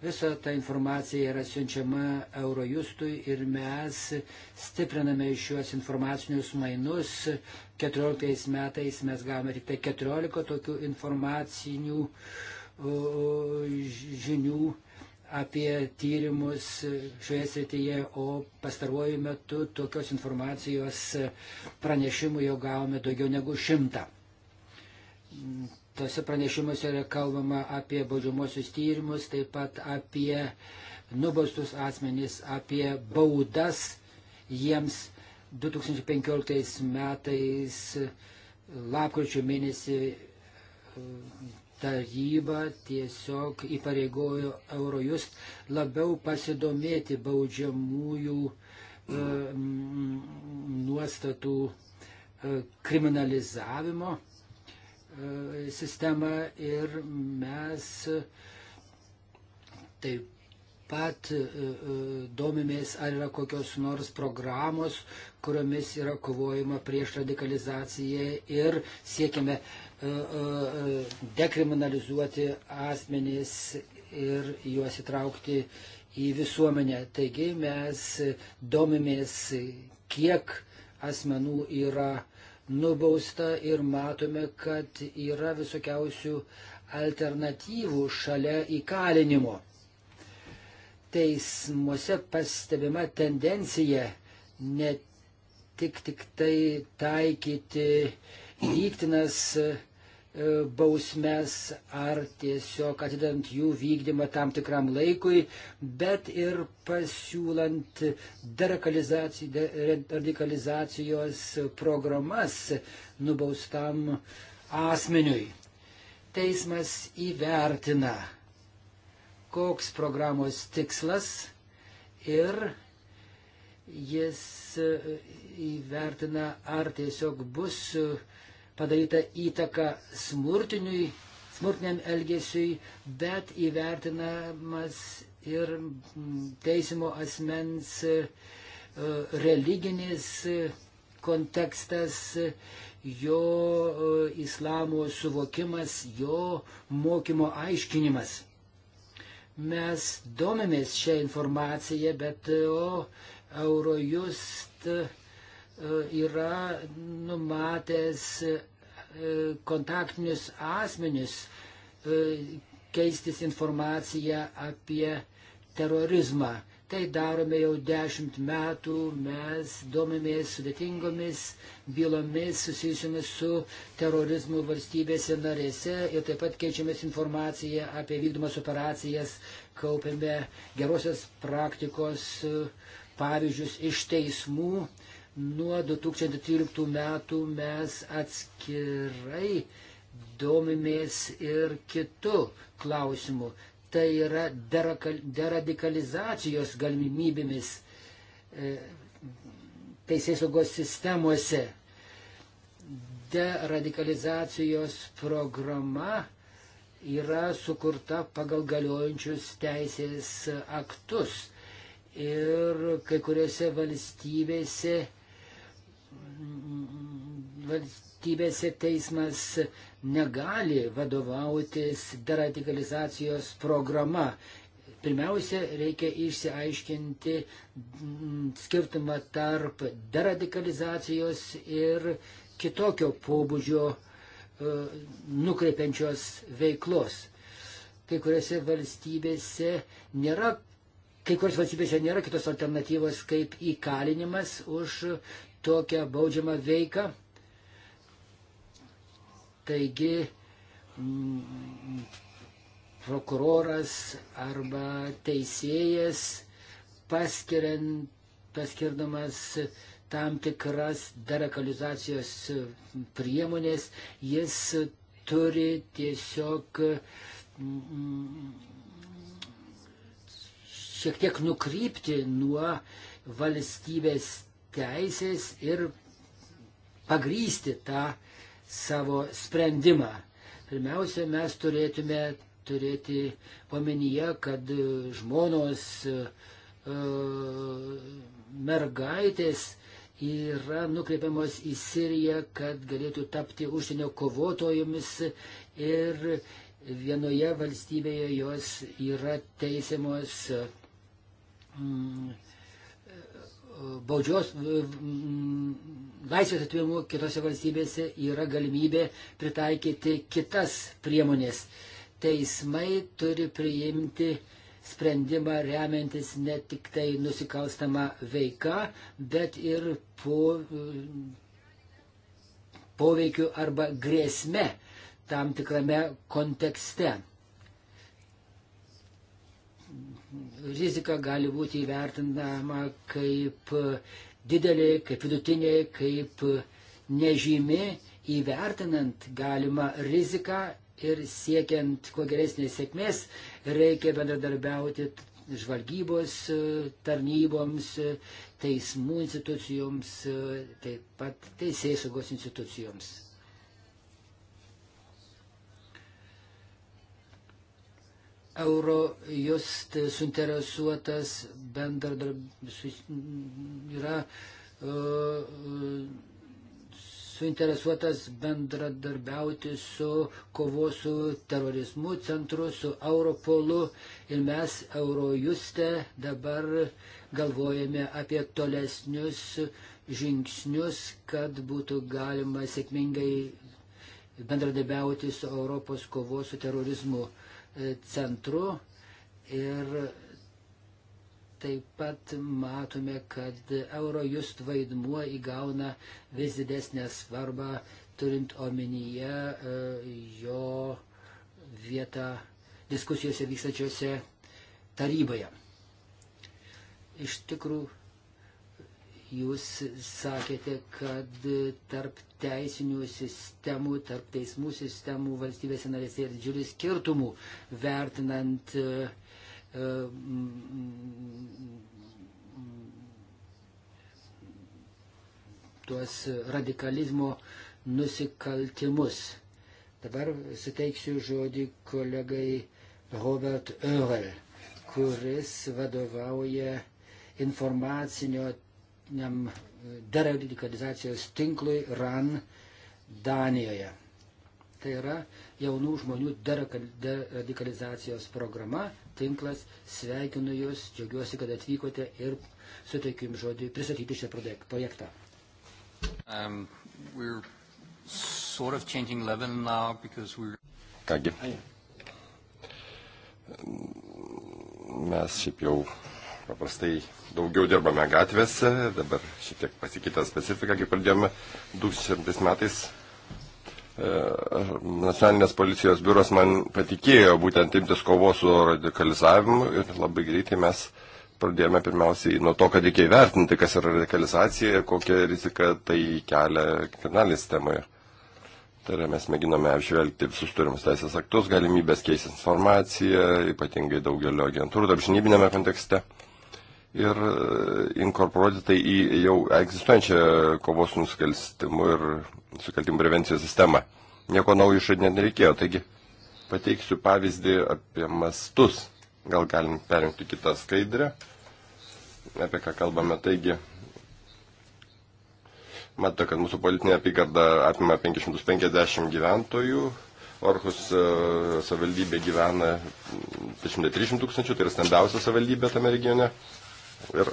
[SPEAKER 1] Visa ta informacija yra siunčiama Eurojustui ir mes stipriname šiuos informacinius mainus. 14 metais mes gavome tik tai 14 tokių informacinių žinių apie tyrimus šioje srityje, o pastaruoju metu tokios informacijos pranešimų jau gavome daugiau negu šimtą tose pranešimuose yra kalbama apie baudžiamosius tyrimus, taip pat apie nubaustus asmenys, apie baudas jiems 2015 metais lapkričio mėnesį taryba tiesiog įpareigojo Eurojust labiau pasidomėti baudžiamųjų e, nuostatų e, kriminalizavimo E, sistemą ir mes taip pat e, e, domimės, ar yra kokios nors programos, kuriomis yra kovojama prieš radikalizaciją ir siekiame dekriminalizuoti asmenys ir juos įtraukti į visuomenę. Taigi mes domimės, kiek asmenų yra nubausta ir matome, kad yra visokiausių alternatyvų šalia įkalinimo. Teismuose pastebima tendencija ne tik, tik tai taikyti vyktinas E, bausmes ar tiesiog atidant jų vykdymą tam tikram laikui, bet ir pasiūlant radikalizacijos programas nubaustam asmeniui. Teismas įvertina, koks programos tikslas ir jis e, įvertina, ar tiesiog bus uh, padaryta įtaka smurtiniui, smurtiniam elgesiui, bet įvertinamas ir mm, teisimo asmens e, religinis kontekstas, jo e, islamo suvokimas, jo mokymo aiškinimas mes domimės šią informaciją, bet e, o, Eurojust yra numatęs E, kontaktinius asmenis e, keistis informaciją apie terorizmą. Tai darome jau dešimt metų, mes domimės sudėtingomis bylomis susijusiamis su terorizmu valstybėse narėse ir taip pat keičiamės informaciją apie vykdomas operacijas, kaupiame gerosios praktikos e, pavyzdžius iš teismų Nuo 2013 metų mes atskirai domimės ir kitų klausimų. Tai yra deradikalizacijos galimybėmis e, teisėsaugos sistemuose. Deradikalizacijos programa yra sukurta pagal galiojančius teisės aktus. Ir kai kuriuose valstybėse valstybėse teismas negali vadovautis deradikalizacijos programa. Pirmiausia, reikia išsiaiškinti mm, skirtumą tarp deradikalizacijos ir kitokio pobūdžio e, nukreipiančios veiklos. Kai kuriuose valstybėse nėra kai kurios valstybėse nėra kitos alternatyvos kaip įkalinimas už tokią baudžiamą veiką. Taigi m, mm, prokuroras arba teisėjas paskirdamas tam tikras derakalizacijos priemonės, jis turi tiesiog m, mm, šiek tiek nukrypti nuo valstybės teisės ir pagrysti tą savo sprendimą. Pirmiausia, mes turėtume turėti omenyje, kad žmonos e, mergaitės yra nukreipiamos į Siriją, kad galėtų tapti užsienio kovotojomis ir vienoje valstybėje jos yra teisiamos mm, baudžios laisvės atvimu kitose valstybėse yra galimybė pritaikyti kitas priemonės. Teismai turi priimti sprendimą remiantis ne tik tai nusikalstama veika, bet ir po, poveikiu arba grėsme tam tikrame kontekste rizika gali būti įvertinama kaip didelė, kaip vidutinė, kaip nežymi, įvertinant galimą riziką ir siekiant kuo geresnės sėkmės reikia bendradarbiauti žvalgybos tarnyboms, teismų institucijoms, taip pat teisėsaugos institucijoms. euro just suinteresuotas bendradarbiavimas yra e, e, suinteresuotas bendradarbiauti su kovos su terorizmu centru, su Europolu ir mes Eurojuste dabar galvojame apie tolesnius žingsnius, kad būtų galima sėkmingai bendradarbiauti su Europos kovos su terorizmu E, centru ir taip pat matome, kad Eurojust vaidmuo įgauna vis didesnę svarbą, turint omenyje e, jo vietą diskusijose vykstačiose taryboje. Iš tikrųjų, Jūs sakėte, kad tarp teisinių sistemų, tarp teismų sistemų valstybėse narėse yra didžiulių skirtumų, vertinant uh, tuos radikalizmo nusikaltimus. Dabar suteiksiu žodį kolegai Robert Övel, kuris vadovauja informacinio E, deradikalizacijos tinklui RAN Danijoje. Tai yra jaunų žmonių deradikalizacijos programa, tinklas. Sveikinu Jūs, džiaugiuosi, kad atvykote ir suteikiu Jums žodį pristatyti šią projektą. Um, sort of
[SPEAKER 3] Kągi. Mes šiaip jau Paprastai daugiau dirbame gatvėse, dabar šiek tiek pasikeitė specifika, kai pradėjome 2007 metais. E, nacionalinės policijos biuras man patikėjo būtent imtis kovos su radikalizavimu ir labai greitai mes pradėjome pirmiausiai nuo to, kad reikia įvertinti, kas yra radikalizacija ir kokią riziką tai kelia kriminalinėje sistemoje. Tai yra, mes mėginame apžvelgti visus turimus teisės aktus, galimybės keisti informaciją, ypatingai daugelio agentūrų, apžinybinėme kontekste ir e, inkorporuoti tai į jau egzistuojančią kovos su nusikalstimu ir sukaltimu prevencijos sistemą. Nieko naujo išradinėti nereikėjo. Taigi pateiksiu pavyzdį apie mastus. Gal galim perjungti kitą skaidrę, apie ką kalbame. Taigi, matote, kad mūsų politinė apygarda apima 550 gyventojų, Orhus e, savivaldybė gyvena 530 tūkstančių, tai yra stambiausia savivaldybė tame regione. Ir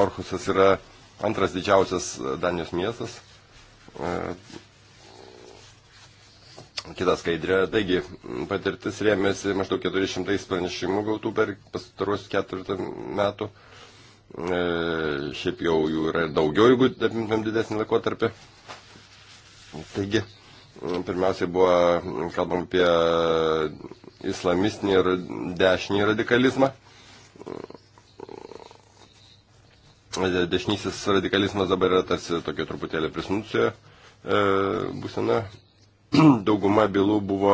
[SPEAKER 3] Orhusas yra antras didžiausias Danijos miestas. E, kita skaidrė. Taigi, patirtis rėmėsi maždaug 400 pranešimų gautų per pastaruosius ketvirtą metų. E, šiaip jau jų yra daugiau, jeigu apimtumėm didesnį laikotarpį. Taigi, pirmiausiai buvo kalbam apie islamistinį ir dešinį radikalizmą dešnysis radikalizmas dabar yra tarsi tokia truputėlė prisnucija e, būsena. Dauguma bylų buvo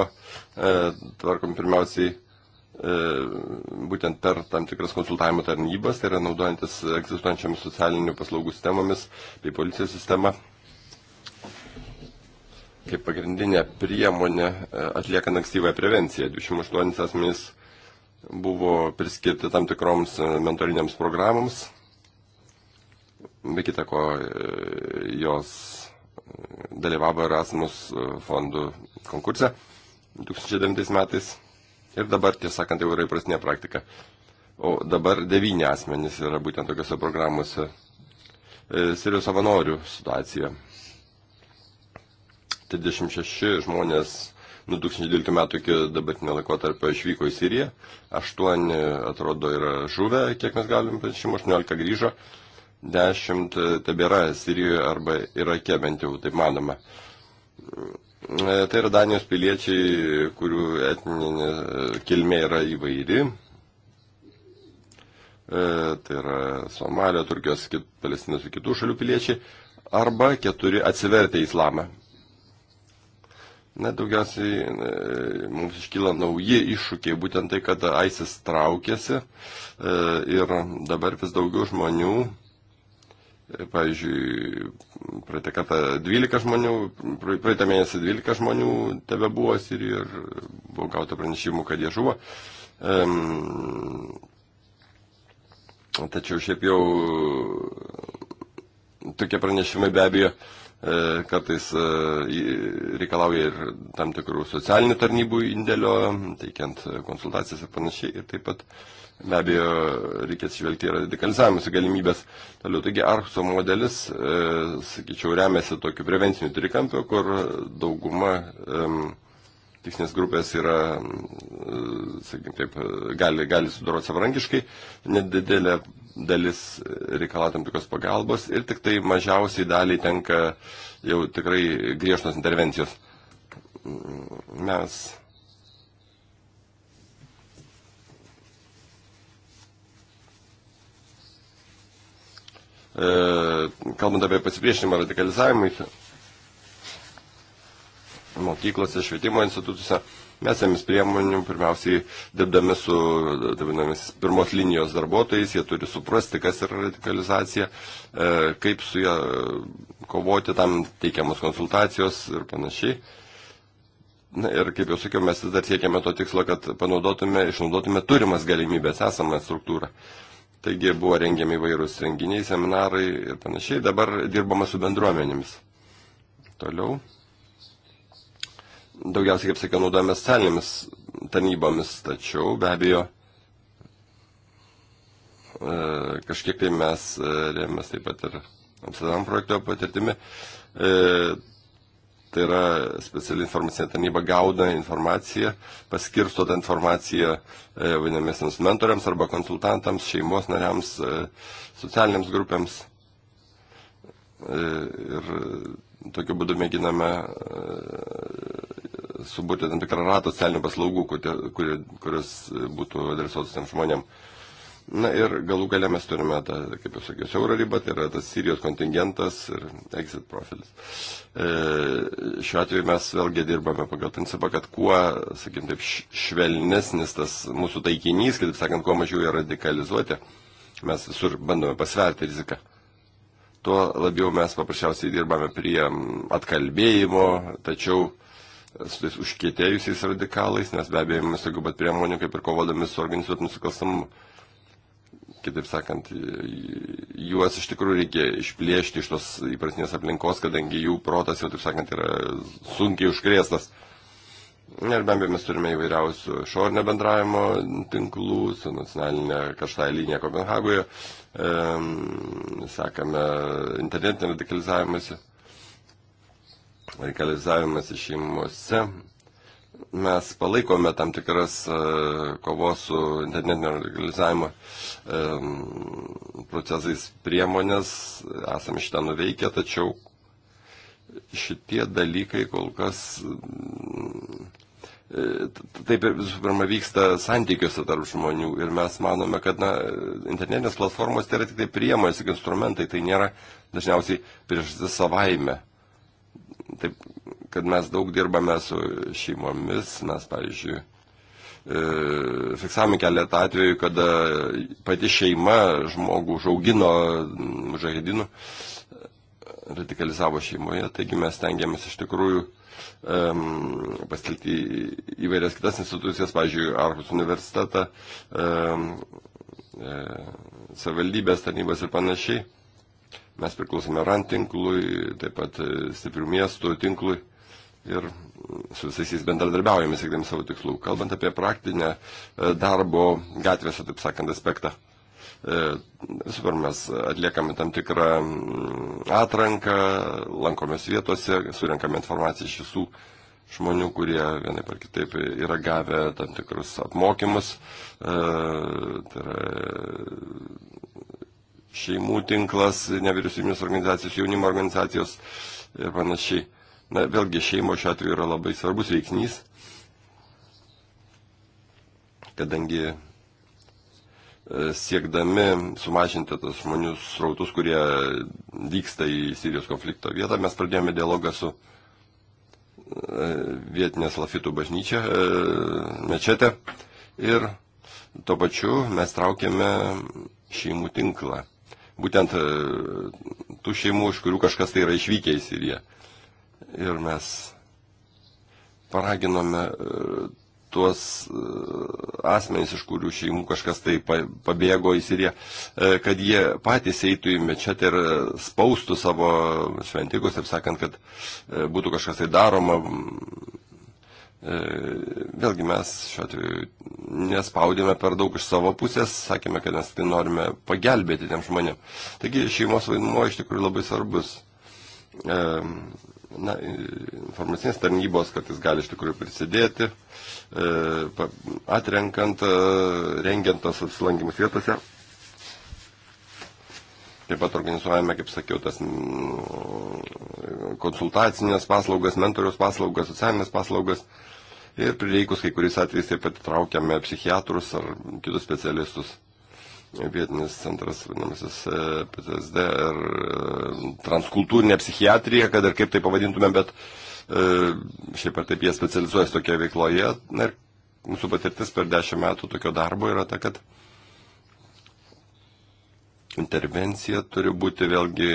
[SPEAKER 3] e, tvarkom pirmiausiai e, būtent per tam tikras konsultavimo tarnybas, tai yra naudojantis egzistuojančiamis socialinių paslaugų sistemomis bei policijos sistema kaip pagrindinė priemonė atliekant ankstyvąją prevenciją. 28 asmenys buvo priskirti tam tikroms mentoriniams programams, Be kita ko, e, jos dalyvavo Erasmus e, fondų konkurse 2009 metais ir dabar, tiesą sakant, jau yra įprastinė praktika. O dabar devyni asmenys yra būtent tokiuose programuose e, Sirijos savanorių situacija. 36 žmonės nuo 2012 metų iki dabartinio laikotarpio išvyko į Siriją, 8 atrodo yra žuvę, kiek mes galim, 18 grįžo, dešimt e, tebėra Sirijoje arba Irake, bent jau taip manoma. E, tai yra Danijos piliečiai, kurių etninė e, kilmė yra įvairi. Tai yra Somalio, Turkijos, Palestinos ir kitų šalių piliečiai. Arba keturi atsivertę islamą. Na, daugiausiai mums iškyla nauji iššūkiai, būtent tai, kad ISIS traukėsi ir dabar vis daugiau žmonių E, pavyzdžiui, praeitą kartą 12 žmonių, praeitą mėnesį 12 žmonių tebe buvo Sirijoje ir buvo gauta pranešimų, kad jie žuvo. Um, tačiau šiaip jau tokie pranešimai be abejo e, kartais e, reikalauja ir tam tikrų socialinių tarnybų indėlio, teikiant konsultacijas ir panašiai. Ir taip pat uh, Be abejo, reikia atsižvelgti ir radikalizavimus galimybės. Toliau, taigi Arhuso modelis, e, sakyčiau, remiasi tokiu prevenciniu trikampiu, kur dauguma e, tikslinės grupės yra, e, sakykime taip, gali, gali sudoroti savarankiškai, nedidelė dalis reikalauja tam tikros pagalbos ir tik tai mažiausiai daliai tenka jau tikrai griežtos intervencijos. Mes kalbant apie pasipriešinimą radikalizavimui, mokyklose, švietimo institucijose, mes ėmės priemonių, pirmiausiai dirbdami su dabinamis, pirmos linijos darbuotojais, jie turi suprasti, kas yra radikalizacija, e, kaip su ją kovoti, tam teikiamos konsultacijos ir panašiai. Na ir kaip jau sakiau, mes vis dar siekiame to tikslo, kad panaudotume, išnaudotume turimas galimybės, esamą struktūrą. Uh, Taigi buvo rengiami įvairūs renginiai, seminarai ir panašiai. Dabar dirbama su bendruomenėmis. Toliau. Daugiausiai, kaip sakiau, naudojame socialinėmis tarnybomis, tačiau be abejo e, kažkiek tai mes e, rėmės taip pat ir Amsterdam projekto patirtimi. E, Tai yra speciali informacinė tarnyba gauna informaciją, paskirsto tą informaciją e, vadinamiesiams mentoriams arba konsultantams, šeimos nariams, e, socialiniams grupėms. E, ir tokiu būdu mėginame suburti tam tikrą ratą socialinių paslaugų, kurios būtų adresuotus tiem žmonėm. Na ir galų gale mes turime tą, kaip jau sakiau, euro ribą, tai yra tas Sirijos kontingentas ir exit profilis. E, šiuo atveju mes vėlgi dirbame pagal principą, kad kuo, sakykim, taip švelnesnis tas mūsų taikinys, kitaip sakant, kuo mažiau jie radikalizuoti, mes visur bandome pasverti riziką tuo labiau mes paprasčiausiai dirbame prie atkalbėjimo, tačiau e, su tais užkėtėjusiais radikalais, nes be abejo mes tokių pat priemonių, kaip ir kovodami su organizuotų nusikalstamumu. Kitaip sakant, juos iš tikrųjų reikia išplėšti iš tos įprastinės aplinkos, kadangi jų protas jau, taip sakant, yra sunkiai užkrėstas. Ir be abejo, mes turime įvairiausių šornio bendravimo tinklų su nacionalinė kažtai linija Kopenhagoje, e, sekame internetinį radikalizavimąsi, radikalizavimas šeimose mes palaikome tam tikras e, kovos su internetinio legalizavimo e, procesais priemonės, esame šitą nuveikę, tačiau šitie dalykai kol kas e, taip visų pirma vyksta santykiuose tarp žmonių ir mes manome, kad na, internetinės platformos tai yra tik tai priemonės, tik instrumentai, tai nėra dažniausiai priežastis savaime. Taip kad mes daug dirbame su šeimomis, mes, pavyzdžiui, e, fiksavome keletą atvejų, kada pati šeima žmogų užaugino mm, žahedinų, radikalizavo šeimoje, taigi mes tengiamės iš tikrųjų um, pastilti įvairias kitas institucijas, pavyzdžiui, Arkos universitetą, um, e, savivaldybės tarnybas ir panašiai. Mes priklausome RAN tinklui, taip pat e, stiprių miestų tinklui ir su visais jais bendradarbiaujame siekdami savo tikslų. Kalbant apie praktinę e, darbo gatvėse, taip sakant, aspektą. E, visų pirma, mes atliekame tam tikrą mm, atranką, lankomės vietose, surinkame informaciją iš visų žmonių, kurie vienai par kitaip yra gavę tam tikrus apmokymus. E, tai yra šeimų tinklas, nevyriausybinės organizacijos, jaunimo organizacijos ir panašiai. Na, vėlgi šeimo šiuo atveju yra labai svarbus veiksnys, kadangi e, siekdami sumažinti tas žmonių srautus, kurie vyksta į Sirijos konflikto vietą, mes pradėjome dialogą su e, vietinės Lafitų bažnyčia, e, mečete. Ir tuo pačiu mes traukėme šeimų tinklą. Būtent tų šeimų, iš kurių kažkas tai yra išvykę į Siriją. Ir mes paraginome e, tuos e, asmenys, iš kurių šeimų kažkas tai pabėgo į Siriją, e, kad jie patys eitų į mečetę ir spaustų savo šventikus, taip sakant, kad būtų kažkas tai daroma. Vėlgi mes šiuo atveju nespaudėme per daug iš savo pusės, sakėme, kad mes tai norime pagelbėti tiem žmonėm. Taigi šeimos vaidmuo iš tikrųjų labai svarbus na, informacinės tarnybos kartais gali iš tikrųjų prisidėti, e, atrenkant, e, rengiant tas apsilankimus vietose. Taip pat organizuojame, kaip sakiau, tas konsultacinės paslaugas, mentoriaus paslaugas, socialinės paslaugas. Ir prireikus kai kuriais atvejais taip pat traukiame psichiatrus ar kitus specialistus vietinis centras, vadinamasis e, PTSD ir e, transkultūrinė psichiatrija, kad ir kaip tai pavadintume, bet e, šiaip ar taip jie specializuojasi tokioje veikloje. Na, ir mūsų patirtis per dešimt metų tokio darbo yra ta, kad intervencija turi būti vėlgi,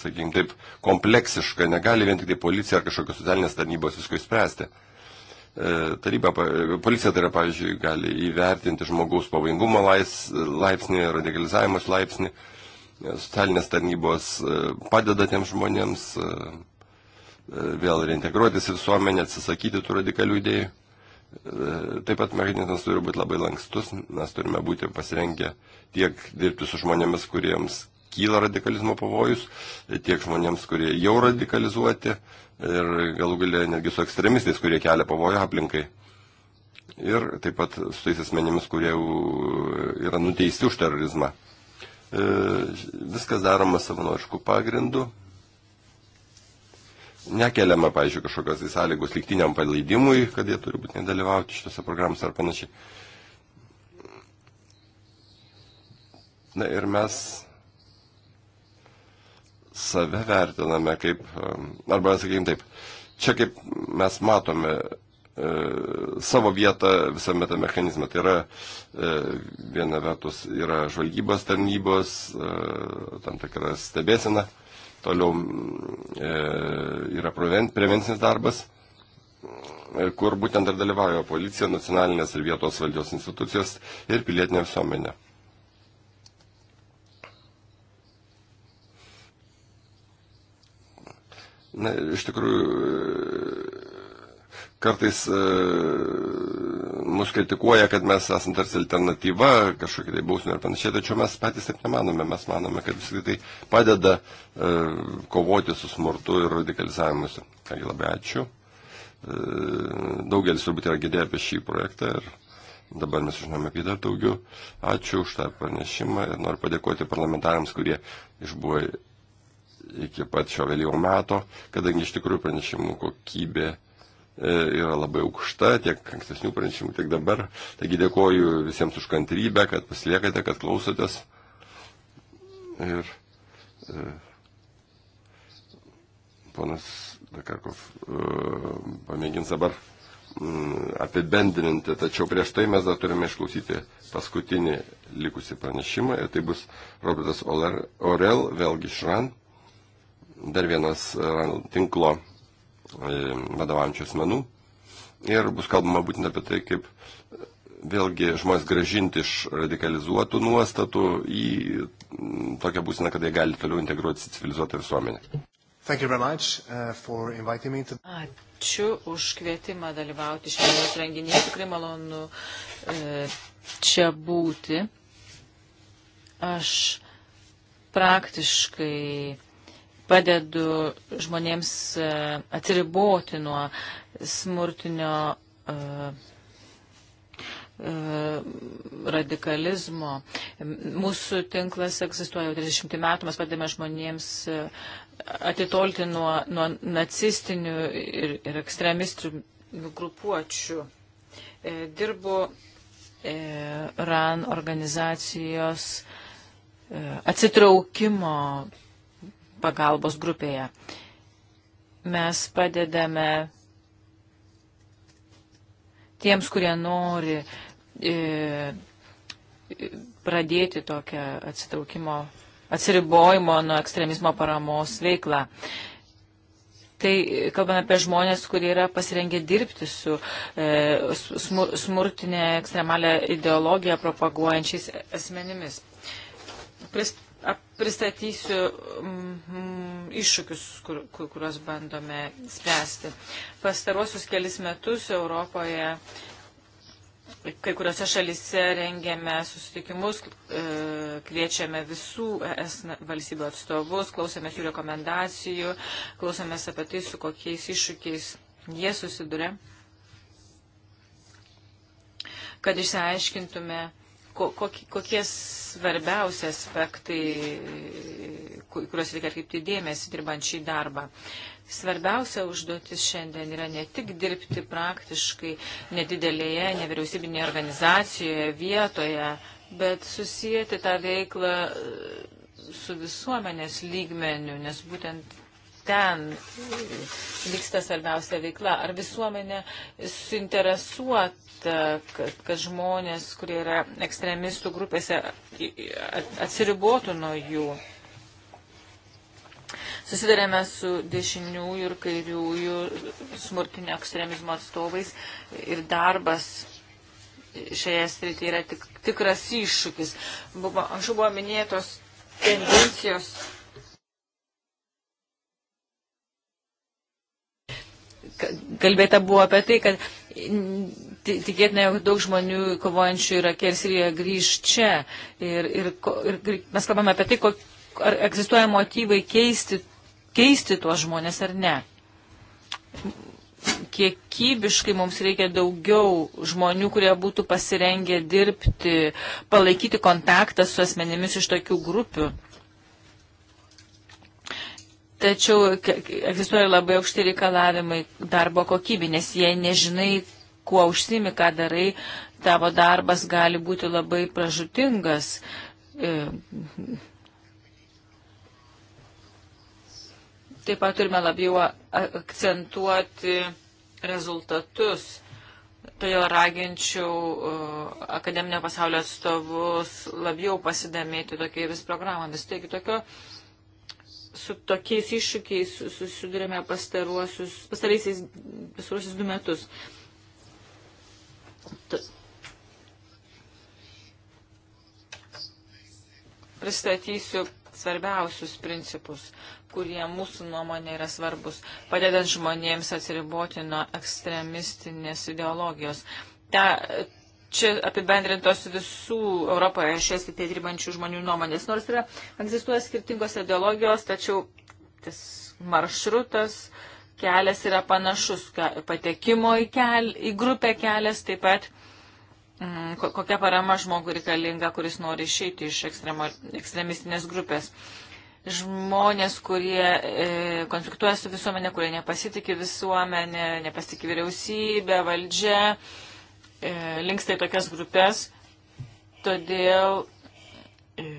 [SPEAKER 3] sakykime taip, kompleksiška, negali vien tik tai policija ar kažkokios socialinės tarnybos visko įspręsti. E, taryba, policija tai yra, pavyzdžiui, gali įvertinti žmogaus pavojingumo laipsnį, radikalizavimas laipsnį, e, socialinės tarnybos e, padeda tiem žmonėms vėl reintegruotis į visuomenę, atsisakyti tų radikalių idėjų. Taip pat mechanizmas turi būti labai lankstus, mes turime būti pasirengę tiek dirbti su žmonėmis, kuriems kyla radikalizmo pavojus, tiek žmonėms, kurie jau radikalizuoti, ir galų galę netgi su ekstremistais, kurie kelia pavojų aplinkai. Ir taip pat su tais asmenimis, kurie yra nuteisti už terorizmą. E, viskas daroma savanoriškų pagrindų. Nekeliama, pažiūrėjau, kažkokios tai sąlygos liktiniam palaidimui, kad jie turi būtinai dalyvauti šitose programose ar panašiai. Na ir mes save vertiname kaip, arba sakykime taip, čia kaip mes matome e, savo vietą visame tame mechanizme. Tai yra e, viena vertus yra žvalgybos tarnybos, e, tam tikra stebėsena, toliau yra prevencinis darbas kur būtent ir dalyvauja policija, nacionalinės ir vietos valdžios institucijos ir pilietinė visuomenė. Na, iš tikrųjų, e, kartais e, mus kritikuoja, kad mes esame tarsi alternatyva kažkokia tai bausmė ir panašiai, tačiau mes patys taip nemanome. Mes manome, kad vis tik tai padeda e, kovoti su smurtu ir radikalizavimuose. Kągi labai ačiū. E, daugelis turbūt yra girdėję apie šį projektą ir dabar mes žinome apie dar daugiau. Ačiū už tą pranešimą ir noriu padėkoti parlamentarams, kurie išbuvo iki pat šio vėlyvo meto, kadangi iš tikrųjų pranešimų kokybė e, yra labai aukšta, tiek ankstesnių pranešimų, tiek dabar. Taigi dėkoju visiems už kantrybę, kad pasiliekate, kad klausotės. Ir e, ponas Dakarkov e, pamėgins dabar m, mm, apibendrinti, tačiau prieš tai mes dar turime išklausyti paskutinį likusį pranešimą ir tai bus Robertas Orel, vėlgi Šran dar vienas e, tinklo e, vadovaujančių asmenų. Ir bus kalbama būtent apie tai, kaip e, vėlgi žmonės gražinti iš radikalizuotų nuostatų į tokią būsiną, kad jie gali toliau integruotis į civilizuotą visuomenę.
[SPEAKER 1] Uh, to...
[SPEAKER 2] Ačiū už kvietimą dalyvauti šiandienos renginėje. Tikrai malonu e, čia būti. Aš praktiškai padedu žmonėms e, atsiriboti nuo smurtinio e, e, radikalizmo. Mūsų tinklas egzistuoja jau 30 metų, mes padėme žmonėms atitolti nuo, nuo nacistinių ir, ir ekstremistinių grupuočių. Dirbu RAN organizacijos atsitraukimo pagalbos grupėje. Mes padedame tiems, kurie nori e, pradėti tokią atsitraukimo, atsiribojimo nuo ekstremizmo paramos veiklą. Tai kalbame apie žmonės, kurie yra pasirengę dirbti su e, smurtinė ekstremalė ideologija propaguojančiais asmenimis. Prist, pristatysiu mm, iššūkius, kur, kur, kuriuos bandome spręsti. Pastaruosius kelis metus Europoje kai kuriuose šalise rengiame susitikimus, e, kviečiame visų ES valstybių atstovus, klausėmės jų rekomendacijų, klausėmės apie tai, su kokiais iššūkiais jie susiduria, kad išsiaiškintume, kokie svarbiausi aspektai, kuriuos reikia atkreipti dėmesį dirbant šį darbą. Svarbiausia užduotis šiandien yra ne tik dirbti praktiškai nedidelėje nevyriausybinėje organizacijoje, vietoje, bet susijęti tą veiklą e, su visuomenės lygmeniu, nes būtent ten e, vyksta svarbiausia veikla. Ar visuomenė suinteresuot kad, kad žmonės, kurie yra ekstremistų grupėse, atsiribotų nuo jų. Susidarėme su dešiniųjų ir kairiųjų smurtinio ekstremizmo atstovais ir darbas šioje srityje yra tik, tikras iššūkis. Buvo, anksčiau buvo minėtos tendencijos. Kalbėta buvo apie tai, kad tikėtina, jog daug žmonių kovojančių Irake ir Sirijoje grįž čia. Ir, ir, ir mes kalbame apie tai, kok, ar egzistuoja motyvai keisti, keisti tuos žmonės ar ne. Kiekybiškai mums reikia daugiau žmonių, kurie būtų pasirengę dirbti, palaikyti kontaktą su asmenimis iš tokių grupių. Tačiau egzistuoja labai aukšti reikalavimai darbo kokybė, nes jei nežinai, kuo užsimi, ką darai, tavo darbas gali būti labai pražutingas. E, taip pat turime labiau akcentuoti rezultatus. Todėl tai raginčiau e, akademinio pasaulio atstovus labiau pasidomėti tokiais programomis. Taigi tokio su tokiais iššūkiais susidurėme pastaraisiais pastaruosius du metus. T Pristatysiu svarbiausius principus, kurie mūsų nuomonė yra svarbus, padedant žmonėms atsiriboti nuo ekstremistinės ideologijos. Ta, čia apibendrintos visų Europoje šioje srityje tai dirbančių žmonių nuomonės. Nors yra, egzistuoja skirtingos ideologijos, tačiau tas maršrutas, kelias yra panašus, patekimo į, kel, į grupę kelias taip pat. Mm, kokia parama žmogui reikalinga, kuris nori išeiti iš ekstremo, ekstremistinės grupės. Žmonės, kurie e, konfliktuoja su visuomenė, kurie nepasitikė visuomenė, nepasitikė vyriausybė, valdžia, e, e, linksta į tokias grupės, todėl e,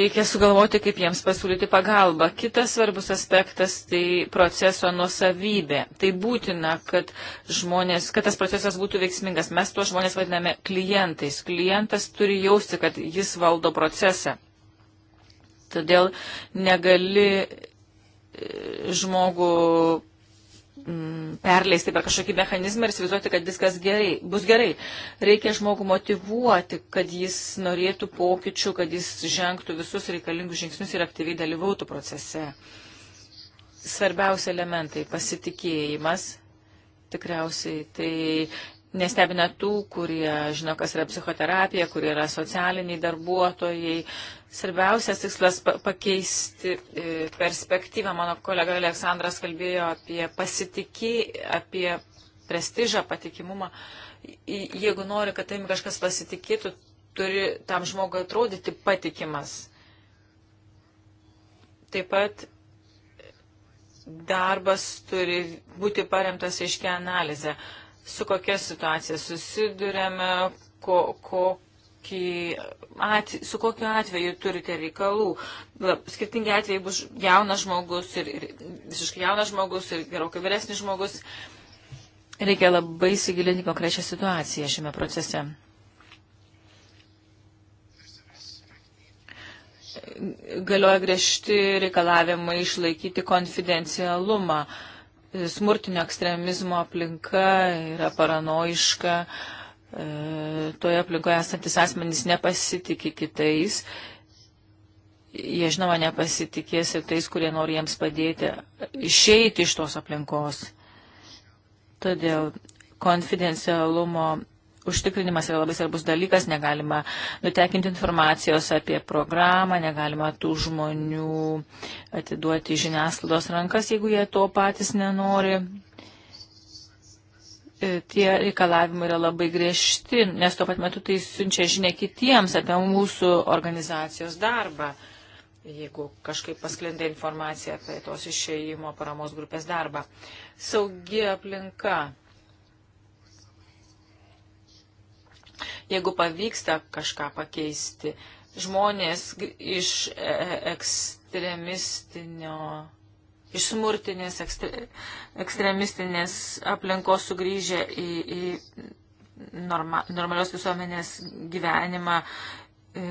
[SPEAKER 2] reikia sugalvoti, kaip jiems pasiūlyti pagalbą. Kitas svarbus aspektas - tai proceso nusavybė. Tai būtina, kad, žmonės, kad tas procesas būtų veiksmingas. Mes tuos žmonės vadiname klientais. Klientas turi jausti, kad jis valdo procesą. Todėl negali e, žmogų Mm, perleisti per kažkokį mechanizmą ir įsivaizduoti, kad viskas gerai, bus gerai. Reikia žmogų motivuoti, kad jis norėtų pokyčių, kad jis žengtų visus reikalingus žingsnius ir aktyviai dalyvautų procese. Svarbiausi elementai - pasitikėjimas. Tikriausiai tai nestebina tų, kurie žino, kas yra psichoterapija, kurie yra socialiniai darbuotojai, Svarbiausias tikslas pakeisti e, perspektyvą. Mano kolega Aleksandras kalbėjo apie pasitikį, apie prestižą, patikimumą. Jeigu nori, kad tavimi kažkas pasitikėtų, turi tam žmogui atrodyti patikimas. Taip pat darbas turi būti paremtas aiškia analizė, su kokia situacija susidurėme, ko, ko, at, su kokiu atveju turite reikalų. Skirtingi atvejai bus jaunas žmogus ir, ir visiškai jaunas žmogus ir gerokai vyresnis žmogus. Reikia labai įsigilinti konkrečią situaciją šiame procese. Galioja griežti reikalavimai išlaikyti konfidencialumą. Smurtinio ekstremizmo aplinka yra paranoiška. Uh, E, toje aplinkoje esantis asmenys nepasitikė kitais. Jie žinoma nepasitikės ir tais, kurie nori jiems padėti išeiti iš tos aplinkos. Todėl konfidencialumo užtikrinimas yra labai svarbus dalykas, negalima nutekinti informacijos apie programą, negalima tų žmonių atiduoti žiniasklaidos rankas, jeigu jie to patys nenori E, tie reikalavimai yra labai griežti, nes tuo pat metu tai siunčia žinia kitiems apie mūsų organizacijos darbą, jeigu kažkaip pasklinda informacija apie tos išėjimo paramos grupės darbą. Saugi aplinka. Jeigu pavyksta kažką pakeisti, žmonės iš e- e- ekstremistinio iš smurtinės ekstre, ekstremistinės aplinkos sugrįžę į, į norma, normalios visuomenės gyvenimą e,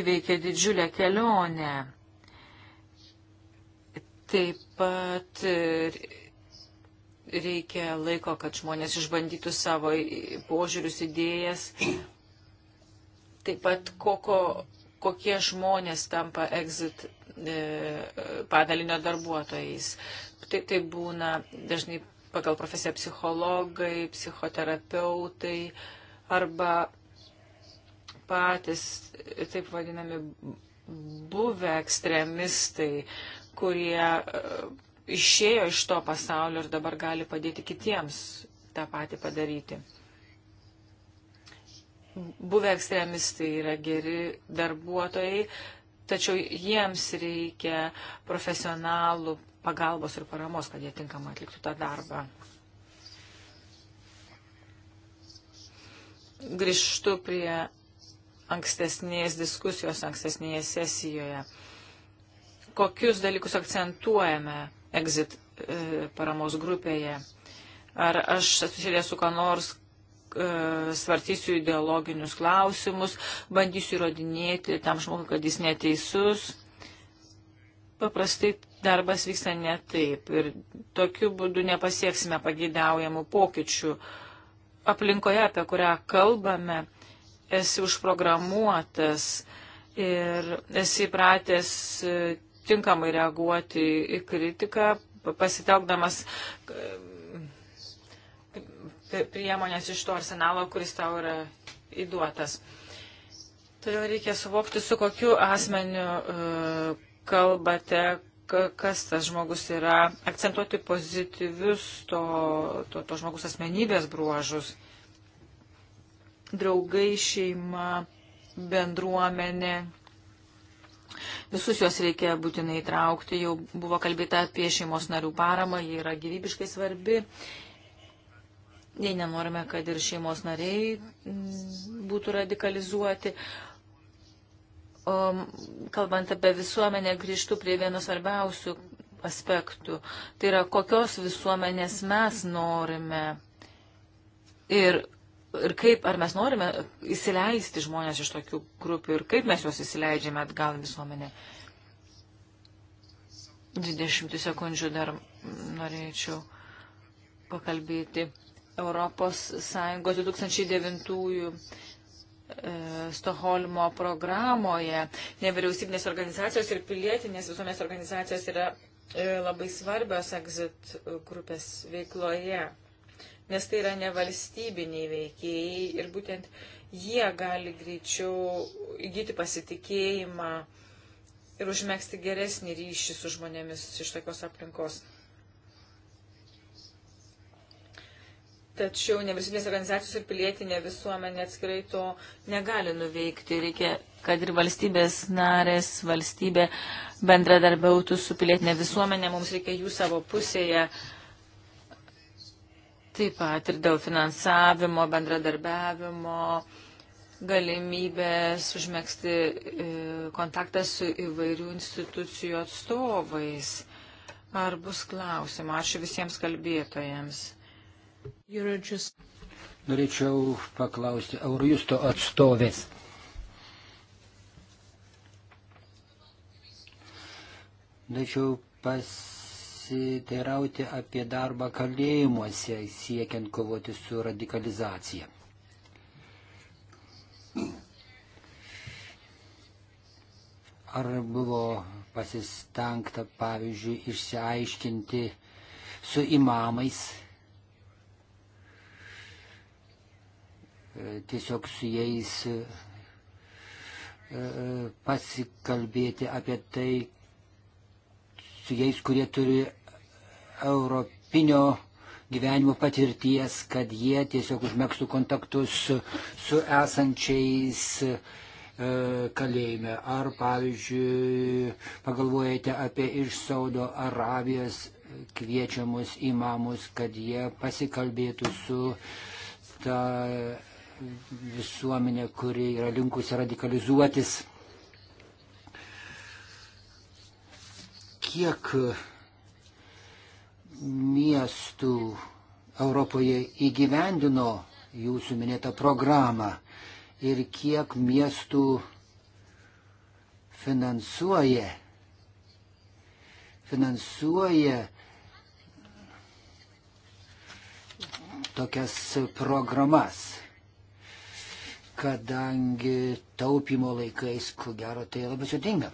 [SPEAKER 2] įveikė didžiulę kelionę. Taip pat e, reikia laiko, kad žmonės išbandytų savo požiūrius, idėjas. Taip pat koko, kokie žmonės tampa exit E, padalinio darbuotojais. Tai, tai būna dažnai pagal profesiją psichologai, psichoterapeutai arba patys taip vadinami buvę ekstremistai, kurie e, išėjo iš to pasaulio ir dabar gali padėti kitiems tą patį padaryti. Buvę ekstremistai yra geri darbuotojai, tačiau jiems reikia profesionalų pagalbos ir paramos, kad jie tinkamai atliktų tą darbą. Grįžtu prie ankstesnės diskusijos, ankstesnėje sesijoje. Kokius dalykus akcentuojame exit e, paramos grupėje? Ar aš susidėsiu ką nors, E, svartysiu ideologinius klausimus, bandysiu įrodinėti tam žmogui, kad jis neteisus. Paprastai darbas vyksta ne taip ir tokiu būdu nepasieksime pageidaujamų pokyčių. Aplinkoje, apie kurią kalbame, esi užprogramuotas ir esi pratęs e, tinkamai reaguoti į kritiką, pasitelkdamas e, priemonės iš to arsenalo, kuris tau yra įduotas. Todėl reikia suvokti, su kokiu asmeniu uh, kalbate, kas tas žmogus yra, akcentuoti pozityvius to, to, to žmogus asmenybės bruožus. Draugai, šeima, bendruomenė. Visus juos reikia būtinai įtraukti. Jau buvo kalbėta apie šeimos narių paramą, ji yra gyvybiškai svarbi. Uh, jei nenorime, kad ir šeimos nariai mm, būtų radikalizuoti. O um, kalbant apie visuomenę, grįžtų prie vieno svarbiausių aspektų. Tai yra, kokios visuomenės mes norime ir, ir kaip, ar mes norime įsileisti žmonės iš tokių grupių ir kaip mes juos įsileidžiame atgal į visuomenę. 20 sekundžių dar norėčiau pakalbėti Europos Sąjungos 2009 e, Stoholmo programoje nevyriausybinės organizacijos ir pilietinės visuomenės organizacijos yra e, labai svarbios exit grupės veikloje, nes tai yra nevalstybiniai veikėjai ir būtent jie gali greičiau įgyti pasitikėjimą ir užmėgsti geresnį ryšį su žmonėmis iš tokios aplinkos. Tačiau nevisybinės organizacijos ir pilietinė visuomenė atskirai to negali nuveikti. Reikia, kad ir valstybės narės, valstybė bendradarbiautų su pilietinė visuomenė. Mums reikia jų savo pusėje. Taip pat ir dėl finansavimo, bendradarbiavimo, galimybės užmėgsti e, kontaktą su įvairių institucijų atstovais. Ar bus klausimų? Ačiū visiems kalbėtojams. Eurojust.
[SPEAKER 1] Norėčiau paklausti Eurojusto atstovės. Norėčiau pasiteirauti apie darbą kalėjimuose siekiant kovoti su radikalizacija. Ar buvo pasistengta, pavyzdžiui, išsiaiškinti su imamais E, tiesiog su jais e, e, pasikalbėti apie tai, su jais, kurie turi europinio gyvenimo patirties, kad jie tiesiog užmėgstų kontaktus su, su esančiais e, kalėjime. Ar, pavyzdžiui, pagalvojate apie iš Saudo Arabijos kviečiamus imamus, kad jie pasikalbėtų su ta visuomenę, kuri yra linkusi radikalizuotis. Kiek miestų Europoje įgyvendino jūsų minėtą programą ir kiek miestų finansuoja, finansuoja tokias programas kadangi taupimo laikais, ko gero, tai labai sudinga.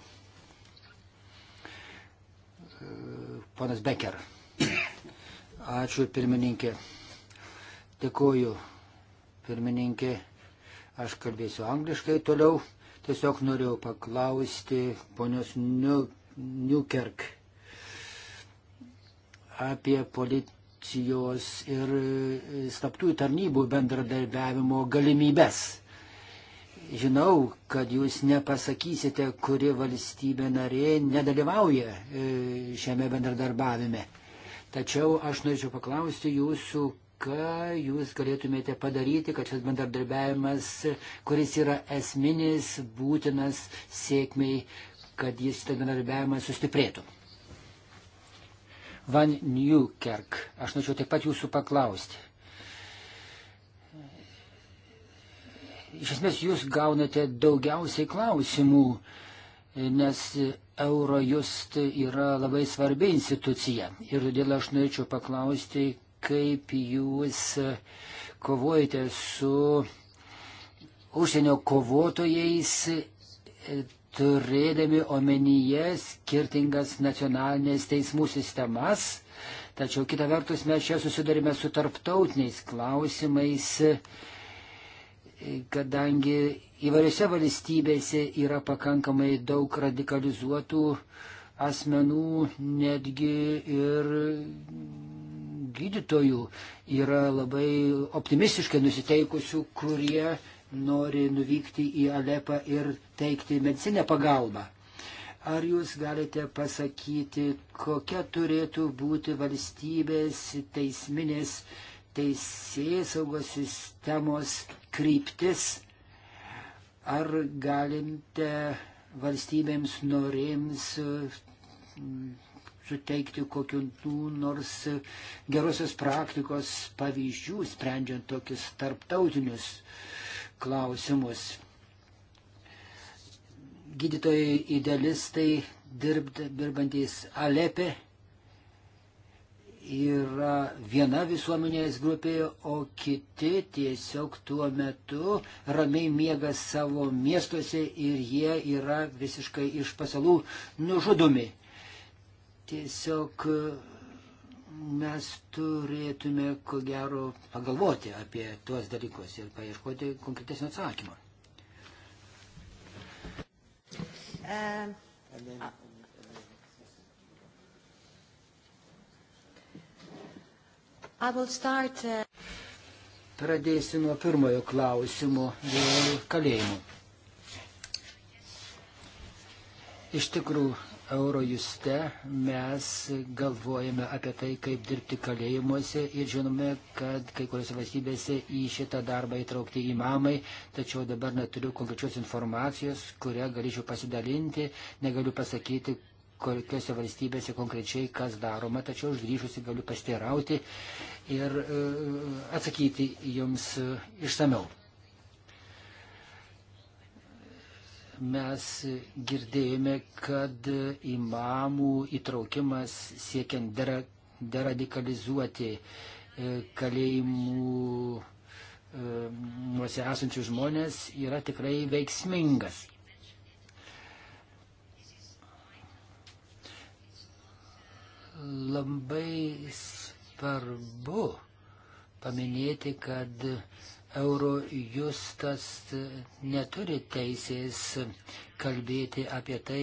[SPEAKER 1] Ponas Becker. Ačiū pirmininkė. Dėkuoju pirmininkė. Aš kalbėsiu angliškai toliau. Tiesiog norėjau paklausti ponios Newkirk apie policijos ir slaptųjų tarnybų bendradarbiavimo galimybės Žinau, kad jūs nepasakysite, kuri valstybė narė nedalyvauja e, šiame bendradarbiavime. Tačiau aš norėčiau paklausti jūsų, ką jūs galėtumėte padaryti, kad šis bendradarbiavimas, kuris yra esminis, būtinas sėkmiai, kad jis tą bendradarbiavimą sustiprėtų. Van Newkerk, aš norėčiau taip pat jūsų paklausti. iš esmės jūs gaunate daugiausiai klausimų, nes Eurojust yra labai svarbi institucija. Ir todėl aš norėčiau paklausti, kaip jūs kovojate su užsienio kovotojais, turėdami omenyje skirtingas nacionalinės teismų sistemas. Tačiau kita vertus mes čia susidarime su tarptautiniais klausimais kadangi įvairiose valstybėse yra pakankamai daug radikalizuotų asmenų, netgi ir gydytojų yra labai optimistiškai nusiteikusių, kurie nori nuvykti į Alepą ir teikti medicinę pagalbą. Ar jūs galite pasakyti, kokia turėtų būti valstybės teisminės uh, teisėjai saugos sistemos kryptis. Ar galite valstybėms norėms mm, suteikti kokių nors gerosios praktikos pavyzdžių, sprendžiant tokius tarptautinius klausimus. Gydytojai idealistai dirbt, dirbantys Alepe yra viena visuomenės grupė, o kiti tiesiog tuo metu ramiai miega savo miestuose ir jie yra visiškai iš pasalų nužudomi. Tiesiog e, mes turėtume, ko gero, pagalvoti apie tuos dalykus ir paieškoti konkretesnio atsakymo. Um, uh, Start, uh... Pradėsiu nuo pirmojo klausimo dėl kalėjimų. Iš tikrųjų, Eurojuste mes galvojame apie tai, kaip dirbti kalėjimuose ir žinome, kad kai kuriuose valstybėse į šitą darbą įtraukti įmamai, tačiau dabar neturiu konkrečios informacijos, kurią galėčiau pasidalinti, negaliu pasakyti, kokiuose valstybėse konkrečiai kas daroma, tačiau užgrįžusi galiu pasteirauti ir e, atsakyti jums e, išsameu. Mes girdėjome, kad imamų įtraukimas siekiant dera, deradikalizuoti e, kalėjimų nuose esančių žmonės yra tikrai veiksmingas. Labai svarbu paminėti, kad Eurojustas neturi teisės kalbėti apie tai,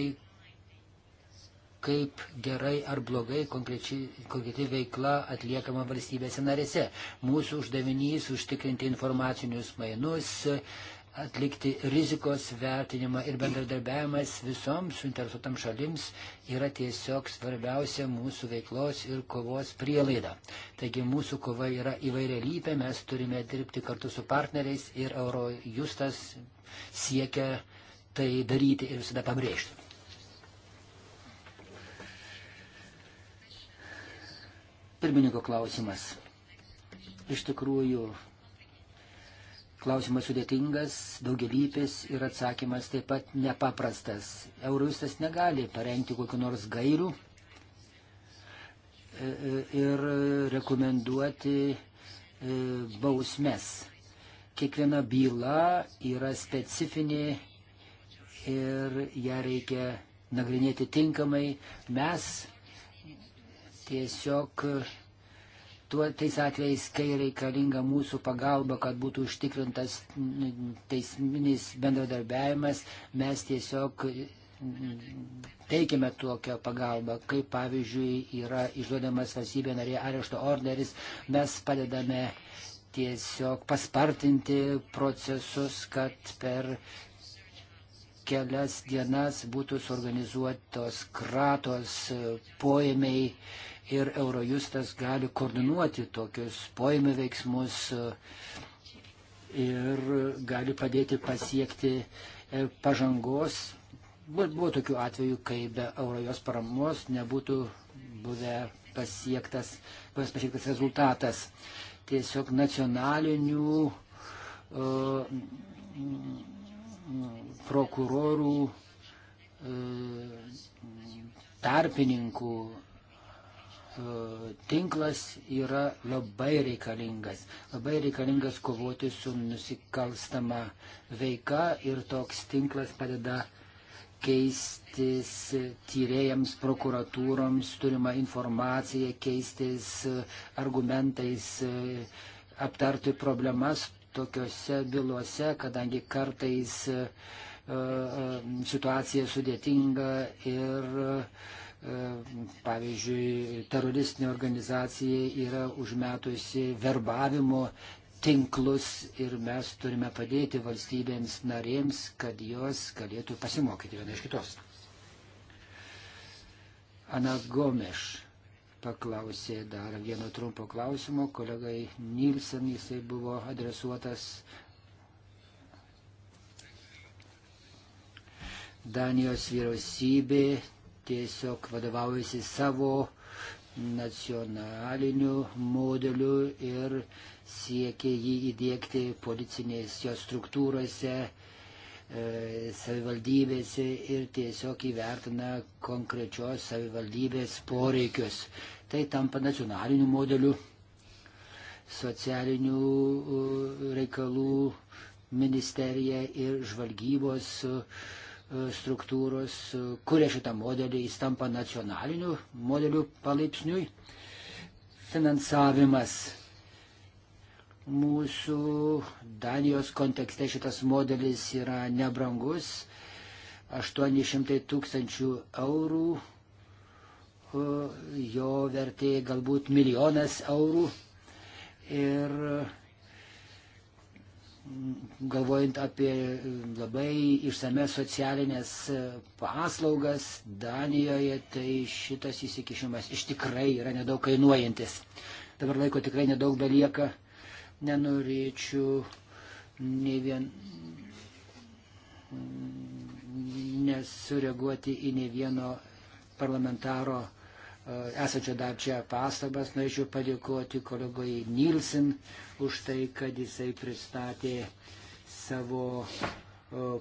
[SPEAKER 1] kaip gerai ar blogai konkreti veikla atliekama valstybėse narėse. Mūsų uždavinys užtikrinti informacinius mainus, atlikti rizikos vertinimą ir bendradarbiavimas visoms suinteresuotam šalims yra tiesiog svarbiausia mūsų veiklos ir kovos prielaida. Taigi mūsų kova yra įvairialypė, mes turime dirbti kartu su partneriais ir Eurojustas siekia tai daryti ir visada pabrėžti. Pirmininko klausimas. Iš tikrųjų, Klausimas sudėtingas, daugelypis ir atsakymas taip pat nepaprastas. Euroistas negali parengti kokiu nors gairių e, e, ir rekomenduoti e, bausmes. Kiekviena byla yra specifinė ir ją reikia nagrinėti tinkamai. Mes tiesiog tuo tais atvejais, kai reikalinga mūsų pagalba, kad būtų užtikrintas teisminis bendradarbiavimas, mes tiesiog teikiame tokią pagalbą, kaip pavyzdžiui yra išduodamas valstybė narė arešto orderis, mes padedame tiesiog paspartinti procesus, kad per kelias dienas būtų suorganizuotos kratos poėmiai ir Eurojustas gali koordinuoti tokius poėmio veiksmus e, ir gali padėti pasiekti e, pažangos. Buvo tokių atvejų, kai be Eurojos paramos nebūtų buvę pasiektas, buvęs pasiektas rezultatas. Tiesiog nacionalinių uh, prokurorų uh, tarpininkų tinklas yra labai reikalingas. Labai reikalingas kovoti su nusikalstama veika ir toks tinklas padeda keistis tyrėjams, prokuratūroms, turima informacija, keistis argumentais, aptarti problemas tokiuose bylose, kadangi kartais uh, situacija sudėtinga ir uh, pavyzdžiui, teroristinė organizacija yra užmetusi verbavimo tinklus ir mes turime padėti valstybėms narėms, kad jos galėtų pasimokyti viena iš kitos. Ana Gomeš paklausė dar vieno trumpo klausimo, kolegai Nilsen jisai buvo adresuotas. Danijos vyriausybė tiesiog vadovaujasi savo nacionaliniu modeliu ir siekia jį įdėkti policinėse struktūrose, e, savivaldybėse ir tiesiog įvertina konkrečios savivaldybės poreikius. Tai tampa nacionaliniu modeliu socialinių e, reikalų ministerija ir žvalgybos uh, struktūros kuria šitą modelį, jis tampa nacionaliniu modeliu palaipsniui. Finansavimas. Mūsų Danijos kontekste šitas modelis yra nebrangus. 800 tūkstančių eurų, jo vertė galbūt milijonas eurų. Ir galvojant apie e, labai išsames socialinės e, paslaugas Danijoje, tai šitas įsikišimas iš tikrai yra nedaug kainuojantis. Dabar laiko tikrai nedaug belieka. Nenorėčiau nei vien nesureaguoti į ne vieno parlamentaro E, esančio dar čia pastabas, norėčiau padėkoti kolegoj Nilsen už tai, kad jisai pristatė savo e,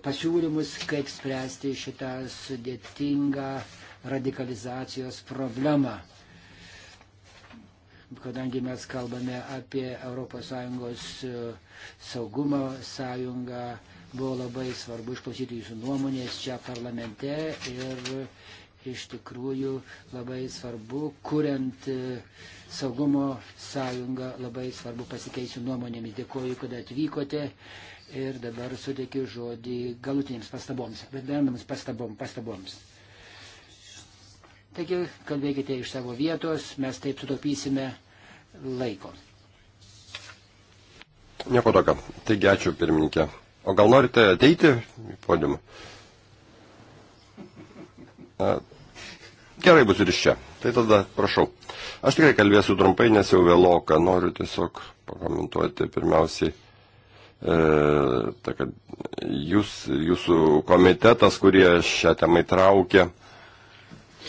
[SPEAKER 1] pasiūlymus, kaip spręsti šitą sudėtingą radikalizacijos problemą. Kadangi mes kalbame apie ES e, saugumo sąjungą, buvo labai svarbu išklausyti jūsų nuomonės čia parlamente ir iš tikrųjų labai svarbu, kuriant e, saugumo sąjungą, labai svarbu pasikeisti nuomonėmis. Dėkuoju, kad atvykote ir dabar suteikiu žodį galutinėms pastaboms, bendrams pastabom, pastaboms. Taigi, kalbėkite iš savo vietos, mes taip sutaupysime laiko.
[SPEAKER 3] Nieko tokio. Taigi, ačiū pirmininkė. O gal norite ateiti į podiumą? Gerai bus ir iš čia. Tai tada prašau. Aš tikrai kalbėsiu trumpai, nes jau vėloka. Noriu tiesiog pakomentuoti pirmiausiai. E, ta, kad jūs, jūsų komitetas, kurie šią temą įtraukė,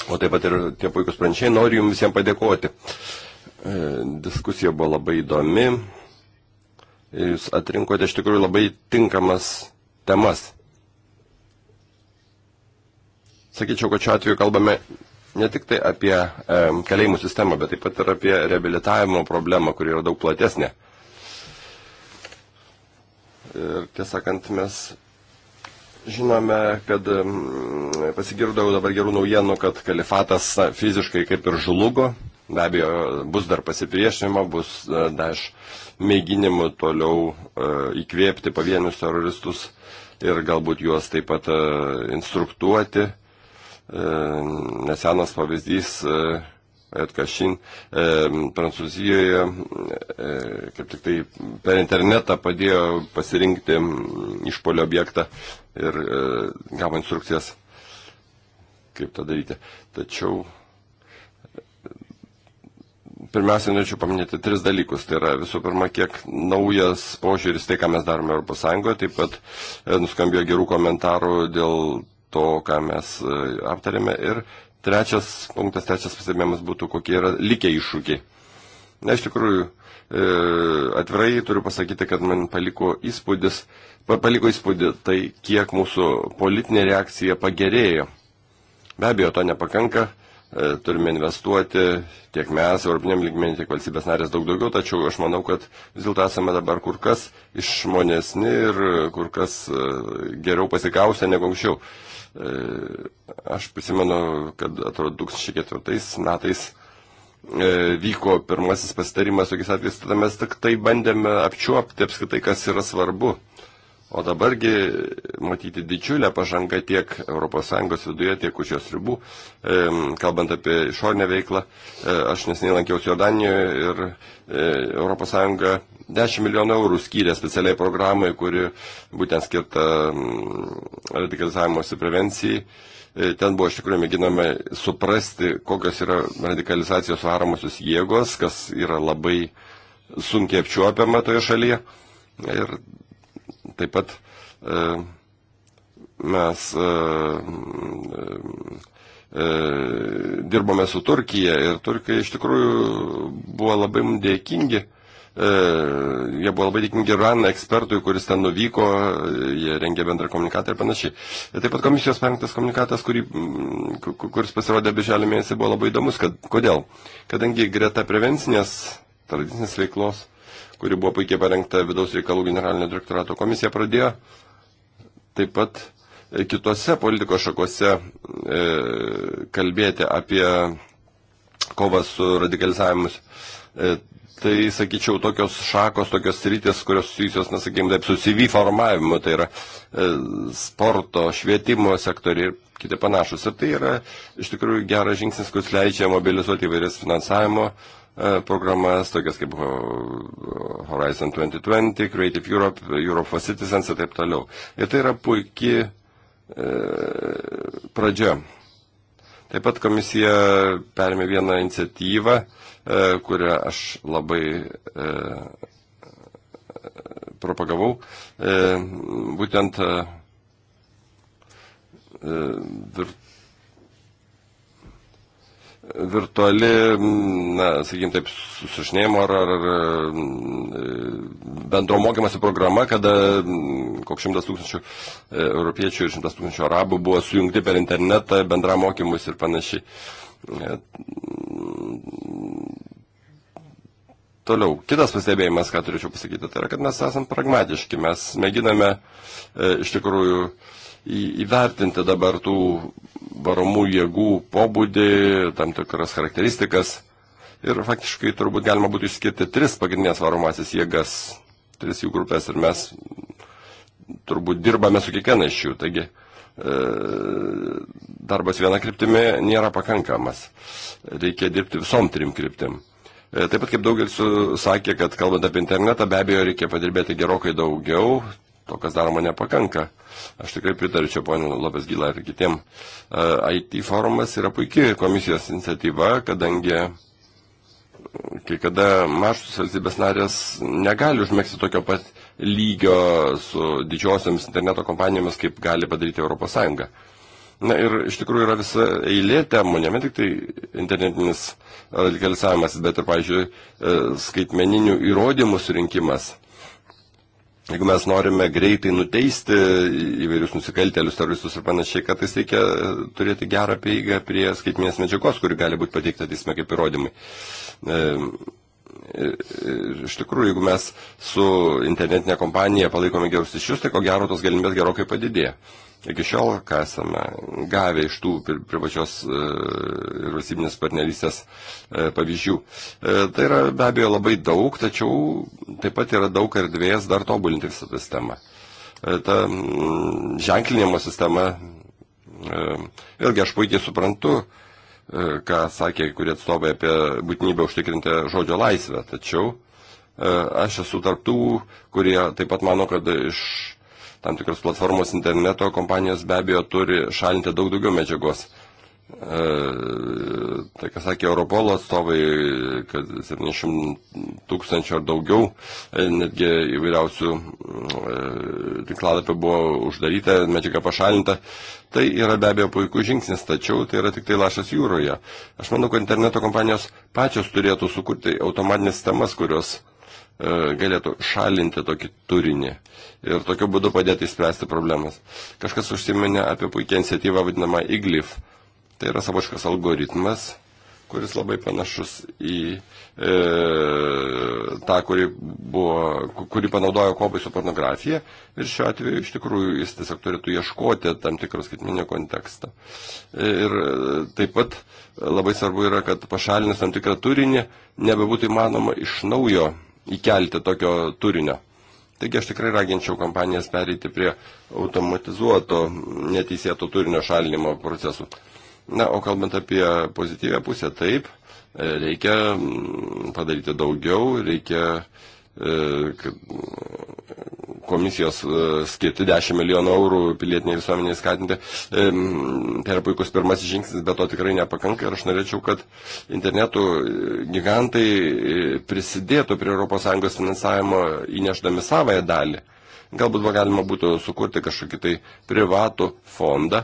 [SPEAKER 3] o taip pat ir tie puikus pranešėjai, noriu jums visiems padėkoti. E, diskusija buvo labai įdomi. Jūs atrinkote iš tikrųjų labai tinkamas temas. Sakyčiau, kad šiuo atveju kalbame ne tik tai apie e, kalėjimų sistemą, bet taip pat ir apie reabilitavimo problemą, kuri yra daug platesnė. Ir tiesąkant, mes žinome, kad pasigirdau dabar gerų naujienų, kad kalifatas fiziškai kaip ir žlugo. Be abejo, bus dar pasipriešinimo, bus e, dar mėginimų toliau e, įkvėpti pavienius teroristus ir galbūt juos taip pat e, instruktuoti. E, nesenas pavyzdys Etkašin e, Prancūzijoje, e, kaip tik tai per internetą padėjo pasirinkti išpolio objektą ir gavo instrukcijas, kaip tą daryti. Tačiau pirmiausia, norėčiau paminėti tris dalykus. Tai yra visų pirma, kiek naujas požiūris tai, ką mes darome ES, taip pat nuskambėjo gerų komentarų dėl to, ką mes e, aptarėme. Ir trečias punktas, trečias pastebėjimas būtų, kokie yra likę iššūkiai. Na, iš tikrųjų, e, atvirai turiu pasakyti, kad man paliko įspūdis, paliko įspūdį tai, kiek mūsų politinė reakcija pagerėjo. Be abejo, to nepakanka, e, turime investuoti tiek mes, Europiniam lygmenį, tiek valstybės narės daug daugiau, tačiau aš manau, kad vis dėlto esame dabar kur kas išmonesni ir kur kas geriau pasikausę negu anksčiau. E, aš prisimenu, kad atrodo 2004 metais e, vyko pirmasis pasitarimas tokiais atvejais, tada mes tik tai bandėme apčiuopti apskritai, kas yra svarbu. O dabargi matyti didžiulę pažangą tiek ES viduje, tiek už jos ribų, e, kalbant apie išorinę veiklą. E, aš nesiniai lankiausi Jordanijoje ir e, ES 10 milijonų eurų skyrė specialiai programai, kuri būtent skirta radikalizavimuose prevencijai. E, ten buvo iš tikrųjų mėginame suprasti, kokios yra radikalizacijos varomosios jėgos, kas yra labai sunkiai apčiuopiama toje šalyje. Ir Taip pat e, mes e, e, dirbome su Turkija ir Turkija iš tikrųjų buvo labai mums dėkingi. E, jie buvo labai dėkingi RAN ekspertui, kuris ten nuvyko, jie rengė bendrą komunikatą ir panašiai. E, taip pat komisijos parengtas komunikatas, kurį, kuris pasirodė birželį mėnesį, buvo labai įdomus. Kad, kodėl? Kadangi greta prevencinės tradicinės veiklos kuri buvo puikiai parengta vidaus reikalų generalinio direktorato komisija pradėjo. Taip pat e, kitose politikos šakose e, kalbėti apie kovą su radikalizavimus. E, tai, sakyčiau, tokios šakos, tokios rytis, kurios susijusios, nesakykime, taip, su CV formavimu, tai yra e, sporto, švietimo sektoriai ir kiti panašus. Ir tai yra iš tikrųjų geras žingsnis, kuris leidžia mobilizuoti įvairias finansavimo E, programas, tokias kaip e, Horizon 2020, Creative Europe, Europe for Citizens ir taip toliau. Ir tai yra puikiai e, pradžia. Taip pat komisija perėmė vieną iniciatyvą, e, kurią aš labai e, propagavau, e, būtent virt virtuali, na, sakykim taip, susirašinėjimo ar, ar, ar e, bendro mokymosi programa, kada mm, koks šimtas tūkstančių e, europiečių ir šimtas tūkstančių arabų buvo sujungti per internetą, bendra mokymus ir panašiai. E, toliau, kitas pastebėjimas, ką turėčiau pasakyti, tai yra, kad mes esame pragmatiški, mes mėginame e, iš tikrųjų e, įvertinti dabar tų varomų jėgų pobūdį, tam tikras charakteristikas. Ir faktiškai turbūt galima būtų išskirti tris pagrindinės varomasis jėgas, tris jų grupės ir mes turbūt dirbame su kiekviena iš jų. Taigi, e, darbas viena kryptimi nėra pakankamas. Reikia dirbti visom trim kryptim. E, taip pat kaip daugelis sakė, kad kalbant apie internetą, be abejo reikia padirbėti gerokai daugiau, to, kas daroma, nepakanka. Aš tikrai pritaričiau ponio Lopes Gila ir kitiem. E, IT forumas yra puikiai komisijos iniciatyva, kadangi e, kai kada mažus valstybės narės negali užmėgsti tokio pat lygio su didžiosiams interneto kompanijomis, kaip gali padaryti ES. Na ir iš tikrųjų yra visa eilė temų, ne tik tai internetinis radikalizavimas, bet ir, pavyzdžiui, e, skaitmeninių įrodymų surinkimas. Jeigu mes norime greitai nuteisti įvairius nusikaltelius, teroristus ir panašiai, kad jis reikia turėti gerą prieigą prie skaitminės medžiagos, kuri gali būti pateikta teisme kaip įrodymai. E, ir iš tikrųjų, jeigu mes su internetinė kompanija palaikome gerus ryšius, tai ko gero tos galimybės gerokai padidėja iki šiol, ką esame gavę iš tų privačios e, ir valstybinės partnerystės e, pavyzdžių. E, tai yra be abejo labai daug, tačiau taip pat yra daug erdvės dar tobulinti visą tą sistemą. Ta mm, ženklinimo sistema, vėlgi aš puikiai suprantu, ką sakė kurie atstovai apie būtinybę užtikrinti žodžio laisvę, tačiau aš esu tarptų, kurie taip pat mano, kad iš tam tikros platformos interneto kompanijos be abejo turi šalinti daug daugiau medžiagos. E, tai, ką sakė Europolo atstovai, kad 700 tūkstančių ar daugiau e, netgi įvairiausių e, tinklalapių buvo uždaryta, medžiaga pašalinta. Tai yra be abejo puikus žingsnis, tačiau tai yra tik tai lašas jūroje. Aš manau, kad interneto kompanijos pačios turėtų sukurti automatinės sistemas, kurios E, galėtų šalinti tokį turinį ir tokiu būdu padėti įspręsti problemas. Kažkas užsiminė apie puikia iniciatyvą vadinamą IGLIF. Tai yra savoškas algoritmas, kuris labai panašus į e, tą, kurį, buvo, kurį panaudojo kopai su pornografija. Ir šiuo atveju iš tikrųjų jis tiesiog turėtų ieškoti tam tikro skaitminio konteksto. Ir e, taip pat labai svarbu yra, kad pašalinus tam tikrą turinį nebebūtų įmanoma iš naujo įkelti tokio turinio. Taigi aš tikrai raginčiau kompanijas pereiti prie automatizuoto neteisėto turinio šalinimo procesų. Na, o kalbant apie pozityvę pusę, taip, reikia mm, padaryti daugiau, reikia uh, E, komisijos e, skirti 10 milijonų eurų pilietiniai visuomeniai skatinti. E, tai yra puikus pirmasis žingsnis, bet to tikrai nepakanka ir aš norėčiau, kad internetų gigantai prisidėtų prie ES finansavimo įnešdami savoje dalį. Galbūt galima būtų sukurti kažkokį tai privatų fondą,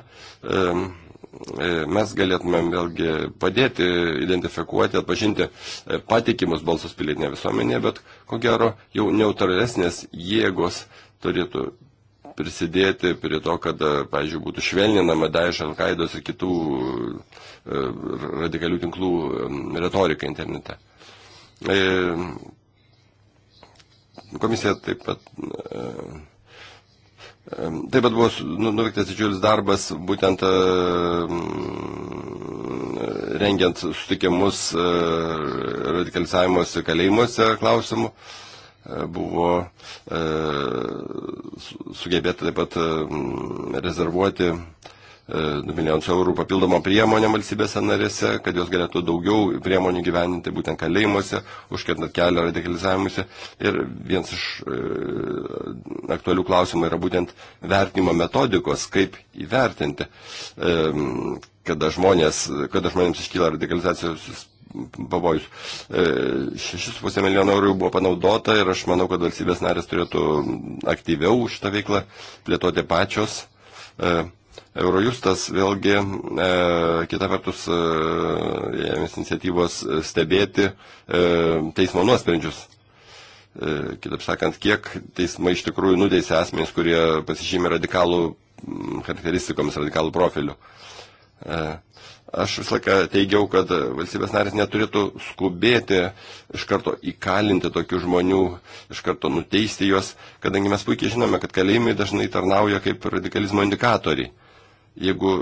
[SPEAKER 3] E, mes galėtumėm vėlgi padėti identifikuoti, atpažinti e, patikimus balsus pilietinė visuomenė, bet ko gero jau neutralesnės jėgos turėtų prisidėti prie to, kad, e, pavyzdžiui, būtų švelninama Daesh, Al-Qaidos ir kitų radikalių tinklų retorika internete. Komisija taip pat Taip pat buvo nu, nuveiktas didžiulis darbas būtent e, rengiant sutikimus e, radikalizavimuose kalėjimuose klausimų. E, buvo sugebėta taip pat rezervuoti uh, 2 milijonus eurų papildomą priemonę valstybėse narėse, kad jos galėtų daugiau priemonių gyveninti būtent kalėjimuose, užkirtant kelią radikalizavimuose. Ir vienas iš e, aktualių klausimų yra būtent vertinimo metodikos, kaip įvertinti, e, kada, žmonės, kada žmonėms iškyla radikalizacijos pavojus. 6,5 e, milijono eurų jau buvo panaudota ir aš manau, kad valstybės narės turėtų aktyviau šitą veiklą plėtoti pačios. E, Eurojustas vėlgi e, kita vertus e, ėmės iniciatyvos stebėti e, teismo nuosprendžius. E, kitaip sakant, kiek teismai iš tikrųjų nuteisė asmenys, kurie pasižymė radikalų charakteristikomis, radikalų profiliu. E, aš visą laiką teigiau, kad valstybės narės neturėtų skubėti iš karto įkalinti tokių žmonių, iš karto nuteisti juos, kadangi mes puikiai žinome, kad kalėjimai dažnai tarnauja kaip radikalizmo indikatoriai jeigu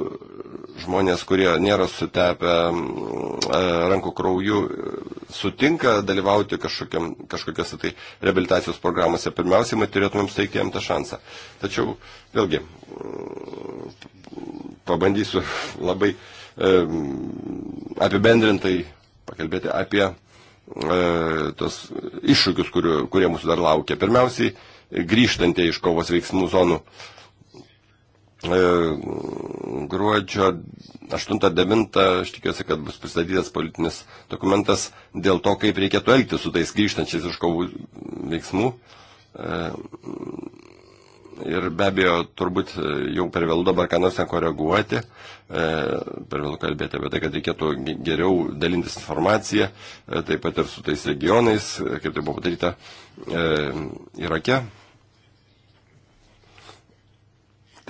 [SPEAKER 3] žmonės, kurie nėra sutepę mm, e, rankų krauju, sutinka dalyvauti kažkokiose tai rehabilitacijos programuose, pirmiausiai, mes turėtumėm steigti jam tą šansą. Tačiau, vėlgi, mm, pabandysiu labai e, apibendrintai pakalbėti apie e, tos iššūkius, kurie mūsų dar laukia. Pirmiausiai, grįžtantieji iš kovos veiksmų zonų E, gruodžio 8-9 aš tikiuosi, kad bus pristatytas politinis dokumentas dėl to, kaip reikėtų elgti su tais grįžtančiais iš kovų veiksmų. E, ir be abejo, turbūt jau per vėlų dabar ką nors ten koreguoti, e, per vėlų kalbėti apie tai, kad reikėtų geriau dalintis informaciją, taip pat ir su tais regionais, kaip tai buvo padaryta Irake. Ir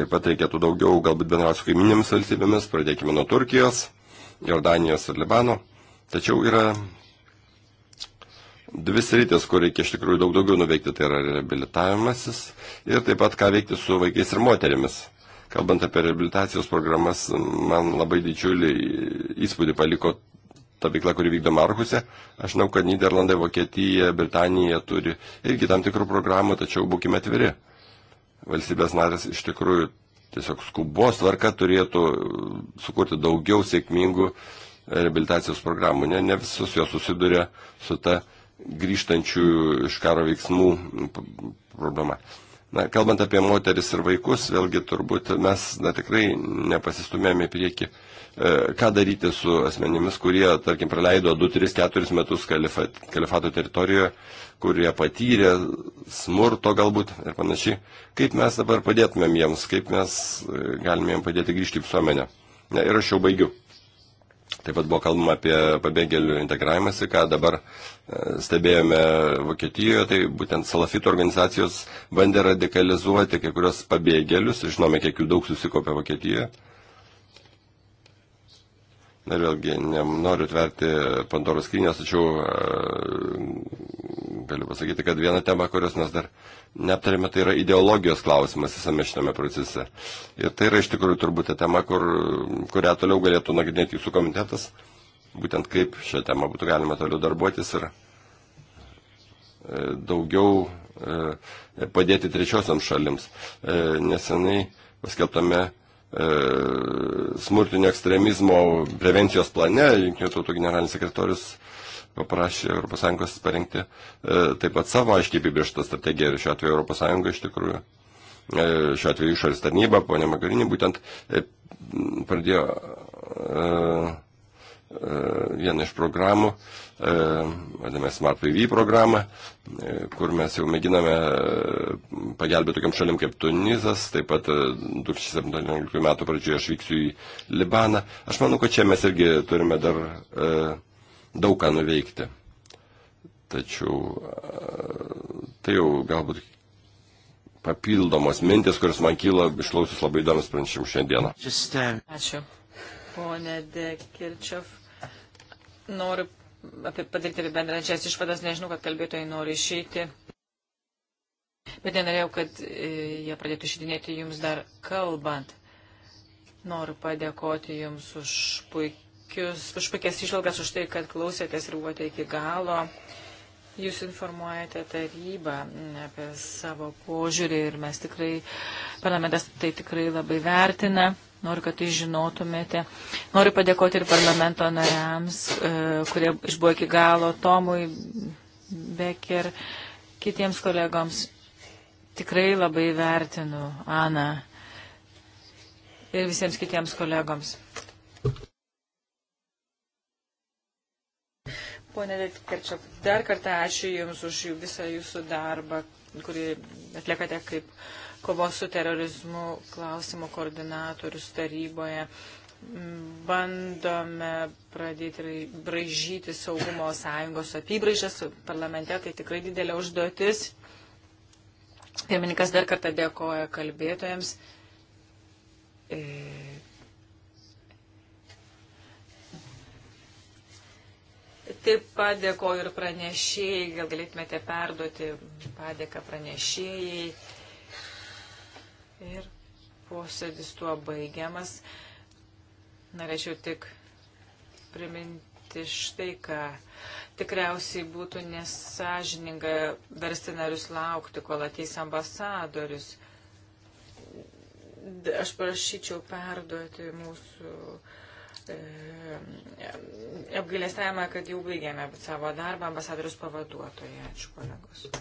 [SPEAKER 3] Taip pat reikėtų daugiau galbūt bendrauti su kaiminėmis valstybėmis, pradėkime nuo Turkijos, Jordanijos ir Libano. Tačiau yra dvi sritis, kur reikia iš tikrųjų daug daugiau nuveikti, tai yra reabilitavimasis ir taip pat ką veikti su vaikais ir moterimis. Kalbant apie reabilitacijos programas, man labai didžiulį įspūdį paliko ta veikla, kuri vykdo Markuse. Aš žinau, kad Niderlandai, Vokietija, Britanija turi irgi tam tikrų programų, tačiau būkime atviri valstybės narės iš tikrųjų tiesiog skubos tvarka turėtų sukurti daugiau sėkmingų rehabilitacijos programų. Ne, ne visus jos susiduria su ta grįžtančių iš karo veiksmų problema. Na, kalbant apie moteris ir vaikus, vėlgi turbūt mes na, tikrai nepasistumėme į priekį, e, ką daryti su asmenimis, kurie, tarkim, praleido 2-3-4 metus kalifat, kalifato teritorijoje, kurie patyrė smurto galbūt ir panašiai. Kaip mes dabar padėtumėm jiems, kaip mes e, galime jiems padėti grįžti į visuomenę. Na, ir aš jau baigiu. Taip pat buvo kalbama apie pabėgėlių integravimąsi, ką dabar stebėjome Vokietijoje, tai būtent salafitų organizacijos bandė radikalizuoti kai kurios pabėgėlius, žinome, kiek jų daug susikopė Vokietijoje. Na ir vėlgi, nenoriu tverti Pandoros skrinės, tačiau e, galiu pasakyti, kad viena tema, kurios mes dar neaptarėme, tai yra ideologijos klausimas visame šitame procese. Ir tai yra iš tikrųjų turbūt tema, kur, kurią toliau galėtų nagrinėti jūsų komitetas būtent kaip šią temą būtų galima toliau darbuotis ir e, daugiau e, padėti trečiosiam šalims. E, Nesenai paskelbtame smurtinio ekstremizmo prevencijos plane, Junktinių tautų generalinis sekretorius paprašė ES parengti taip pat savo aiškiai apibrieštą strategiją ir šiuo atveju ES iš tikrųjų šiuo atveju išorės tarnyba, ponė Magarinė, būtent pradėjo vieną iš programų, e, vadiname Smart PV programą, e, kur mes jau mėginame e, pagelbėti tokiam šalim kaip Tunizas, taip pat 2017 metų pradžioje aš vyksiu į Libaną. Aš manau, kad čia mes irgi turime dar daug ką nuveikti. Tačiau tai jau galbūt papildomos mintis, kuris man kyla išklausius labai įdomus pranešimus šiandieną.
[SPEAKER 2] Uh, Ačiū. Pone Dekirčiov, noriu apie, padaryti apie bendrančias išvadas, nežinau, kad kalbėtojai nori išeiti. Bet nenorėjau, kad e, jie pradėtų išdinėti jums dar kalbant. Noriu padėkoti jums už, puikius, už puikias išvalgas, už tai, kad klausėtės ir buvote iki galo. Jūs informuojate tarybą apie savo požiūrį ir mes tikrai, parlamentas tai tikrai labai vertina. Noriu, kad tai žinotumėte. Noriu padėkoti ir parlamento nariams, e, kurie išbuvo iki galo, Tomui, Becker, kitiems kolegoms. Tikrai labai vertinu Aną ir visiems kitiems kolegoms. Pone Kerčiap, dar kartą ačiū Jums už visą Jūsų darbą, kurį atliekate kaip uh, kovos su terorizmu klausimų koordinatorius taryboje. Bandome pradėti bražyti saugumo sąjungos apibraižas. Parlamente tai tikrai didelė užduotis. Pirmininkas dar kartą dėkoja kalbėtojams. E, Taip pat dėkoju ir pranešėjai, gal galėtumėte perduoti padėką pranešėjai. Ir posėdis tuo baigiamas. Norėčiau tik priminti štai ką. Tikriausiai būtų nesažininga versti narius laukti, kol ateis ambasadorius. Aš prašyčiau perduoti mūsų e, e, apgailestavimą, kad jau baigėme savo darbą ambasadorius
[SPEAKER 1] pavaduotoje. Ačiū kolegos.